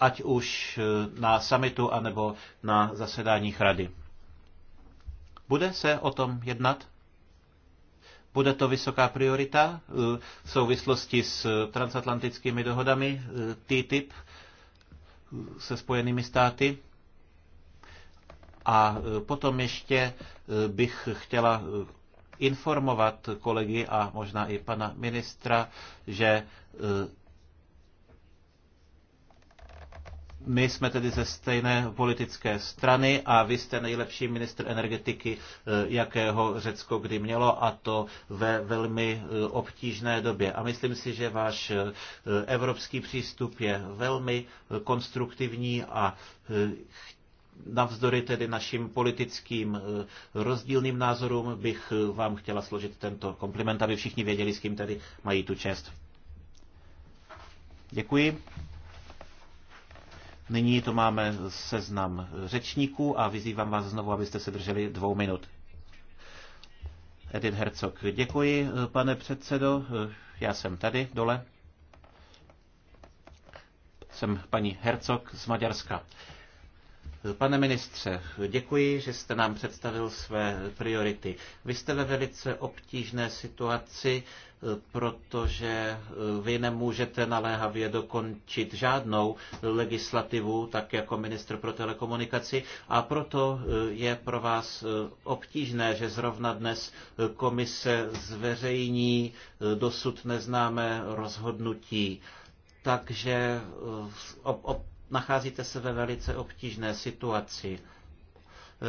ať už eh, na summitu anebo na zasedáních rady. Bude se o tom jednat? Bude to vysoká priorita eh, v souvislosti s eh, transatlantickými dohodami TTIP se Spojenými státy? A potom ještě bych chtěla informovat kolegy a možná i pana ministra, že My jsme tedy ze stejné politické strany a vy jste nejlepší ministr energetiky, eh, jakého Řecko kdy mělo a to ve velmi eh, obtížné době. A myslím si, že váš eh, evropský přístup je velmi konstruktivní a navzdory tedy našim politickým rozdílným názorům bych vám chtěla složit tento kompliment, aby všichni věděli, s kým tady mají tu čest. Děkuji. Nyní to máme seznam řečníků a vyzývám vás znovu, abyste se drželi dvou minut. Edin Herzog. Děkuji, pane předsedo. Já jsem tady dole. Jsem paní Herzog z Maďarska. Pane ministře, děkuji, že jste nám představil své priority. Vy jste ve velice obtížné situaci, eh, protože eh, vy nemůžete naléhavě dokončit žádnou legislativu, tak jako ministr pro telekomunikaci, a proto eh, je pro vás obtížné, že zrovna dnes komise zveřejní dosud neznámé rozhodnutí. Takže nacházíte se ve velice obtížné situaci.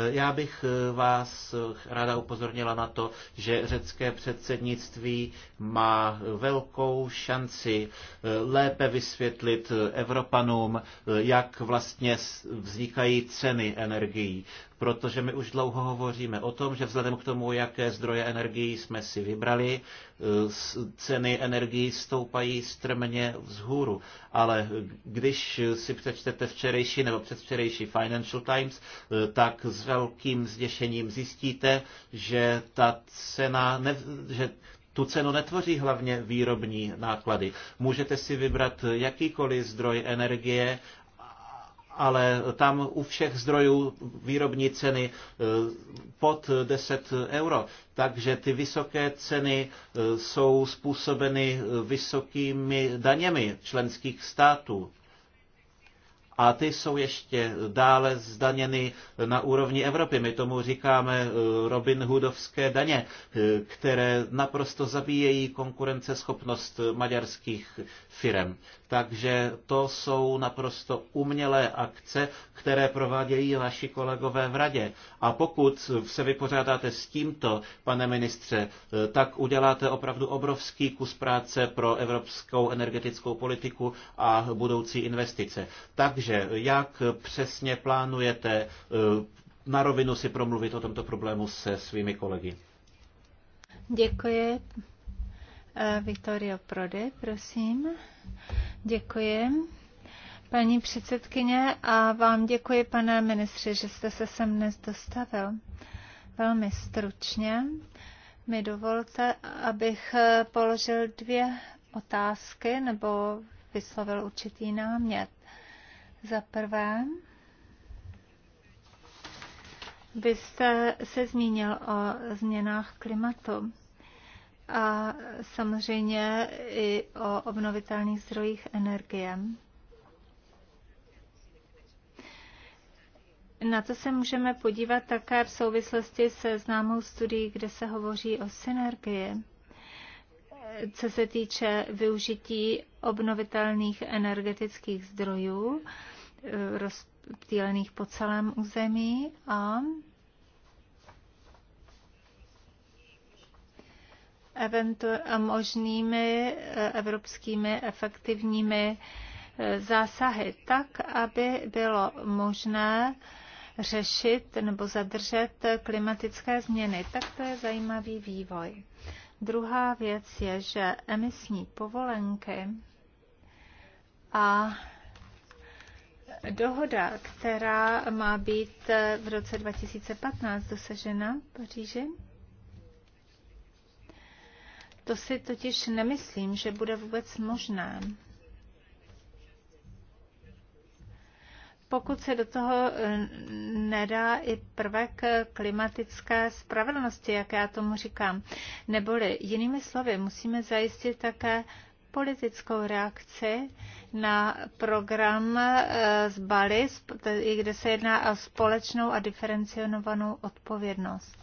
Já bych eh, vás eh, ráda upozornila na to, že řecké předsednictví má velkou šanci eh, lépe vysvětlit Evropanům, jak vlastně vznikají ceny energií protože my už dlouho hovoříme o tom, že vzhledem k tomu, jaké zdroje energií jsme si vybrali, eh, ceny energií stoupají strmně vzhůru. Ale když si přečtete včerejší nebo předvčerejší Financial Times, eh, tak s velkým zděšením zjistíte, že ta cena, ne, že tu cenu netvoří hlavně výrobní náklady. Můžete si vybrat jakýkoliv zdroj energie ale tam u všech zdrojů výrobní ceny e, pod 10 euro. Takže ty vysoké ceny e, jsou způsobeny e, vysokými daněmi členských států. A ty jsou ještě dále zdaněny na úrovni Evropy. My tomu říkáme Robin Hoodovské daně, které naprosto zabíjejí konkurenceschopnost maďarských firm. Takže to jsou naprosto umělé akce, které provádějí vaši kolegové v radě. A pokud se vypořádáte s tímto, pane ministře, tak uděláte opravdu obrovský kus práce pro evropskou energetickou politiku a budoucí investice. Takže jak přesně plánujete eh, na rovinu si promluvit o tomto problému se svými kolegy? Děkuji, Eh, Vittorio Prode, prosím. Děkuji. Paní předsedkyně a vám děkuji, pane ministře, že jste se sem dnes dostavil. Velmi stručně mi dovolte, abych eh, položil dvě otázky nebo vyslovil určitý námět. Za prvé, byste se zmínil o změnách klimatu a samozřejmě i o obnovitelných zdrojích energie. Na to se můžeme podívat také v souvislosti se známou studií, kde se hovoří o synergii, co se týče využití obnovitelných energetických zdrojů eh, rozptýlených po celém území a a možnými eh, evropskými efektivními eh, zásahy, tak, aby bylo možné řešit nebo zadržet klimatické změny. Tak to je zajímavý vývoj. Druhá věc je, že emisní povolenky a dohoda, která má být v roce 2015 dosažena v Paříži, to si totiž nemyslím, že bude vůbec možné. pokud se do toho eh, nedá i prvek klimatické spravedlnosti, jak já tomu říkám. Neboli jinými slovy, musíme zajistit také politickou reakci na program eh, z Bali, kde se jedná o společnou a diferencionovanou odpovědnost.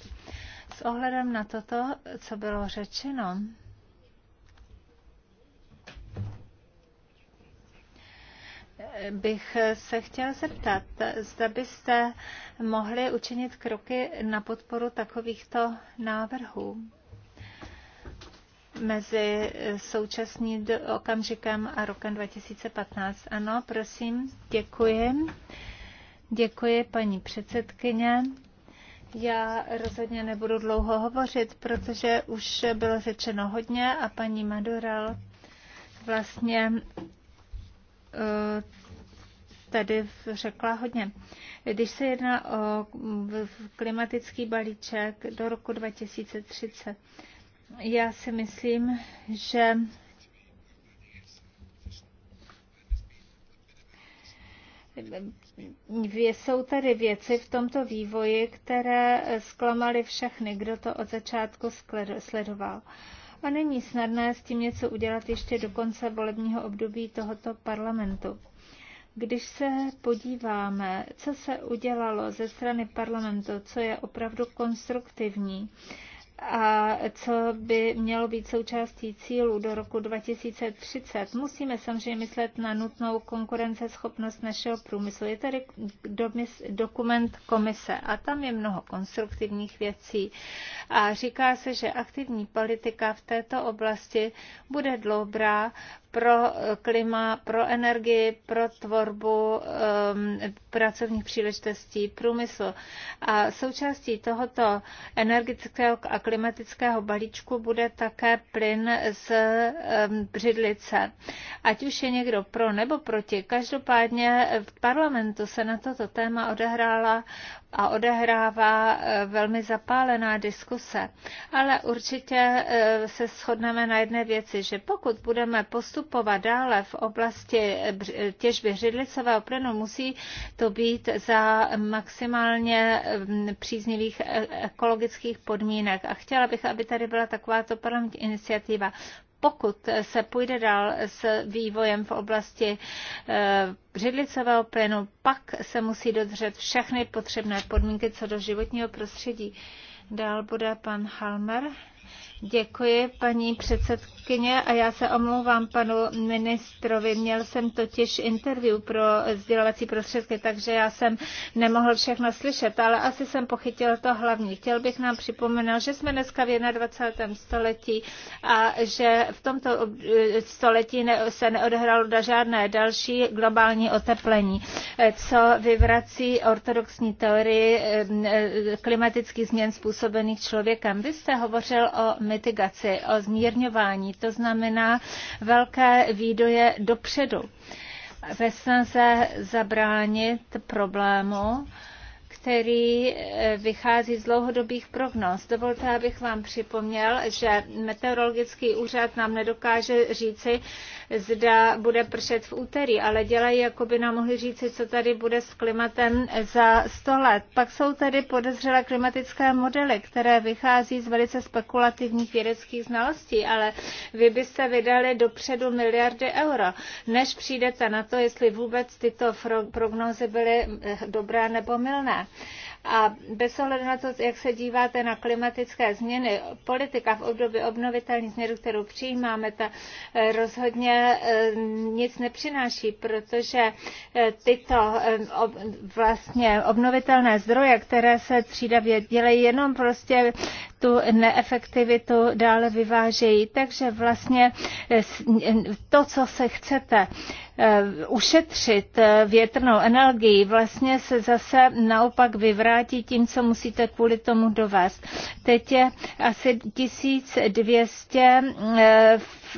S ohledem na toto, co bylo řečeno, bych se chtěl zeptat, zda byste mohli učinit kroky na podporu takovýchto návrhů mezi současným okamžikem a rokem 2015. Ano, prosím, děkuji. Děkuji, paní předsedkyně. Já rozhodně nebudu dlouho hovořit, protože už bylo řečeno hodně a paní Madural vlastně eh, tady řekla hodně. Když se jedná o klimatický balíček do roku 2030, já si myslím, že jsou tady věci v tomto vývoji, které zklamaly všechny, kdo to od začátku sledoval. A není snadné s tím něco udělat ještě do konce volebního období tohoto parlamentu. Když se podíváme, co se udělalo ze strany parlamentu, co je opravdu konstruktivní, a co by mělo být součástí cílu do roku 2030. Musíme samozřejmě myslet na nutnou konkurenceschopnost našeho průmyslu. Je tady dokument komise a tam je mnoho konstruktivních věcí. A říká se, že aktivní politika v této oblasti bude dobrá pro eh, klima, pro energii, pro tvorbu um, pracovních příležitostí, průmysl. A součástí tohoto energetického a klimatického balíčku bude také plyn z um, břidlice. Ať už je někdo pro nebo proti. Každopádně v parlamentu se na toto téma odehrála a odehrává eh, velmi zapálená diskuse. Ale určitě eh, se shodneme na jedné věci, že pokud budeme postupovat dále v oblasti eh, těžby řidlicového plynu, musí to být za maximálně mm, příznivých ekologických podmínek. A chtěla bych, aby tady byla takováto parlamentní iniciativa pokud se půjde dál s vývojem v oblasti eh, břidlicového plynu, pak se musí dodržet všechny potřebné podmínky co do životního prostředí. Dál bude pan Halmer. Děkuji, paní předsedkyně, a já se omlouvám panu ministrovi. Měl jsem totiž interview pro sdělovací prostředky, takže já jsem nemohl všechno slyšet, ale asi jsem pochytil to hlavní. Chtěl bych nám připomenout, že jsme dneska v 21. století a že v tomto století se neodehrálo žádné další globální oteplení, co vyvrací ortodoxní teorii eh, eh, klimatických změn způsobených člověkem. Vy jste hovořil o mitigaci, o zmírňování, to znamená velké výdoje dopředu ve snaze zabránit problému, který eh, vychází z dlouhodobých prognóz. Dovolte, abych vám připomněl, že meteorologický úřad nám nedokáže říci, zda bude pršet v úterý, ale dělají, jako by nám mohli říci, co tady bude s klimatem za 100 let. Pak jsou tady podezřelé klimatické modely, které vychází z velice spekulativních vědeckých znalostí, ale vy byste vydali dopředu miliardy euro, než přijdete na to, jestli vůbec tyto prognózy byly eh, dobré nebo milné. A bez ohledu na to, jak se díváte na klimatické změny, politika v období obnovitelných změn, kterou přijímáme, ta eh, rozhodně eh, nic nepřináší, protože eh, tyto vlastně obnovitelné zdroje, které se třída dělají jenom prostě tu neefektivitu dále vyvážejí. Takže vlastně eh, to, co se chcete eh, ušetřit eh, větrnou energii, vlastně se zase naopak vyvrátí tím, co musíte kvůli tomu dovést. Teď je asi 1200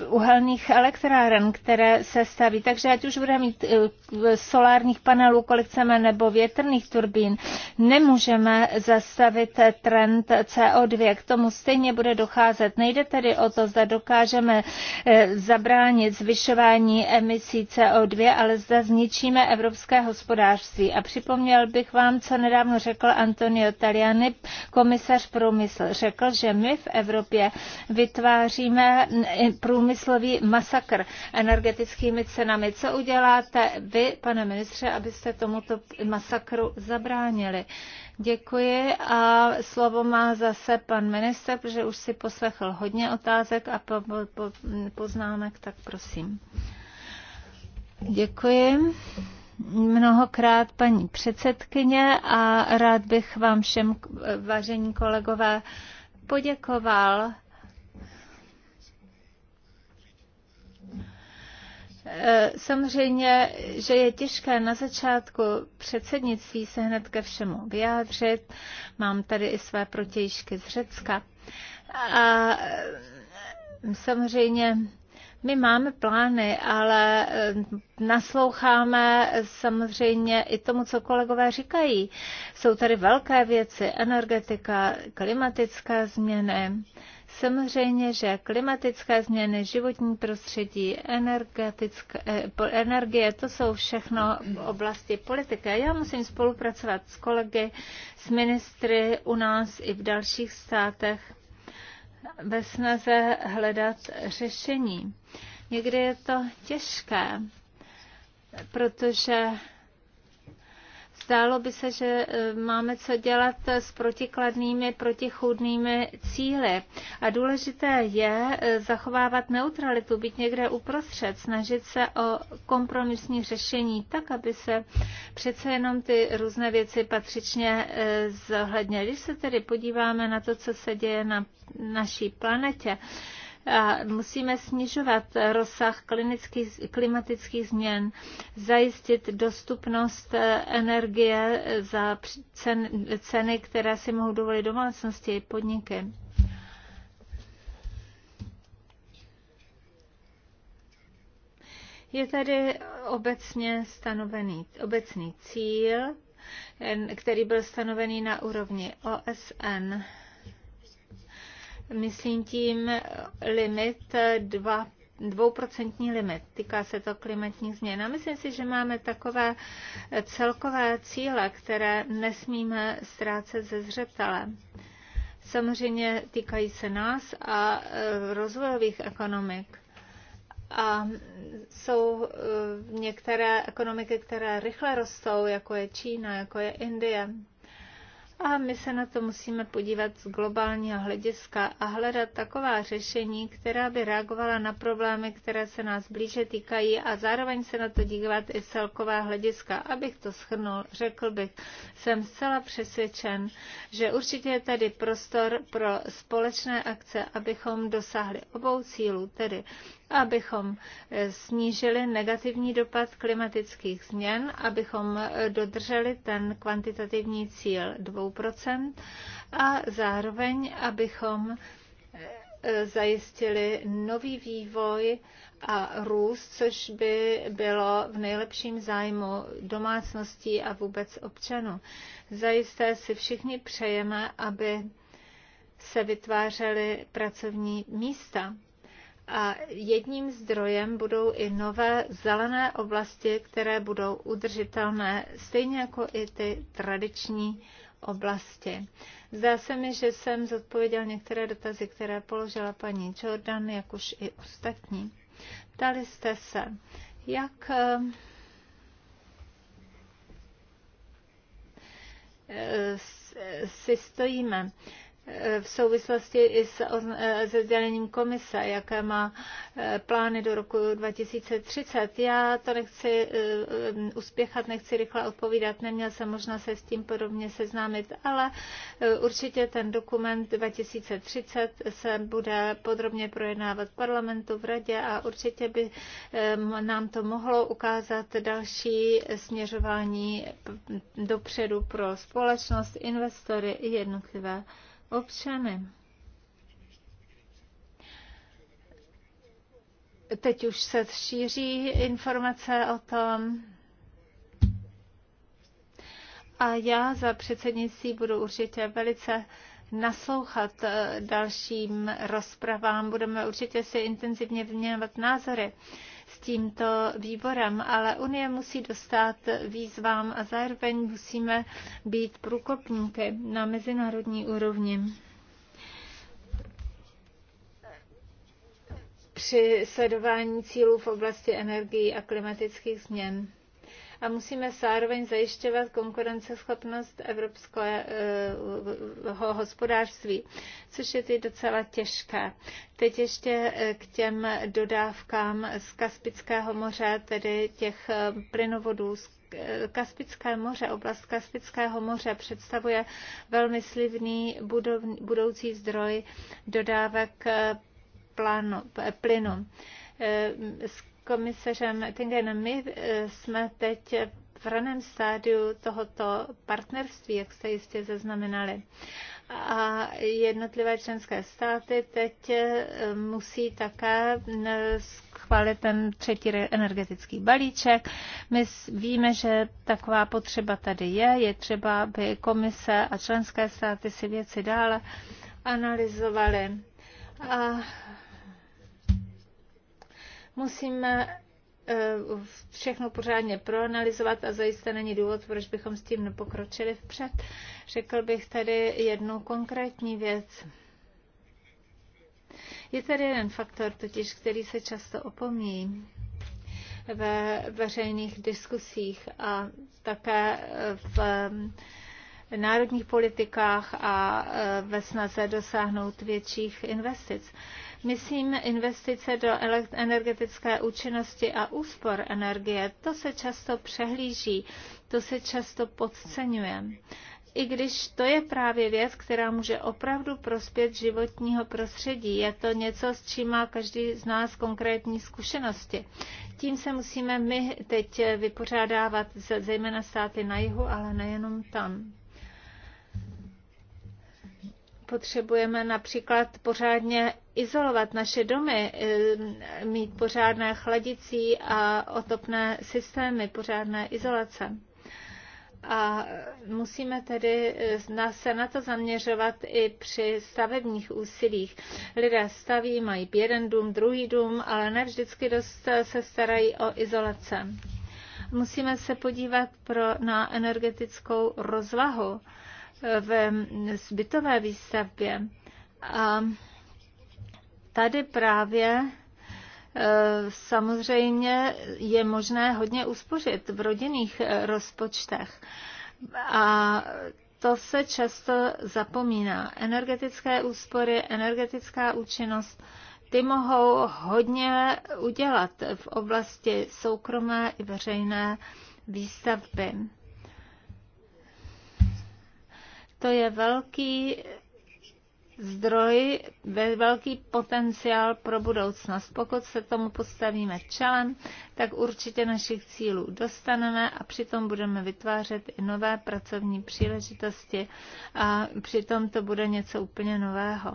uhelných elektráren, které se staví. Takže ať už budeme mít eh, solárních panelů, kolik chceme, nebo větrných turbín, nemůžeme zastavit trend CO2. K tomu stejně bude docházet. Nejde tedy o to, zda dokážeme eh, zabránit zvyšování emisí CO2, ale zda zničíme evropské hospodářství. A připomněl bych vám, co nedávno řekl Antonio Taliani, komisař průmysl. Řekl, že my v Evropě vytváříme eh, průmysl průmyslový masakr energetickými cenami. Co uděláte vy, pane ministře, abyste tomuto masakru zabránili? Děkuji a slovo má zase pan minister, protože už si poslechl hodně otázek a po, po, poznámek, tak prosím. Děkuji mnohokrát paní předsedkyně a rád bych vám všem, vážení kolegové, poděkoval Eh, samozřejmě, že je těžké na začátku předsednictví se hned ke všemu vyjádřit. Mám tady i své protějšky z Řecka. A eh, samozřejmě my máme plány, ale eh, nasloucháme samozřejmě i tomu, co kolegové říkají. Jsou tady velké věci, energetika, klimatické změny, Samozřejmě, že klimatické změny, životní prostředí, eh, energie, to jsou všechno oblasti politiky. Já musím spolupracovat s kolegy, s ministry u nás i v dalších státech ve snaze hledat řešení. Někdy je to těžké, protože Zdálo by se, že e, máme co dělat s protikladnými, protichůdnými cíly. A důležité je e, zachovávat neutralitu, být někde uprostřed, snažit se o kompromisní řešení tak, aby se přece jenom ty různé věci patřičně e, zohledněly. Když se tedy podíváme na to, co se děje na naší planetě, a musíme snižovat rozsah klimatických změn, zajistit dostupnost eh, energie za ceny, které si mohou dovolit domácnosti i podniky. Je tady obecně stanovený obecný cíl, který byl stanovený na úrovni OSN myslím tím limit dva dvouprocentní limit. Týká se to klimatních změn. A myslím si, že máme takové celkové cíle, které nesmíme ztrácet ze zřetele. Samozřejmě týkají se nás a e, rozvojových ekonomik. A jsou e, některé ekonomiky, které rychle rostou, jako je Čína, jako je Indie. A my se na to musíme podívat z globálního hlediska a hledat taková řešení, která by reagovala na problémy, které se nás blíže týkají a zároveň se na to dívat i celková hlediska. Abych to schrnul, řekl bych, jsem zcela přesvědčen, že určitě je tady prostor pro společné akce, abychom dosáhli obou cílů, tedy abychom eh, snížili negativní dopad klimatických změn, abychom eh, dodrželi ten kvantitativní cíl dvou 2% a zároveň, abychom eh, zajistili nový vývoj a růst, což by bylo v nejlepším zájmu domácností a vůbec občanů. Zajisté si všichni přejeme, aby se vytvářely pracovní místa. A jedním zdrojem budou i nové zelené oblasti, které budou udržitelné, stejně jako i ty tradiční oblasti. Zdá se mi, že jsem zodpověděl některé dotazy, které položila paní Jordan, jak už i ostatní. Ptali jste se, jak eh, si stojíme Eh, v souvislosti i s, eh, se sdělením komise, jaké má eh, plány do roku 2030. Já to nechci uspěchat, nechci rychle odpovídat, neměl jsem možná se s tím podobně seznámit, ale určitě ten dokument 2030 se bude podrobně projednávat v parlamentu, v radě a určitě by nám to mohlo ukázat další směřování dopředu pro společnost, investory i jednotlivé občany. Teď už se šíří informace o tom, a já za předsednictví budu určitě velice naslouchat eh, dalším rozpravám. Budeme určitě si intenzivně vyměňovat názory s tímto výborem, ale Unie musí dostat výzvám a zároveň musíme být průkopníky na mezinárodní úrovni. při sledování cílů v oblasti energií a klimatických změn a musíme zároveň zajišťovat konkurenceschopnost evropského hospodářství, což je teď docela těžké. Teď ještě eh, k těm dodávkám z Kaspického moře, tedy těch eh, plynovodů z eh, Kaspické moře, oblast Kaspického moře představuje velmi slivný budoucí zdroj dodávek plánu, plynu komisařem Tingenem, My eh, jsme teď v raném stádiu tohoto partnerství, jak jste jistě zaznamenali. A jednotlivé členské státy teď eh, musí také eh, schválit ten třetí energetický balíček. My víme, že taková potřeba tady je. Je třeba, aby komise a členské státy si věci dále analyzovaly. A Musíme eh, všechno pořádně proanalizovat a zajisté není důvod, proč bychom s tím nepokročili vpřed. Řekl bych tady jednu konkrétní věc. Je tady jeden faktor, totiž, který se často opomíjí ve veřejných diskusích a také v eh, národních politikách a eh, ve snaze dosáhnout větších investic. Myslím investice do energetické účinnosti a úspor energie. To se často přehlíží, to se často podceňuje i když to je právě věc, která může opravdu prospět životního prostředí. Je to něco, s čím má každý z nás konkrétní zkušenosti. Tím se musíme my teď vypořádávat, zejména státy na jihu, ale nejenom tam potřebujeme například pořádně izolovat naše domy, eh, mít pořádné chladicí a otopné systémy, pořádné izolace. A musíme tedy eh, se na to zaměřovat i při stavebních úsilích. Lidé staví, mají jeden dům, druhý dům, ale ne vždycky dost eh, se starají o izolace. Musíme se podívat pro, na energetickou rozvahu v zbytové výstavbě. A tady právě e, samozřejmě je možné hodně uspořit v rodinných e, rozpočtech. A to se často zapomíná. Energetické úspory, energetická účinnost, ty mohou hodně udělat v oblasti soukromé i veřejné výstavby. To je velký zdroj, velký potenciál pro budoucnost. Pokud se tomu postavíme čelem, tak určitě našich cílů dostaneme a přitom budeme vytvářet i nové pracovní příležitosti a přitom to bude něco úplně nového.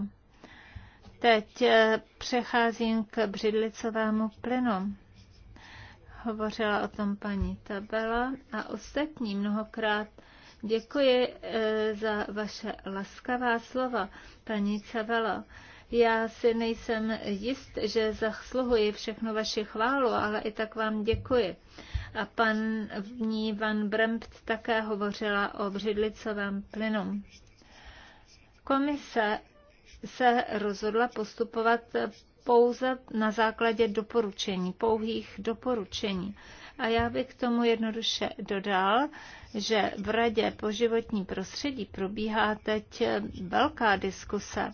Teď eh, přecházím k břidlicovému plynu. Hovořila o tom paní Tabela a ostatní mnohokrát Děkuji eh, za vaše laskavá slova, paní Cavelo. Já si nejsem jist, že zasluhuji všechnu vaši chválu, ale i tak vám děkuji. A pan v ní Van Brempt také hovořila o břidlicovém plynu. Komise se rozhodla postupovat pouze na základě doporučení, pouhých doporučení. A já bych k tomu jednoduše dodal, že v Radě po životní prostředí probíhá teď velká diskuse.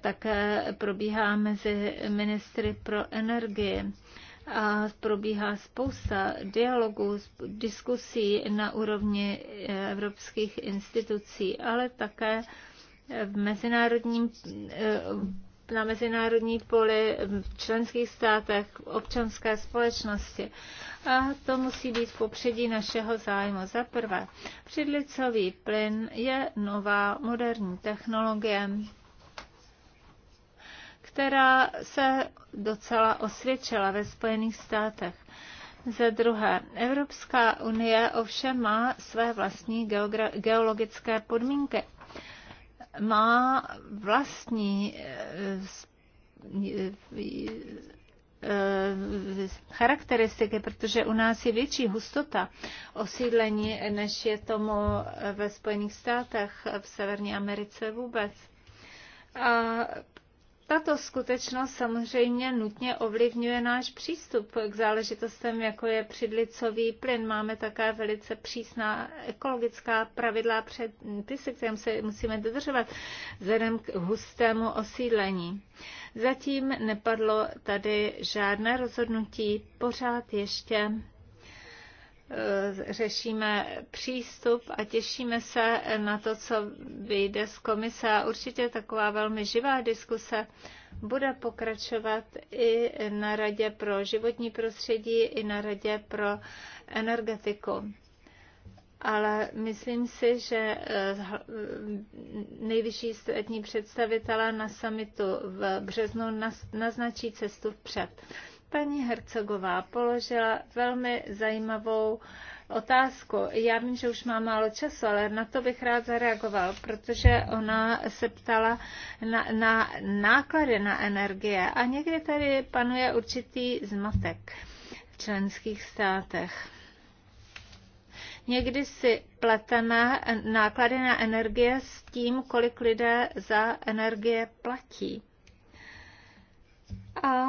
Také probíhá mezi ministry pro energii a probíhá spousta dialogů, diskusí na úrovni evropských institucí, ale také v mezinárodním na mezinárodní poli v členských státech, v občanské společnosti. A to musí být v popředí našeho zájmu. Za prvé, přidlicový plyn je nová moderní technologie, která se docela osvědčila ve Spojených státech. Za druhé, Evropská unie ovšem má své vlastní geologické podmínky má vlastní eh, eh, eh, charakteristiky, protože u nás je větší hustota osídlení, než je tomu ve Spojených státech, v Severní Americe vůbec. A tato skutečnost samozřejmě nutně ovlivňuje náš přístup k záležitostem, jako je přidlicový plyn. Máme také velice přísná ekologická pravidla předpisy, kterým se musíme dodržovat vzhledem k hustému osídlení. Zatím nepadlo tady žádné rozhodnutí, pořád ještě Eh, řešíme přístup a těšíme se na to, co vyjde z komise a určitě taková velmi živá diskuse bude pokračovat i na Radě pro životní prostředí, i na Radě pro energetiku. Ale myslím si, že eh, nejvyšší státní představitelé na samitu v březnu naznačí cestu vpřed. Paní Hercogová položila velmi zajímavou otázku. Já vím, že už má málo času, ale na to bych rád zareagoval, protože ona se ptala na, na náklady na energie a někdy tady panuje určitý zmatek v členských státech. Někdy si pleteme náklady na energie s tím, kolik lidé za energie platí. A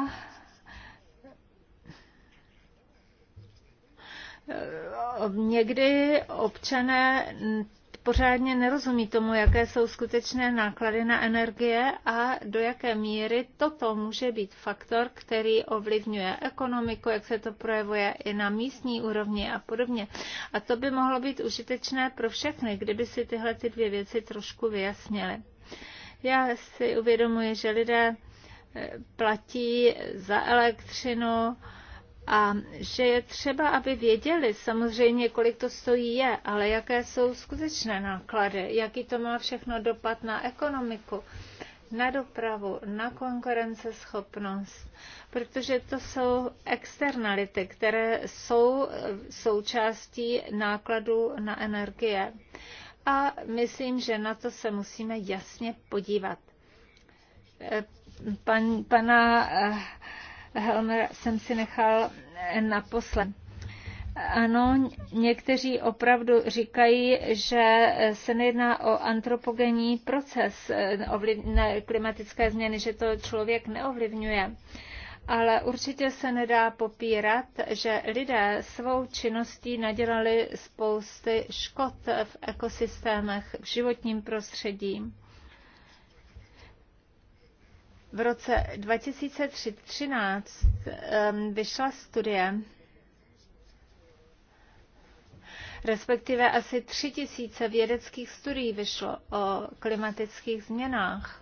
Někdy občané pořádně nerozumí tomu, jaké jsou skutečné náklady na energie a do jaké míry toto může být faktor, který ovlivňuje ekonomiku, jak se to projevuje i na místní úrovni a podobně. A to by mohlo být užitečné pro všechny, kdyby si tyhle ty dvě věci trošku vyjasnily. Já si uvědomuji, že lidé eh, platí za elektřinu, a že je třeba, aby věděli samozřejmě, kolik to stojí je, ale jaké jsou skutečné náklady, jaký to má všechno dopad na ekonomiku, na dopravu, na konkurenceschopnost, protože to jsou externality, které jsou součástí nákladů na energie. A myslím, že na to se musíme jasně podívat. Eh, pan, pana eh, Helmer jsem si nechal eh, naposled. Ano, někteří opravdu říkají, že eh, se nejedná o antropogenní proces eh, klimatické změny, že to člověk neovlivňuje. Ale určitě se nedá popírat, že lidé svou činností nadělali spousty škod v ekosystémech, v životním prostředí. V roce 2013 ehm, vyšla studie, respektive asi tři tisíce vědeckých studií vyšlo o klimatických změnách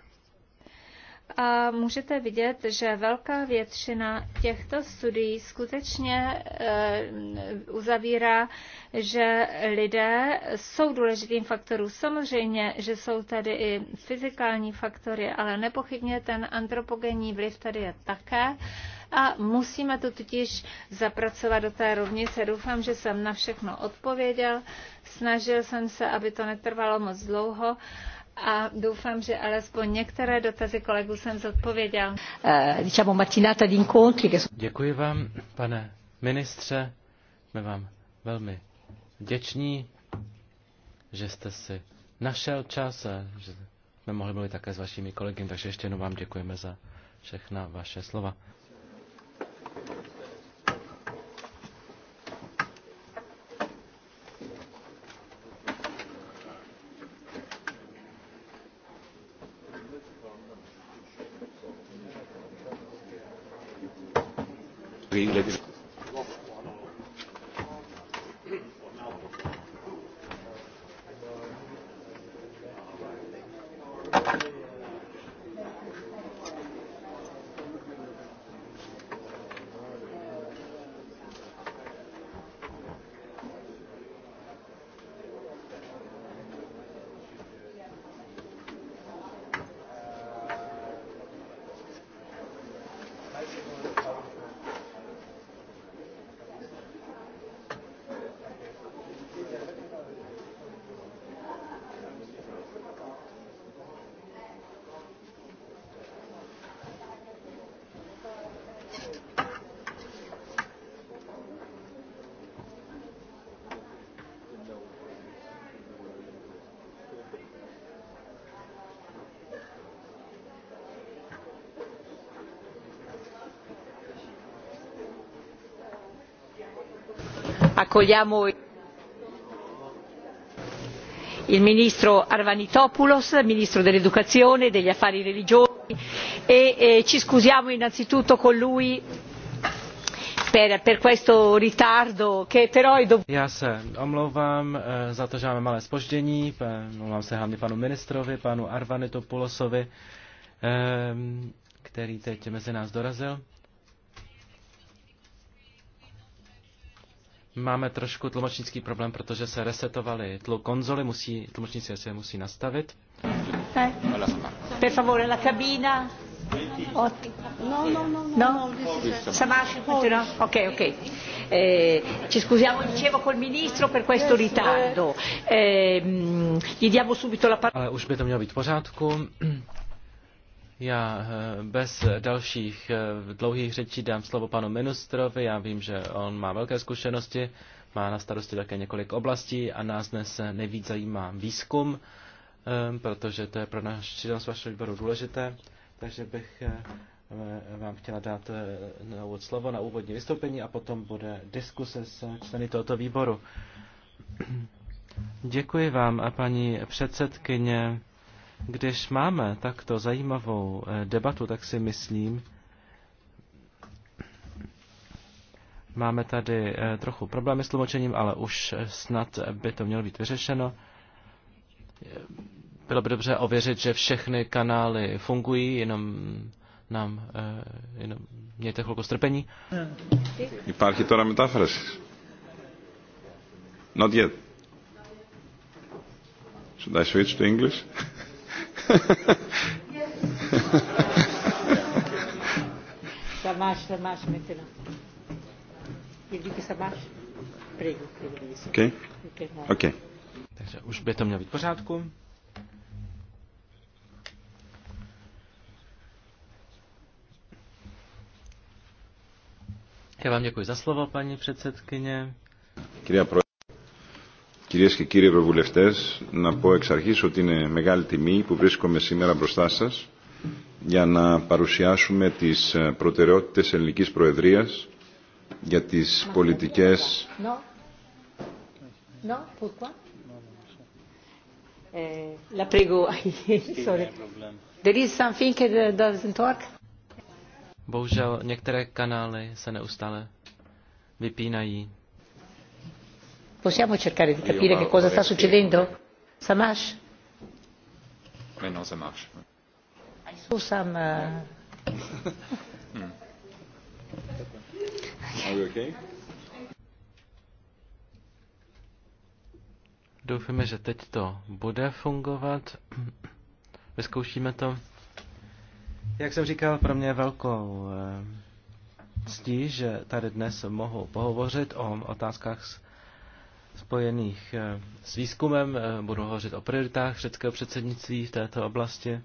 a můžete vidět, že velká většina těchto studií skutečně eh, uzavírá, že lidé jsou důležitým faktorům Samozřejmě, že jsou tady i fyzikální faktory, ale nepochybně ten antropogenní vliv tady je také a musíme to totiž zapracovat do té rovnice. Doufám, že jsem na všechno odpověděl. Snažil jsem se, aby to netrvalo moc dlouho a doufám, že alespoň některé dotazy kolegů jsem zodpověděl. Eh, Děkuji vám, pane ministře. Jsme vám velmi vděční, že jste si našel čas a že jsme mohli mluvit také s vašimi kolegy, takže ještě jednou vám děkujeme za všechna vaše slova. accogliamo il ministro arvanitopoulos ministro dell'educazione e degli affari religiosi e eh, ci scusiamo innanzitutto con lui per, per questo ritardo che però è dovuto. Já se omlouvám eh, za to, že máme malé spoždění. Omlouvám se hlavně panu ministrovi, panu Arvanitopoulosovi, eh, který teď mezi nás dorazil. Máme trošku tlumočnický problém, protože se resetovaly tlu, konzoly, musí, tlumočníci se musí nastavit. Per favore, la cabina. No, no, no, no, no, no, no, no, no? Ok, ok. Eh, ci scusiamo, dicevo, col ministro per questo ritardo. Eh, gli diamo subito la parola. Ale už by to mělo být v pořádku. Já eh, bez dalších eh, dlouhých řečí dám slovo panu ministrovi. Já vím, že on má velké zkušenosti, má na starosti také několik oblastí a nás dnes nejvíc zajímá výzkum, eh, protože to je pro náš činnost vašeho výboru důležité. Takže bych vám chtěla dát na úvod slovo na úvodní vystoupení a potom bude diskuse s členy tohoto výboru. Děkuji vám, a paní předsedkyně. Když máme takto zajímavou eh, debatu, tak si myslím, máme tady eh, trochu problémy s tlumočením, ale už eh, snad by to mělo být vyřešeno. Bylo by dobře ověřit, že všechny kanály fungují, jenom nám, jenom mějte chvilku strpení. Υπάρχει τώρα μετάφραση. Not yet. Should I switch to English? Okay. No. Okay, Takže už by to mělo být v pořádku. Já vám děkuji za slovo, paní předsedkyně. Κυρίες και κύριοι Ευρωβουλευτές, να πω εξ αρχής ότι είναι μεγάλη τιμή που βρίσκομαι σήμερα μπροστά σας για να παρουσιάσουμε τις προτεραιότητες ελληνικής προεδρίας για τις πολιτικές... la prego. There is something that doesn't work. Bohužel některé kanály se neustále vypínají. Possiamo cercare di capire che cosa sta succedendo? Samash? Beh, no, Samash. I saw some... Doufáme, že teď to bude fungovat. Vyzkoušíme to. Jak jsem říkal, pro mě je velkou eh, ctí, že tady dnes mohu pohovořit o otázkách s spojených eh, s výzkumem. Eh, budu hovořit o prioritách řeckého předsednictví v této oblasti.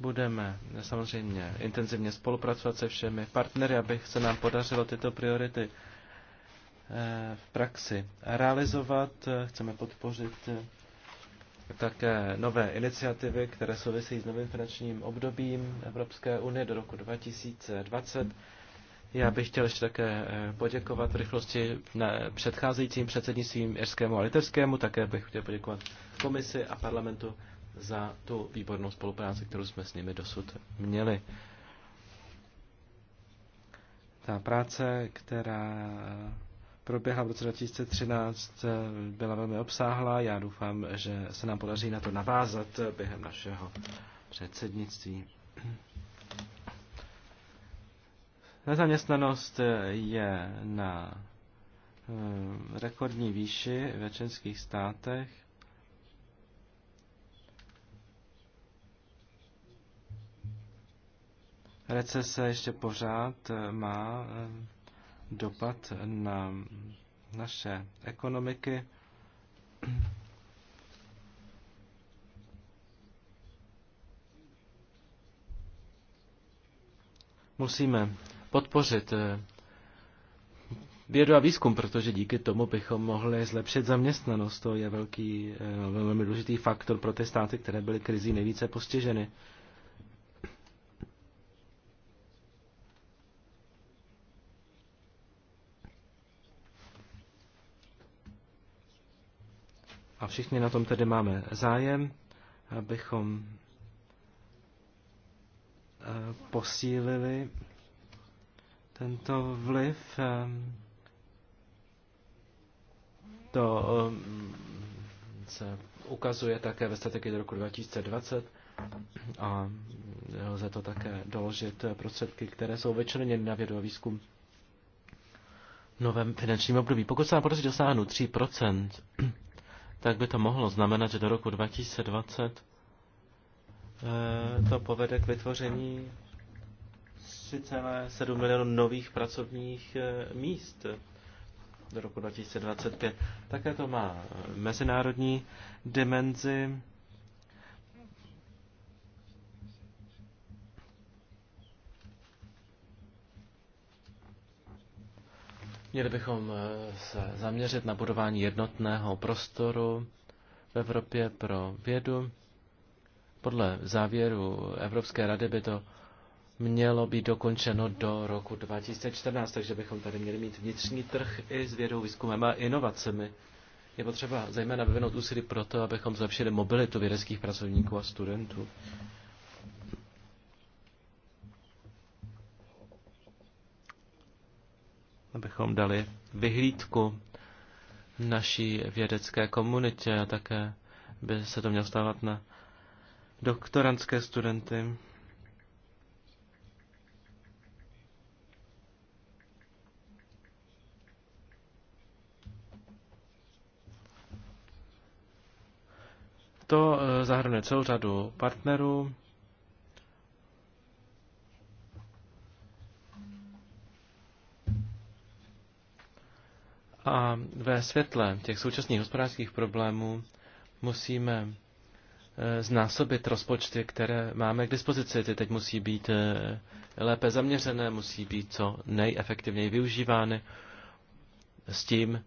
Budeme samozřejmě intenzivně spolupracovat se všemi partnery, aby se nám podařilo tyto priority eh, v praxi realizovat. Chceme podpořit také nové iniciativy, které souvisí s novým finančním obdobím Evropské unie do roku 2020. Já bych chtěl ještě také eh, poděkovat v rychlosti předcházejícím předsednictvím irskému a litevskému, také bych chtěl poděkovat komisi a parlamentu za tu výbornou spolupráci, kterou jsme s nimi dosud měli. Ta práce, která proběhla v roce 2013, eh, byla velmi obsáhlá. Já doufám, že se nám podaří na to navázat eh, během našeho předsednictví. Nezaměstnanost eh, je na rekordní výši ve členských státech. Recese ještě pořád má dopad na naše ekonomiky. Musíme podpořit eh, vědu a výzkum, protože díky tomu bychom mohli zlepšit zaměstnanost. To je velký, eh, velmi důležitý faktor pro ty státy, které byly krizí nejvíce postiženy. A všichni na tom tedy máme zájem, abychom eh, posílili tento vliv. Eh, to eh, se ukazuje také ve strategii do roku 2020 a lze to také doložit prostředky, které jsou vyčleněny na vědu a výzkum v novém finančním období. Pokud se nám podaří dosáhnout 3 tak by to mohlo znamenat, že do roku 2020 eh, to povede k vytvoření 3,7 milionů nových pracovních eh, míst do roku 2025. Také to má eh, mezinárodní dimenzi. Měli bychom eh, se zaměřit na budování jednotného prostoru v Evropě pro vědu. Podle závěru Evropské rady by to mělo být dokončeno do roku 2014, takže bychom tady měli mít vnitřní trh i s vědou, výzkumem a inovacemi. Je potřeba zejména vyvinout úsilí pro to, abychom zlepšili mobilitu vědeckých pracovníků a studentů. abychom dali vyhlídku naší vědecké komunitě a také by se to mělo stávat na doktorantské studenty. To eh, zahrnuje celou řadu partnerů, A ve světle těch současných hospodářských problémů musíme eh, znásobit rozpočty, které máme k dispozici. Ty teď musí být eh, lépe zaměřené, musí být co nejefektivněji využívány s tím, eh,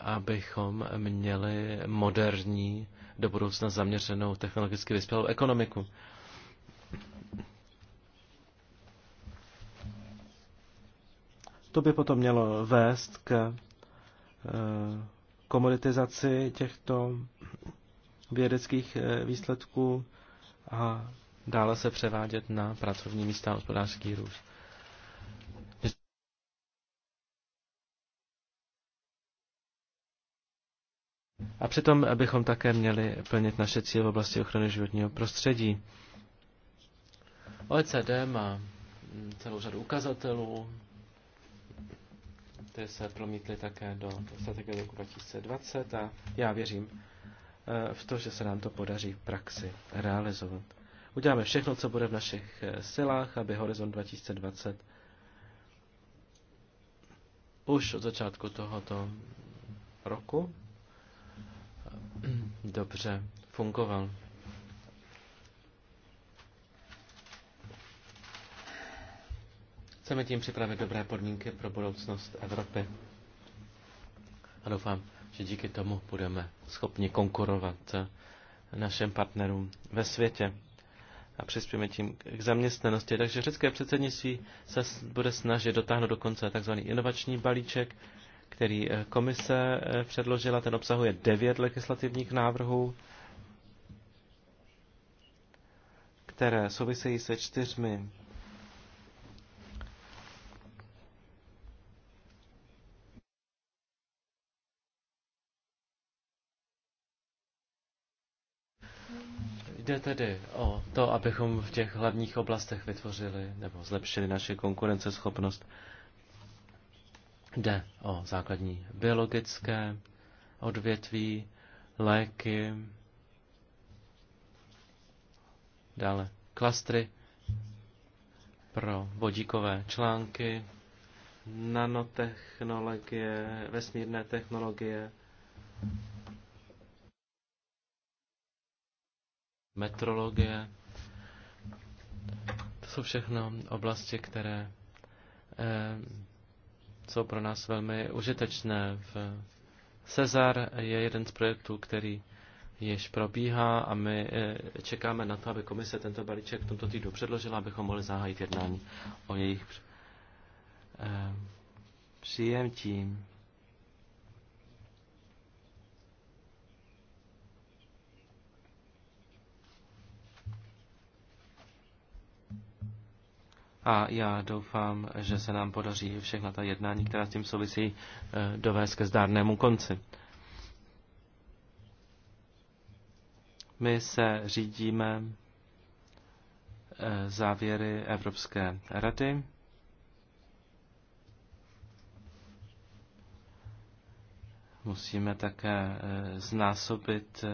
abychom měli moderní, do budoucna zaměřenou technologicky vyspělou ekonomiku. To by potom mělo vést k eh, komoditizaci těchto vědeckých eh, výsledků a dále se převádět na pracovní místa a hospodářský růst. A přitom bychom také měli plnit naše cíle v oblasti ochrany životního prostředí. OECD má mm, celou řadu ukazatelů, ty se promítly také do strategie roku 2020 a já věřím eh, v to, že se nám to podaří v praxi realizovat. Uděláme všechno, co bude v našich eh, silách, aby Horizont 2020 už od začátku tohoto roku eh, dobře fungoval. Chceme tím připravit dobré podmínky pro budoucnost Evropy. A doufám, že díky tomu budeme schopni konkurovat našem partnerům ve světě a přispějeme tím k zaměstnanosti. Takže řecké předsednictví se bude snažit dotáhnout do konce tzv. inovační balíček, který eh, komise eh, předložila. Ten obsahuje devět legislativních návrhů, které souvisejí se čtyřmi Jde tedy o to, abychom v těch hlavních oblastech vytvořili nebo zlepšili naši konkurenceschopnost. Jde o základní biologické odvětví, léky, dále klastry pro vodíkové články, nanotechnologie, vesmírné technologie, metrologie. To jsou všechno oblasti, které eh, jsou pro nás velmi užitečné. V Cezar je jeden z projektů, který již probíhá a my eh, čekáme na to, aby komise tento balíček v tomto týdnu předložila, abychom mohli zahájit jednání o jejich eh, příjemtím. a já doufám, že se nám podaří všechna ta jednání, která s tím souvisí, eh, dovést ke zdárnému konci. My se řídíme eh, závěry Evropské rady. Musíme také eh, znásobit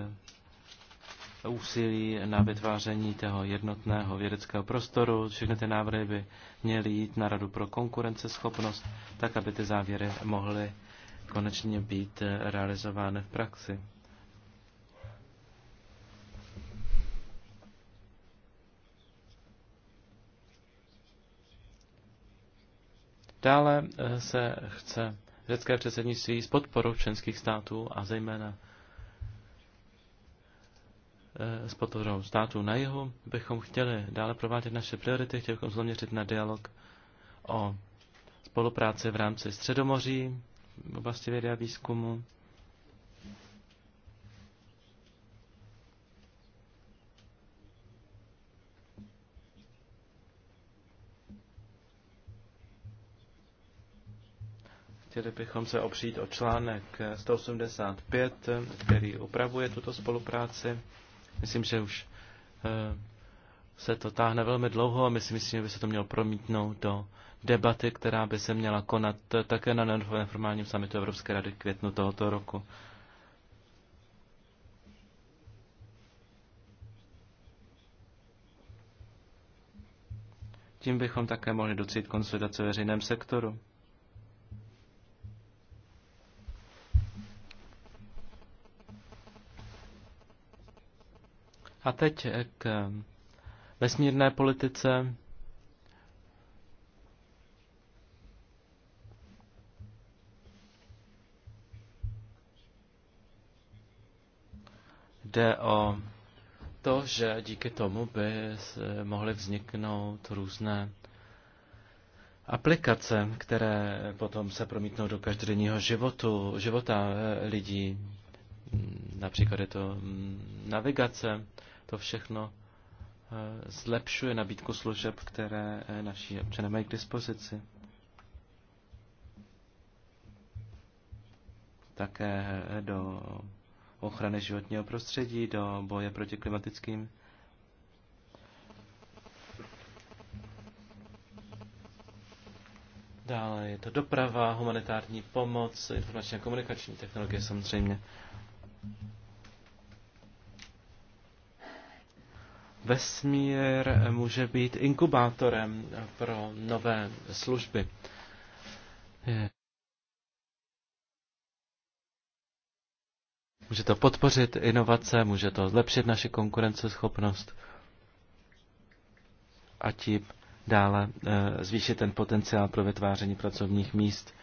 úsilí na vytváření toho jednotného vědeckého prostoru. Všechny ty návrhy by měly jít na Radu pro konkurenceschopnost, tak aby ty závěry mohly konečně být realizovány v praxi. Dále eh, se chce řecké předsednictví s podporou členských států a zejména Eh, s podporou států na jihu bychom chtěli dále provádět naše priority, chtěli bychom zaměřit na dialog o spolupráci v rámci Středomoří v oblasti vědy a výzkumu. Chtěli bychom se opřít o článek 185, který upravuje tuto spolupráci. Myslím, že už eh, se to táhne velmi dlouho a si myslím, že by se to mělo promítnout do debaty, která by se měla konat také na neformálním samitu Evropské rady v květnu tohoto roku. Tím bychom také mohli docít konsolidace veřejném sektoru. A teď k vesmírné politice. Jde o to, že díky tomu by mohly vzniknout různé aplikace, které potom se promítnou do každodenního životu, života lidí. Například je to navigace, to všechno eh, zlepšuje nabídku služeb, které eh, naši občané mají k dispozici. Také eh, do ochrany životního prostředí, do boje proti klimatickým Dále je to doprava, humanitární pomoc, informační a komunikační technologie samozřejmě. Vesmír může být inkubátorem pro nové služby. Může to podpořit inovace, může to zlepšit naši konkurenceschopnost a tím dále eh, zvýšit ten potenciál pro vytváření pracovních míst.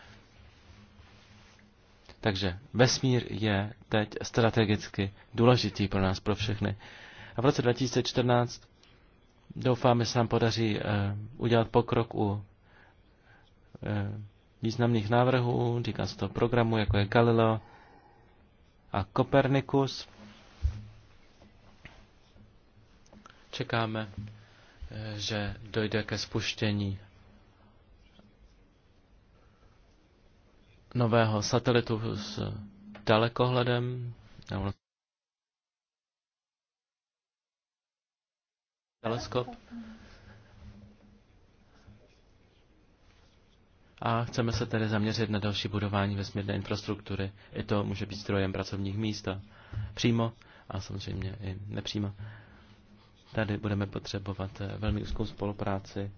Takže vesmír je teď strategicky důležitý pro nás, pro všechny. A v roce 2014 doufáme, že se nám podaří eh, udělat pokrok u eh, významných návrhů, říká se to programu, jako je Galileo a Kopernikus. Čekáme, eh, že dojde ke spuštění nového satelitu s dalekohledem, teleskop. A chceme se tedy zaměřit na další budování vesmírné infrastruktury. I to může být zdrojem pracovních míst a přímo a samozřejmě i nepřímo. Tady budeme potřebovat eh, velmi úzkou spolupráci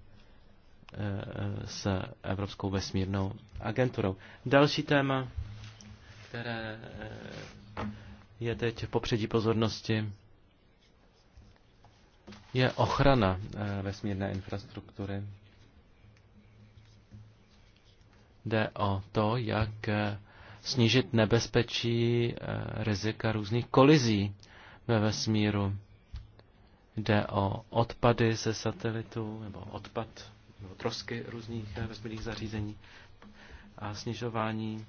eh, s Evropskou vesmírnou agenturou. Další téma, které eh, je teď v popředí pozornosti, je ochrana eh, vesmírné infrastruktury. Jde o to, jak eh, snížit nebezpečí eh, rizika různých kolizí ve vesmíru. Jde o odpady ze satelitu, nebo odpad, nebo trosky různých vesmírných zařízení a snižování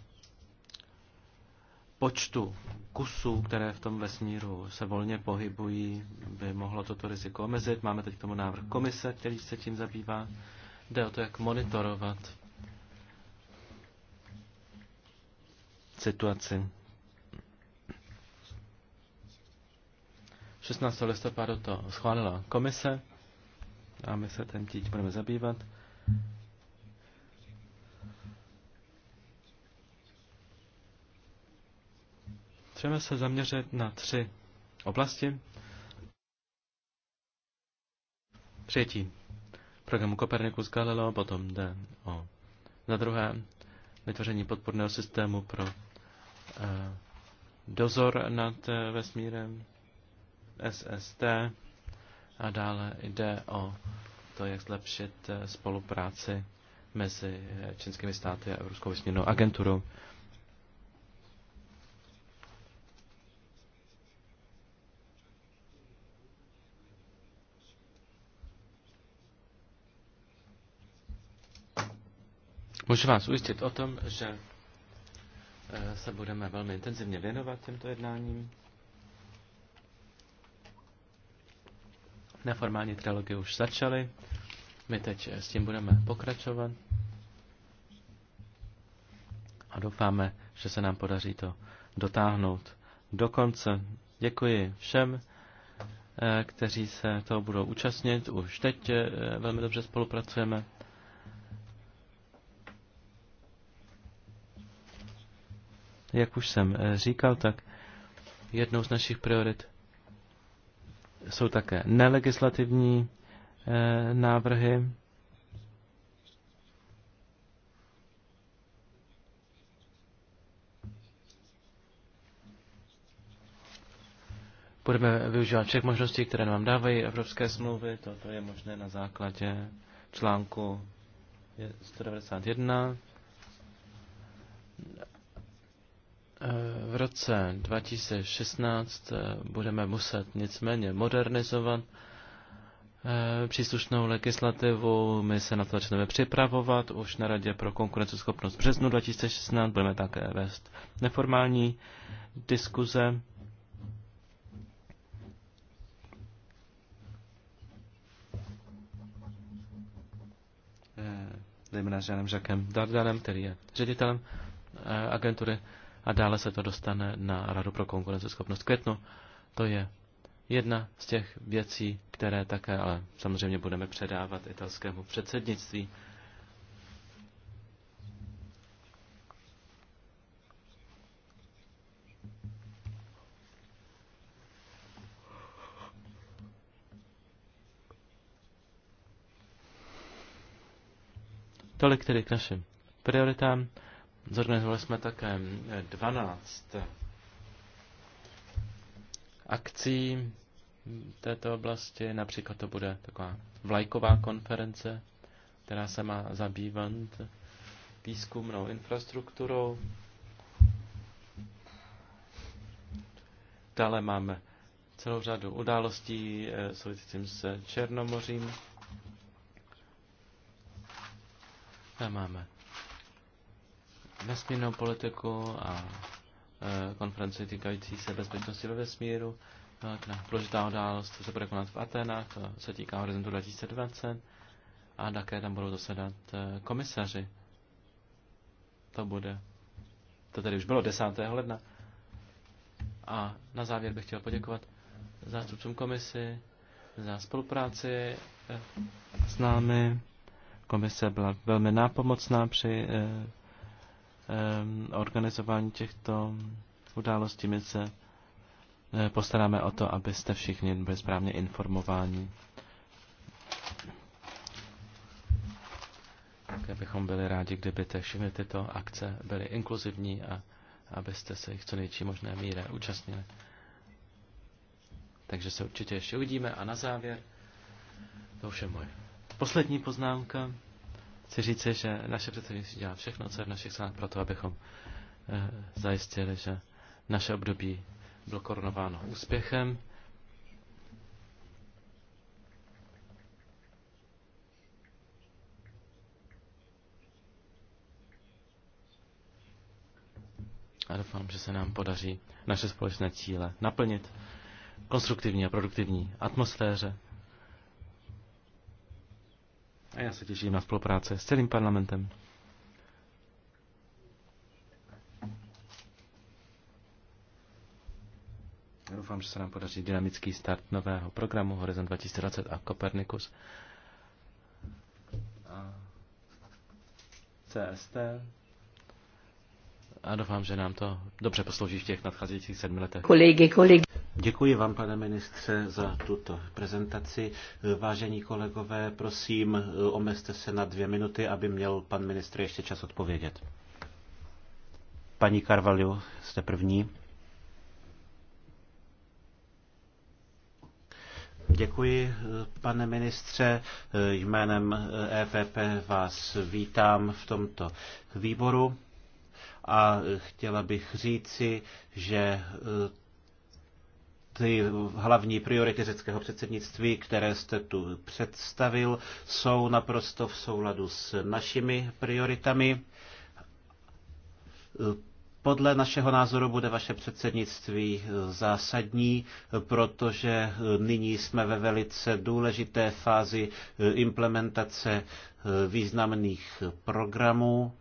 počtu kusů, které v tom vesmíru se volně pohybují, by mohlo toto riziko omezit. Máme teď k tomu návrh komise, který se tím zabývá. Jde o to, jak monitorovat situaci. 16. listopadu to schválila komise a my se ten budeme zabývat. Chceme se zaměřit na tři oblasti. Přijetí Programu Copernicus Galileo, potom jde o za druhé vytvoření podporného systému pro eh, dozor nad eh, vesmírem SST a dále jde o to, jak zlepšit eh, spolupráci mezi eh, čínskými státy a Evropskou vesmírnou agenturou. Můžu vás ujistit o tom, že eh, se budeme velmi intenzivně věnovat těmto jednáním. Neformální trilogie už začaly. My teď eh, s tím budeme pokračovat. A doufáme, že se nám podaří to dotáhnout do konce. Děkuji všem, eh, kteří se toho budou účastnit. Už teď velmi dobře spolupracujeme. Jak už jsem eh, říkal, tak jednou z našich priorit jsou také nelegislativní eh, návrhy. Budeme využívat všech možností, které nám dávají evropské smlouvy. Toto je možné na základě článku 191 Eh, v roce 2016 eh, budeme muset nicméně modernizovat eh, příslušnou legislativu. My se na to začneme připravovat. Už na Radě pro konkurenceschopnost březnu 2016 budeme také vést neformální diskuze. Zajímavé s Janem Žakem Dardanem, který je ředitelem agentury a dále se to dostane na Radu pro konkurenceschopnost květnu. To je jedna z těch věcí, které také, ale samozřejmě budeme předávat italskému předsednictví. Tolik tedy k našim prioritám. Zorganizovali jsme také 12 eh, akcí v této oblasti. Například to bude taková vlajková konference, která se má zabývat výzkumnou infrastrukturou. Dále máme celou řadu událostí eh, souvisícím s Černomořím. Tam máme vesmírnou politiku a e, konferenci týkající se bezpečnosti ve vesmíru. na no, důležitá událost se bude konat v Atenách, to se týká horizontu 2020 a také tam budou zasedat e, komisaři. To bude. To tady už bylo 10. ledna. A na závěr bych chtěl poděkovat zástupcům komisy za spolupráci e, s námi. Komise byla velmi nápomocná při organizování těchto událostí. My se eh, postaráme o to, abyste všichni byli správně informováni. Tak bychom byli rádi, kdyby te všechny tyto akce byly inkluzivní a abyste se jich co největší možné míře účastnili. Takže se určitě ještě uvidíme a na závěr to už je moje poslední poznámka chci říct, že naše předsednictví dělá všechno, co je v našich silách pro to, abychom eh, zajistili, že naše období bylo korunováno úspěchem. A doufám, že se nám podaří naše společné cíle naplnit konstruktivní a produktivní atmosféře. A já se těším na spolupráce s celým parlamentem. Doufám, že se nám podaří dynamický start nového programu Horizon 2020 a Copernicus. A CST a doufám, že nám to dobře poslouží v těch nadcházejících sedmi letech. Kolegy, kolegy. Děkuji vám, pane ministře, za tuto prezentaci. Vážení kolegové, prosím, omezte se na dvě minuty, aby měl pan ministr ještě čas odpovědět. Paní Karvalju, jste první. Děkuji, pane ministře. Jménem EPP vás vítám v tomto výboru a chtěla bych říci, že e, ty hlavní priority řeckého předsednictví, které jste tu představil, jsou naprosto v souladu s našimi prioritami. E, podle našeho názoru bude vaše předsednictví e, zásadní, protože nyní jsme ve velice důležité fázi implementace významných programů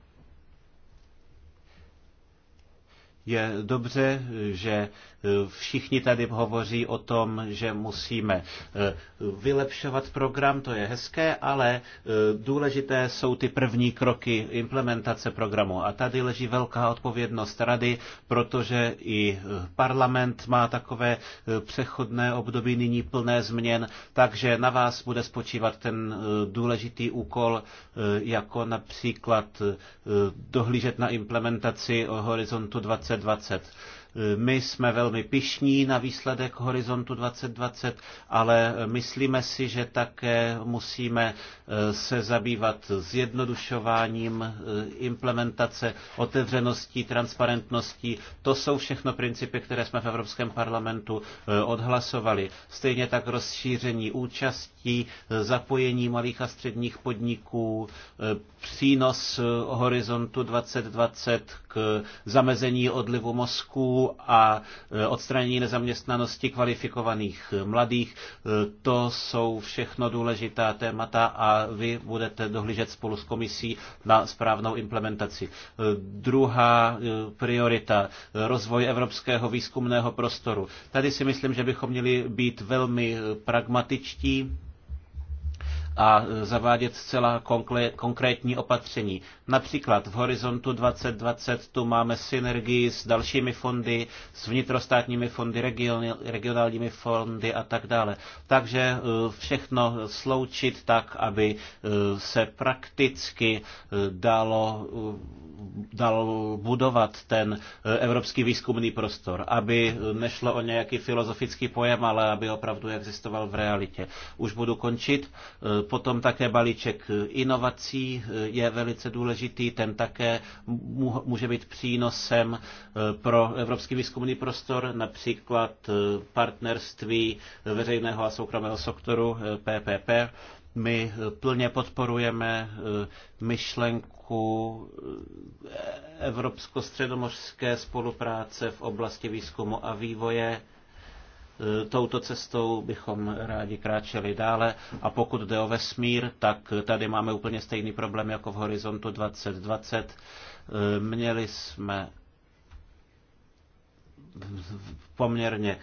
Je dobře, že e, všichni tady hovoří o tom, že musíme e, vylepšovat program, to je hezké, ale e, důležité jsou ty první kroky implementace programu. A tady leží velká odpovědnost rady, protože i parlament má takové přechodné období nyní plné změn, takže na vás bude spočívat ten důležitý úkol, jako například dohlížet na implementaci horizontu 20 2020. My jsme velmi pišní na výsledek Horizontu 2020, ale myslíme si, že také musíme eh, se zabývat zjednodušováním eh, implementace, otevřeností, transparentností. To jsou všechno principy, které jsme v Evropském parlamentu eh, odhlasovali. Stejně tak rozšíření účasti možností zapojení malých a středních podniků, e, přínos e, horizontu 2020 k zamezení odlivu mozků a e, odstranění nezaměstnanosti kvalifikovaných mladých. To jsou všechno důležitá témata a vy budete dohlížet spolu s komisí na správnou implementaci. Druhá priorita, rozvoj evropského výzkumného prostoru. Tady si myslím, že bychom měli být velmi pragmatičtí a zavádět zcela konkrétní opatření. Například v Horizontu 2020 tu máme synergii s dalšími fondy, s vnitrostátními fondy, regionálními fondy a tak dále. Takže e, všechno sloučit tak, aby e, se prakticky e, dalo, dalo budovat ten evropský výzkumný prostor, aby nešlo o nějaký filozofický pojem, ale aby opravdu existoval v realitě. Už budu končit. Potom také balíček inovací je velice důležitý, ten také může být přínosem eh, pro evropský výzkumný prostor, například eh, partnerství veřejného a soukromého sektoru PPP. Eh, My plně podporujeme myšlenku evropsko-středomořské spolupráce v oblasti výzkumu a vývoje Eh, touto cestou bychom rádi kráčeli dále a pokud jde o vesmír, tak tady máme úplně stejný problém jako v Horizontu 2020. Eh, měli jsme poměrně eh,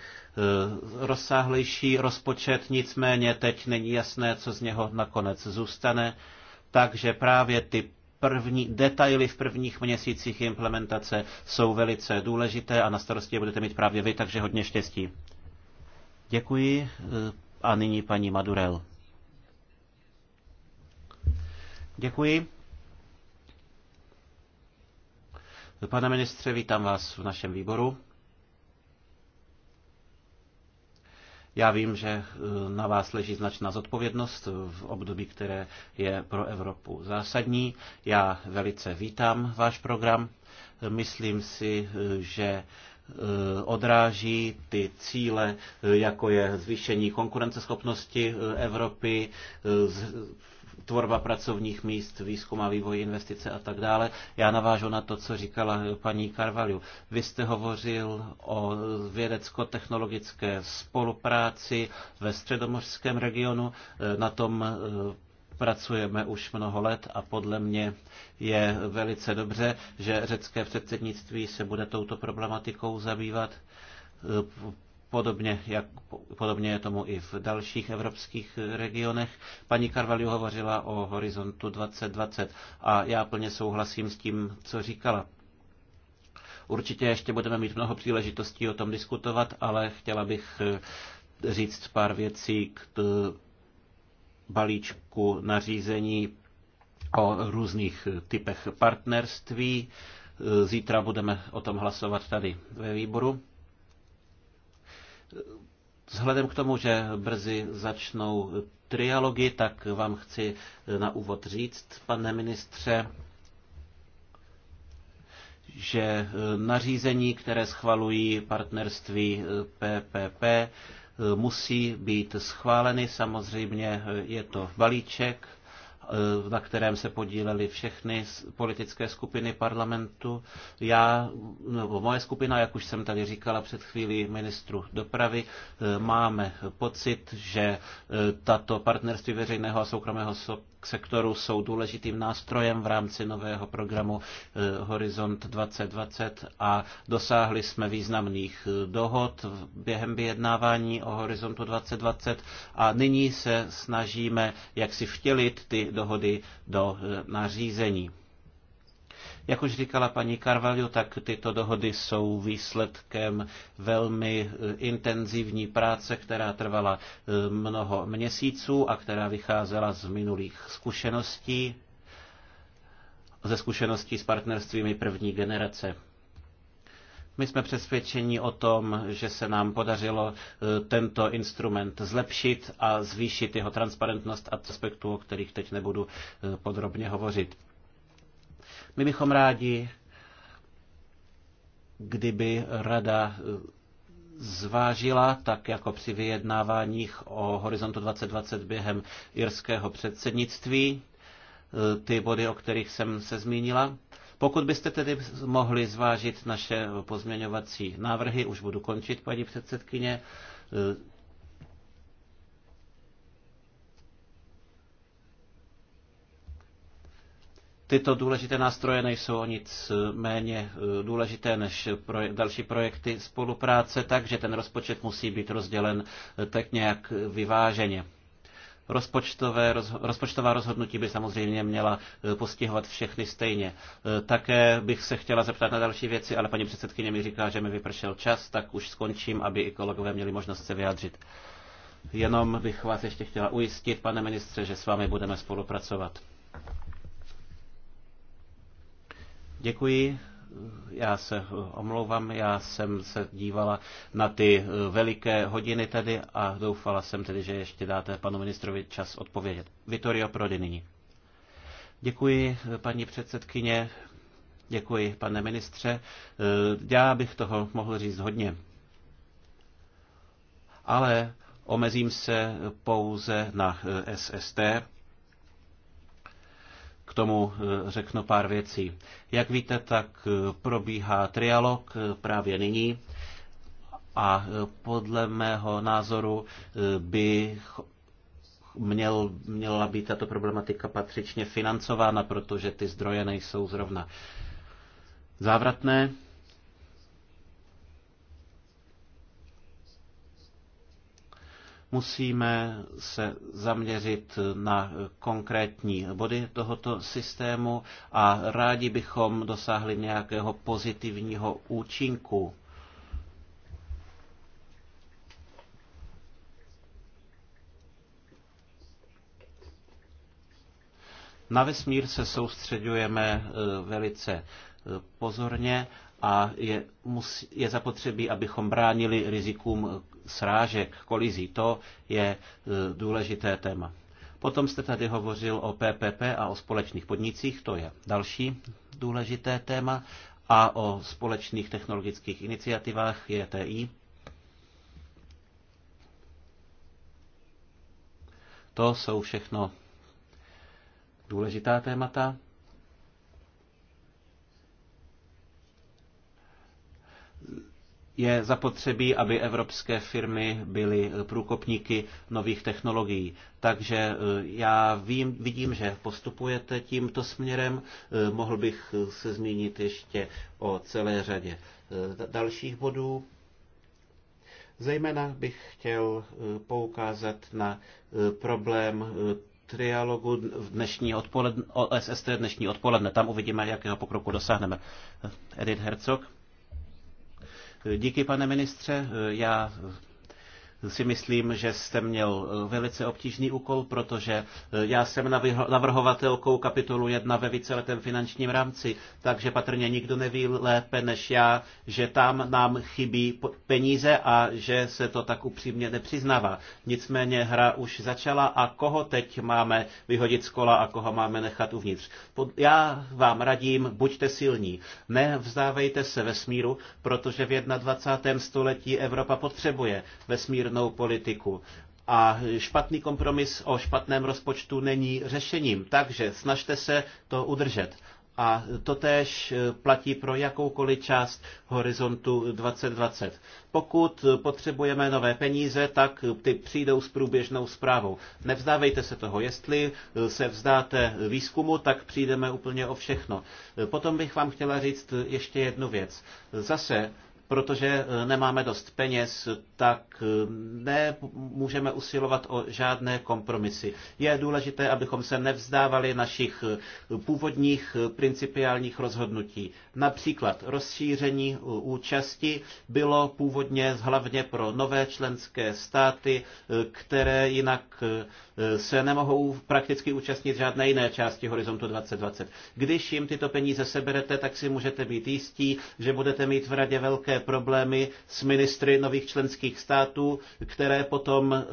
rozsáhlejší rozpočet, nicméně teď není jasné, co z něho nakonec zůstane, takže právě ty první, detaily v prvních měsících implementace jsou velice důležité a na starosti je budete mít právě vy, takže hodně štěstí. Děkuji eh, a nyní paní Madurel. Děkuji. Pane ministře, vítám vás v našem výboru. Já vím, že eh, na vás leží značná zodpovědnost v období, které je pro Evropu zásadní. Já velice vítám váš program. Myslím si, eh, že Eh, odráží ty cíle, eh, jako je zvýšení konkurenceschopnosti eh, Evropy, tvorba pracovních míst, výzkum a vývoj, investice a tak dále. Já navážu na to, co říkala paní Carvalho. Vy jste hovořil o vědecko-technologické spolupráci ve středomořském regionu. Na tom pracujeme už mnoho let a podle mě je velice dobře, že řecké předsednictví se bude touto problematikou zabývat. Podobně, jak, podobně je tomu i v dalších evropských regionech. Paní Karvaliu hovořila o horizontu 2020 a já plně souhlasím s tím, co říkala. Určitě ještě budeme mít mnoho příležitostí o tom diskutovat, ale chtěla bych říct pár věcí k balíčku nařízení o různých typech partnerství. Zítra budeme o tom hlasovat tady ve výboru. Vzhledem k tomu, že brzy začnou trialogy, tak vám chci na úvod říct, pane ministře, že nařízení, které schvalují partnerství PPP, musí být schváleny. Samozřejmě eh, je to balíček, eh, na kterém se podílely všechny politické skupiny parlamentu. Já, nebo moje skupina, jak už jsem tady říkala před chvílí ministru dopravy, eh, máme pocit, že tato partnerství veřejného a soukromého sektoru jsou důležitým nástrojem v rámci nového programu eh, Horizont 2020 a dosáhli jsme významných eh, dohod během vyjednávání o Horizontu 2020 a nyní se snažíme jak si vtělit ty dohody do eh, nařízení. Jak už říkala paní Carvalho, tak tyto dohody jsou výsledkem velmi e, intenzivní práce, která trvala e, mnoho měsíců a která vycházela z minulých zkušeností, ze zkušeností s partnerstvími první generace. My jsme přesvědčeni o tom, že se nám podařilo e, tento instrument zlepšit a zvýšit jeho transparentnost a aspektů, o kterých teď nebudu podrobně hovořit. My bychom rádi, kdyby rada eh, zvážila, tak jako při vyjednáváních o Horizontu 2020 během irského předsednictví, eh, ty body, o kterých jsem se zmínila. Pokud byste tedy mohli zvážit naše pozměňovací návrhy, už budu končit, paní předsedkyně, eh, Tyto důležité nástroje nejsou o nic eh, méně eh, důležité než proje- další projekty spolupráce, takže ten rozpočet musí být rozdělen eh, tak nějak vyváženě. Rozpočtové, roz, rozpočtová rozhodnutí by samozřejmě měla postihovat všechny stejně. Také bych se chtěla zeptat na další věci, ale paní předsedkyně mi říká, že mi vypršel čas, tak už skončím, aby i kolegové měli možnost se vyjádřit. Jenom bych vás ještě chtěla ujistit, pane ministře, že s vámi budeme spolupracovat. Děkuji. Já se eh, omlouvám, já jsem se dívala na ty eh, veliké hodiny tady a doufala jsem tedy, že ještě dáte panu ministrovi čas odpovědět. Vittorio Prodi nyní. Děkuji, eh, paní předsedkyně, děkuji, pane ministře. Já bych toho mohl říct hodně. Ale omezím se pouze na SST k tomu eh, řeknu pár věcí. Jak víte, tak eh, probíhá trialog eh, právě nyní a podle mého názoru by měl, měla být tato problematika patřičně financována, protože ty zdroje nejsou zrovna závratné. musíme se zaměřit na konkrétní body tohoto systému a rádi bychom dosáhli nějakého pozitivního účinku. Na vesmír se soustředujeme eh, velice eh, pozorně a je, je zapotřebí, abychom bránili rizikům srážek, kolizí. To je e, důležité téma. Potom jste tady hovořil o PPP a o společných podnicích, to je další důležité téma, a o společných technologických iniciativách JTI. To jsou všechno důležitá témata. Je zapotřebí, aby evropské firmy byly průkopníky nových technologií. Takže eh, já vím, vidím, že postupujete tímto směrem. Eh, mohl bych se zmínit ještě o celé řadě eh, dalších bodů. Zejména bych chtěl poukázat na problém trialogu v dnešní odpoledne, SST dnešní odpoledne. Tam uvidíme, jakého pokroku dosáhneme. Edith Herzog. Díky, pane ministře. Já si myslím, že jste měl eh, velice obtížný úkol, protože eh, já jsem navrhovatelkou kapitolu 1 ve víceletém finančním rámci, takže patrně nikdo neví lépe než já, že tam nám chybí peníze a že se to tak upřímně nepřiznává. Nicméně hra už začala a koho teď máme vyhodit z kola a koho máme nechat uvnitř. Já vám radím, buďte silní. Nevzdávejte se vesmíru, protože v 21. století Evropa potřebuje vesmír mírnou politiku. A špatný kompromis o špatném rozpočtu není řešením, takže snažte se to udržet. A to e, platí pro jakoukoliv část horizontu 2020. Pokud potřebujeme nové peníze, tak ty přijdou s průběžnou zprávou. Nevzdávejte se toho. Jestli e, se vzdáte výzkumu, tak přijdeme úplně o všechno. E, potom bych vám chtěla říct ještě jednu věc. Zase protože eh, nemáme dost peněz, tak eh, nemůžeme usilovat o žádné kompromisy. Je důležité, abychom se nevzdávali našich eh, původních principiálních rozhodnutí. Například rozšíření účasti bylo původně hlavně pro nové členské státy, které jinak se nemohou prakticky účastnit žádné jiné části Horizontu 2020. Když jim tyto peníze seberete, tak si můžete být jistí, že budete mít v radě velké problémy s ministry nových členských států, které potom,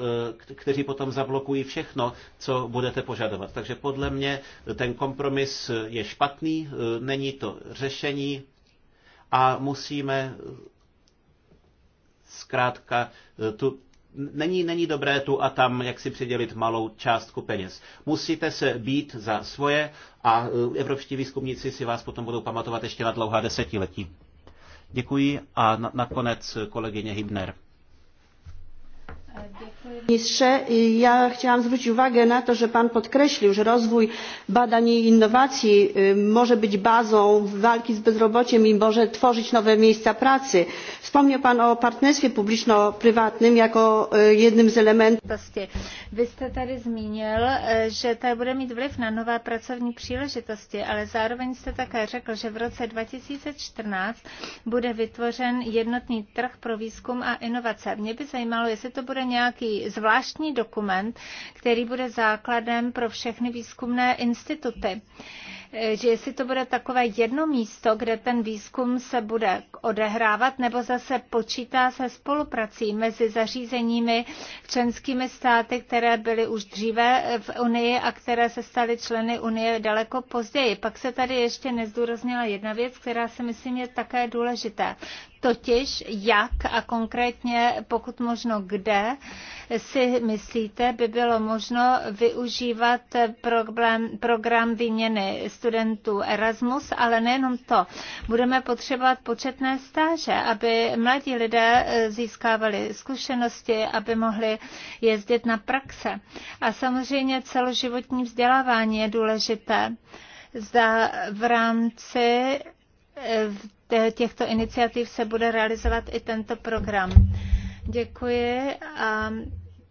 eh, kteří potom zablokují všechno, co budete požadovat. Takže podle mě ten kompromis je špatný, eh, není to řešení a musíme zkrátka eh, tu, není, není dobré tu a tam, jak si přidělit malou částku peněz. Musíte se být za svoje a evropští výzkumníci si vás potom budou pamatovat ještě na dlouhá desetiletí. Děkuji a nakonec kolegyně Hibner. Ministrze, ja chciałam zwrócić uwagę na to, że Pan podkreślił, że rozwój badań i innowacji może być bazą walki z bezrobociem i może tworzyć nowe miejsca pracy. Wspomniał Pan o partnerstwie publiczno-prywatnym jako jednym z elementów. Vy jste tady zmínil, že to bude mít vliv na nové pracovní příležitosti, ale zároveň jste také řekl, že v roce 2014 bude vytvořen jednotný trh pro výzkum a inovace. Mě by zajímalo, jestli to bude nějaký zvláštní dokument, který bude základem pro všechny výzkumné instituty. Eh, že jestli to bude takové jedno místo, kde ten výzkum se bude odehrávat, nebo zase počítá se spoluprací mezi zařízeními členskými státy, které byly už dříve eh, v Unii a které se staly členy Unie daleko později. Pak se tady ještě nezdůraznila jedna věc, která si myslím je také důležitá totiž jak a konkrétně pokud možno kde si myslíte, by bylo možno využívat problém, program výměny studentů studentů Erasmus, ale nejenom to. Budeme potřebovat početné stáže, aby mladí lidé eh, získávali zkušenosti, aby mohli jezdit na praxe. A samozřejmě celoživotní vzdělávání je důležité. Zda v rámci eh, těchto iniciativ se bude realizovat i tento program. Děkuji. A,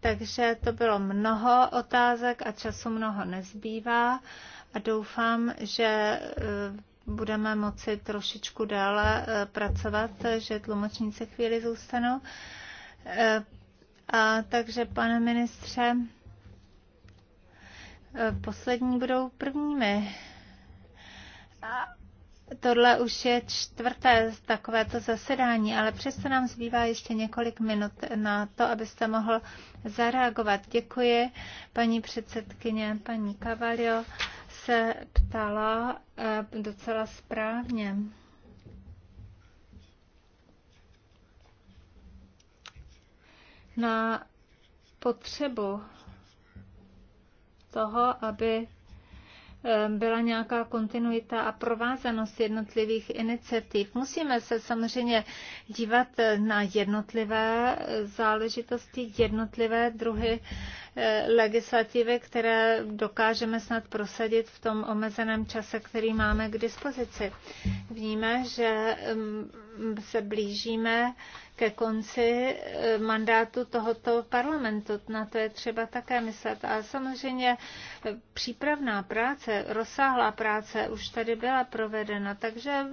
takže to bylo mnoho otázek a času mnoho nezbývá a doufám, že e, budeme moci trošičku dále e, pracovat, že tlumočníci chvíli zůstanou. E, a takže, pane ministře, poslední budou prvními. A tohle už je čtvrté takovéto zasedání, ale přesto nám zbývá ještě několik minut na to, abyste mohl zareagovat. Děkuji, paní předsedkyně, paní Kavalio se ptala eh, docela správně. Na potřebu toho, aby Ehm, byla nějaká kontinuita a provázanost jednotlivých iniciativ. Musíme se samozřejmě dívat eh, na jednotlivé eh, záležitosti, jednotlivé druhy eh, legislativy, které dokážeme snad prosadit v tom omezeném čase, který máme k dispozici. Víme, že ehm, se blížíme ke konci eh, mandátu tohoto parlamentu. Na to je třeba také myslet. A samozřejmě eh, přípravná práce, rozsáhlá práce už tady byla provedena, takže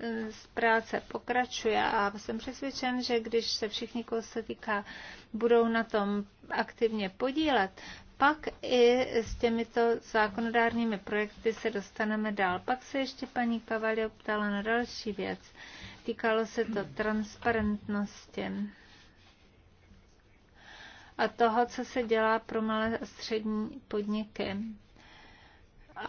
eh, práce pokračuje a jsem přesvědčen, že když se všichni, koho se týká, budou na tom aktivně podílet, pak i s těmito zákonodárnými projekty se dostaneme dál. Pak se ještě paní Kavalio ptala na další věc. Uh, Týkalo se to transparentnosti a toho, co se dělá pro malé a střední podniky.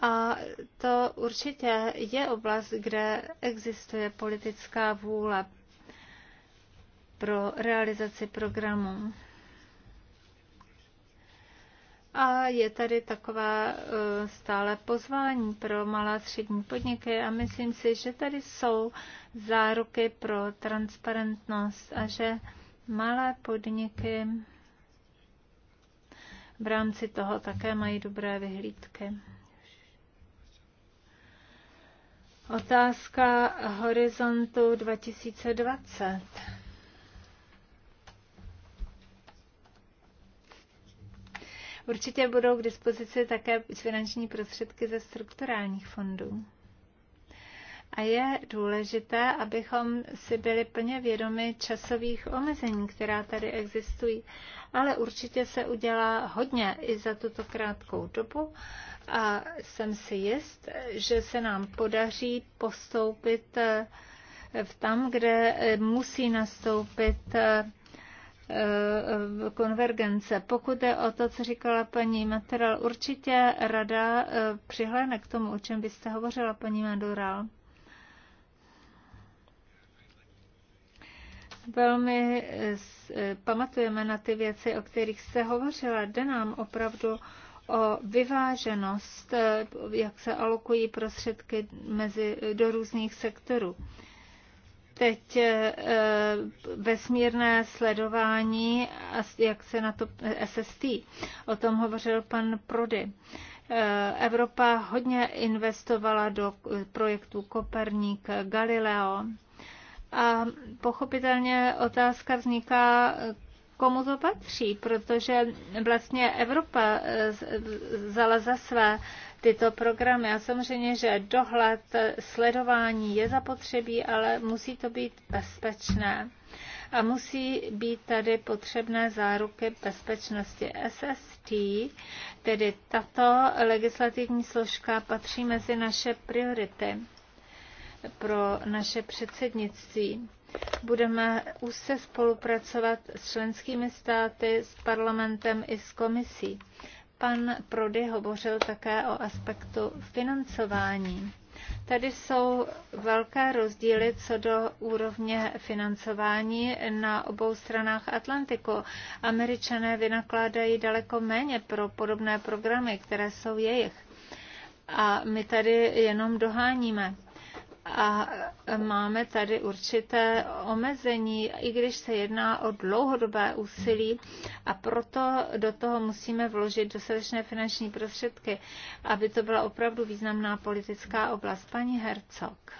A to určitě je oblast, kde existuje politická vůle pro realizaci programu. A je tady takové eh, stále pozvání pro malé střední podniky a myslím si, že tady jsou záruky pro transparentnost a že malé podniky v rámci toho také mají dobré vyhlídky. Otázka horizontu 2020. Určitě budou k dispozici také finanční prostředky ze strukturálních fondů. A je důležité, abychom si byli plně vědomi časových omezení, která tady existují. Ale určitě se udělá hodně i za tuto krátkou dobu a jsem si jist, že se nám podaří postoupit eh, v tam, kde eh, musí nastoupit eh, Eh, konvergence. Pokud je o to, co říkala paní Materal, určitě rada eh, přihlédne k tomu, o čem byste hovořila, paní Madural. Velmi eh, pamatujeme na ty věci, o kterých jste hovořila. Jde nám opravdu o vyváženost, jak se alokují prostředky mezi, do různých sektorů teď eh, eh, vesmírné sledování, jak se na to eh, SST, o tom hovořil pan Prody. Evropa hodně investovala do projektu Koperník, Galileo. A pochopitelně otázka vzniká, komu to patří, protože vlastně Evropa vzala za své tyto programy. A samozřejmě, že dohled, sledování je zapotřebí, ale musí to být bezpečné. A musí být tady potřebné záruky bezpečnosti SST, tedy tato legislativní složka patří mezi naše priority pro naše předsednictví. Budeme úzce spolupracovat s členskými státy, s parlamentem i s komisí Pan Prody hovořil také o aspektu financování. Tady jsou velké rozdíly co do úrovně financování na obou stranách Atlantiku. Američané vynakládají daleko méně pro podobné programy, které jsou jejich. A my tady jenom doháníme a máme tady určité omezení, i když se jedná o dlouhodobé úsilí a proto do toho musíme vložit dostatečné finanční prostředky, aby to byla opravdu významná politická oblast. Paní Hercog.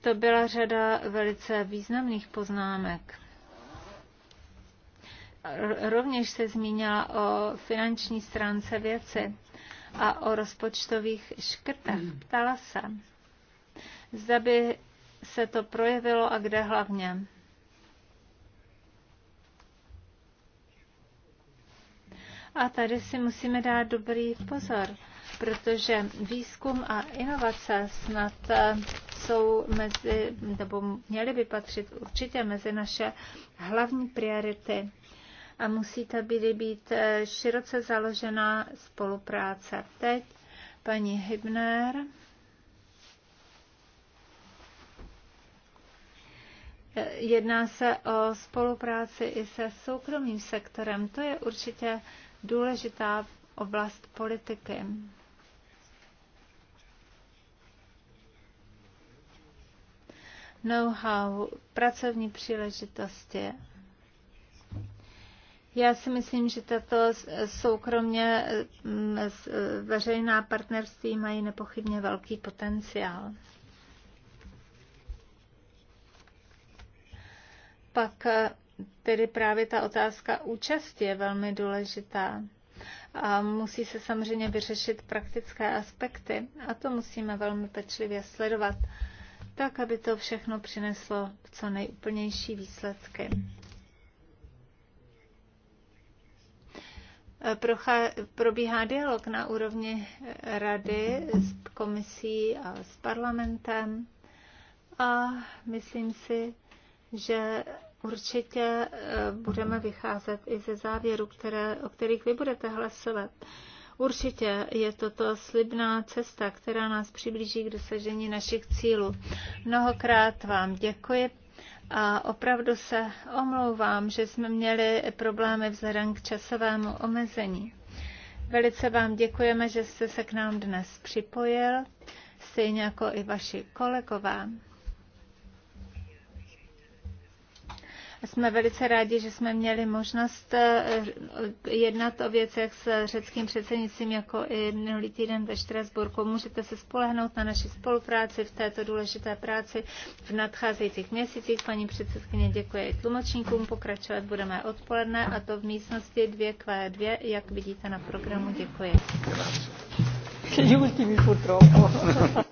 To byla řada velice významných poznámek rovněž se zmínila o finanční stránce věci a o rozpočtových škrtech. Ptala se, zda by se to projevilo a kde hlavně. A tady si musíme dát dobrý pozor, protože výzkum a inovace snad eh, jsou mezi, nebo měly by patřit určitě mezi naše hlavní priority a musí to být, být eh, široce založená spolupráce. Teď paní Hybner. Eh, jedná se o spolupráci i se soukromým sektorem. To je určitě důležitá oblast politiky. Know-how, pracovní příležitosti já si myslím, že tato soukromně mm, veřejná partnerství mají nepochybně velký potenciál. Pak eh, tedy právě ta otázka účasti je velmi důležitá. A musí se samozřejmě vyřešit praktické aspekty a to musíme velmi pečlivě sledovat, tak aby to všechno přineslo co nejúplnější výsledky. probíhá dialog na úrovni rady s komisí a s parlamentem a myslím si, že určitě eh, budeme vycházet i ze závěru, které, o kterých vy budete hlasovat. Určitě je toto slibná cesta, která nás přiblíží k dosažení našich cílů. Mnohokrát vám děkuji, a opravdu se omlouvám, že jsme měli problémy vzhledem k časovému omezení. Velice vám děkujeme, že jste se k nám dnes připojil, stejně jako i vaši kolegové. Jsme velice rádi, že jsme měli možnost eh, eh, jednat o věcech s řeckým předsednicím, jako i minulý týden ve Štrasburku. Můžete se spolehnout na naši spolupráci v této důležité práci v nadcházejících měsících. Paní předsedkyně děkuje i tlumočníkům. Pokračovat budeme odpoledne a to v místnosti 2Q2, jak vidíte na programu. Děkuji. Děkuji. Gli ultimi purtroppo.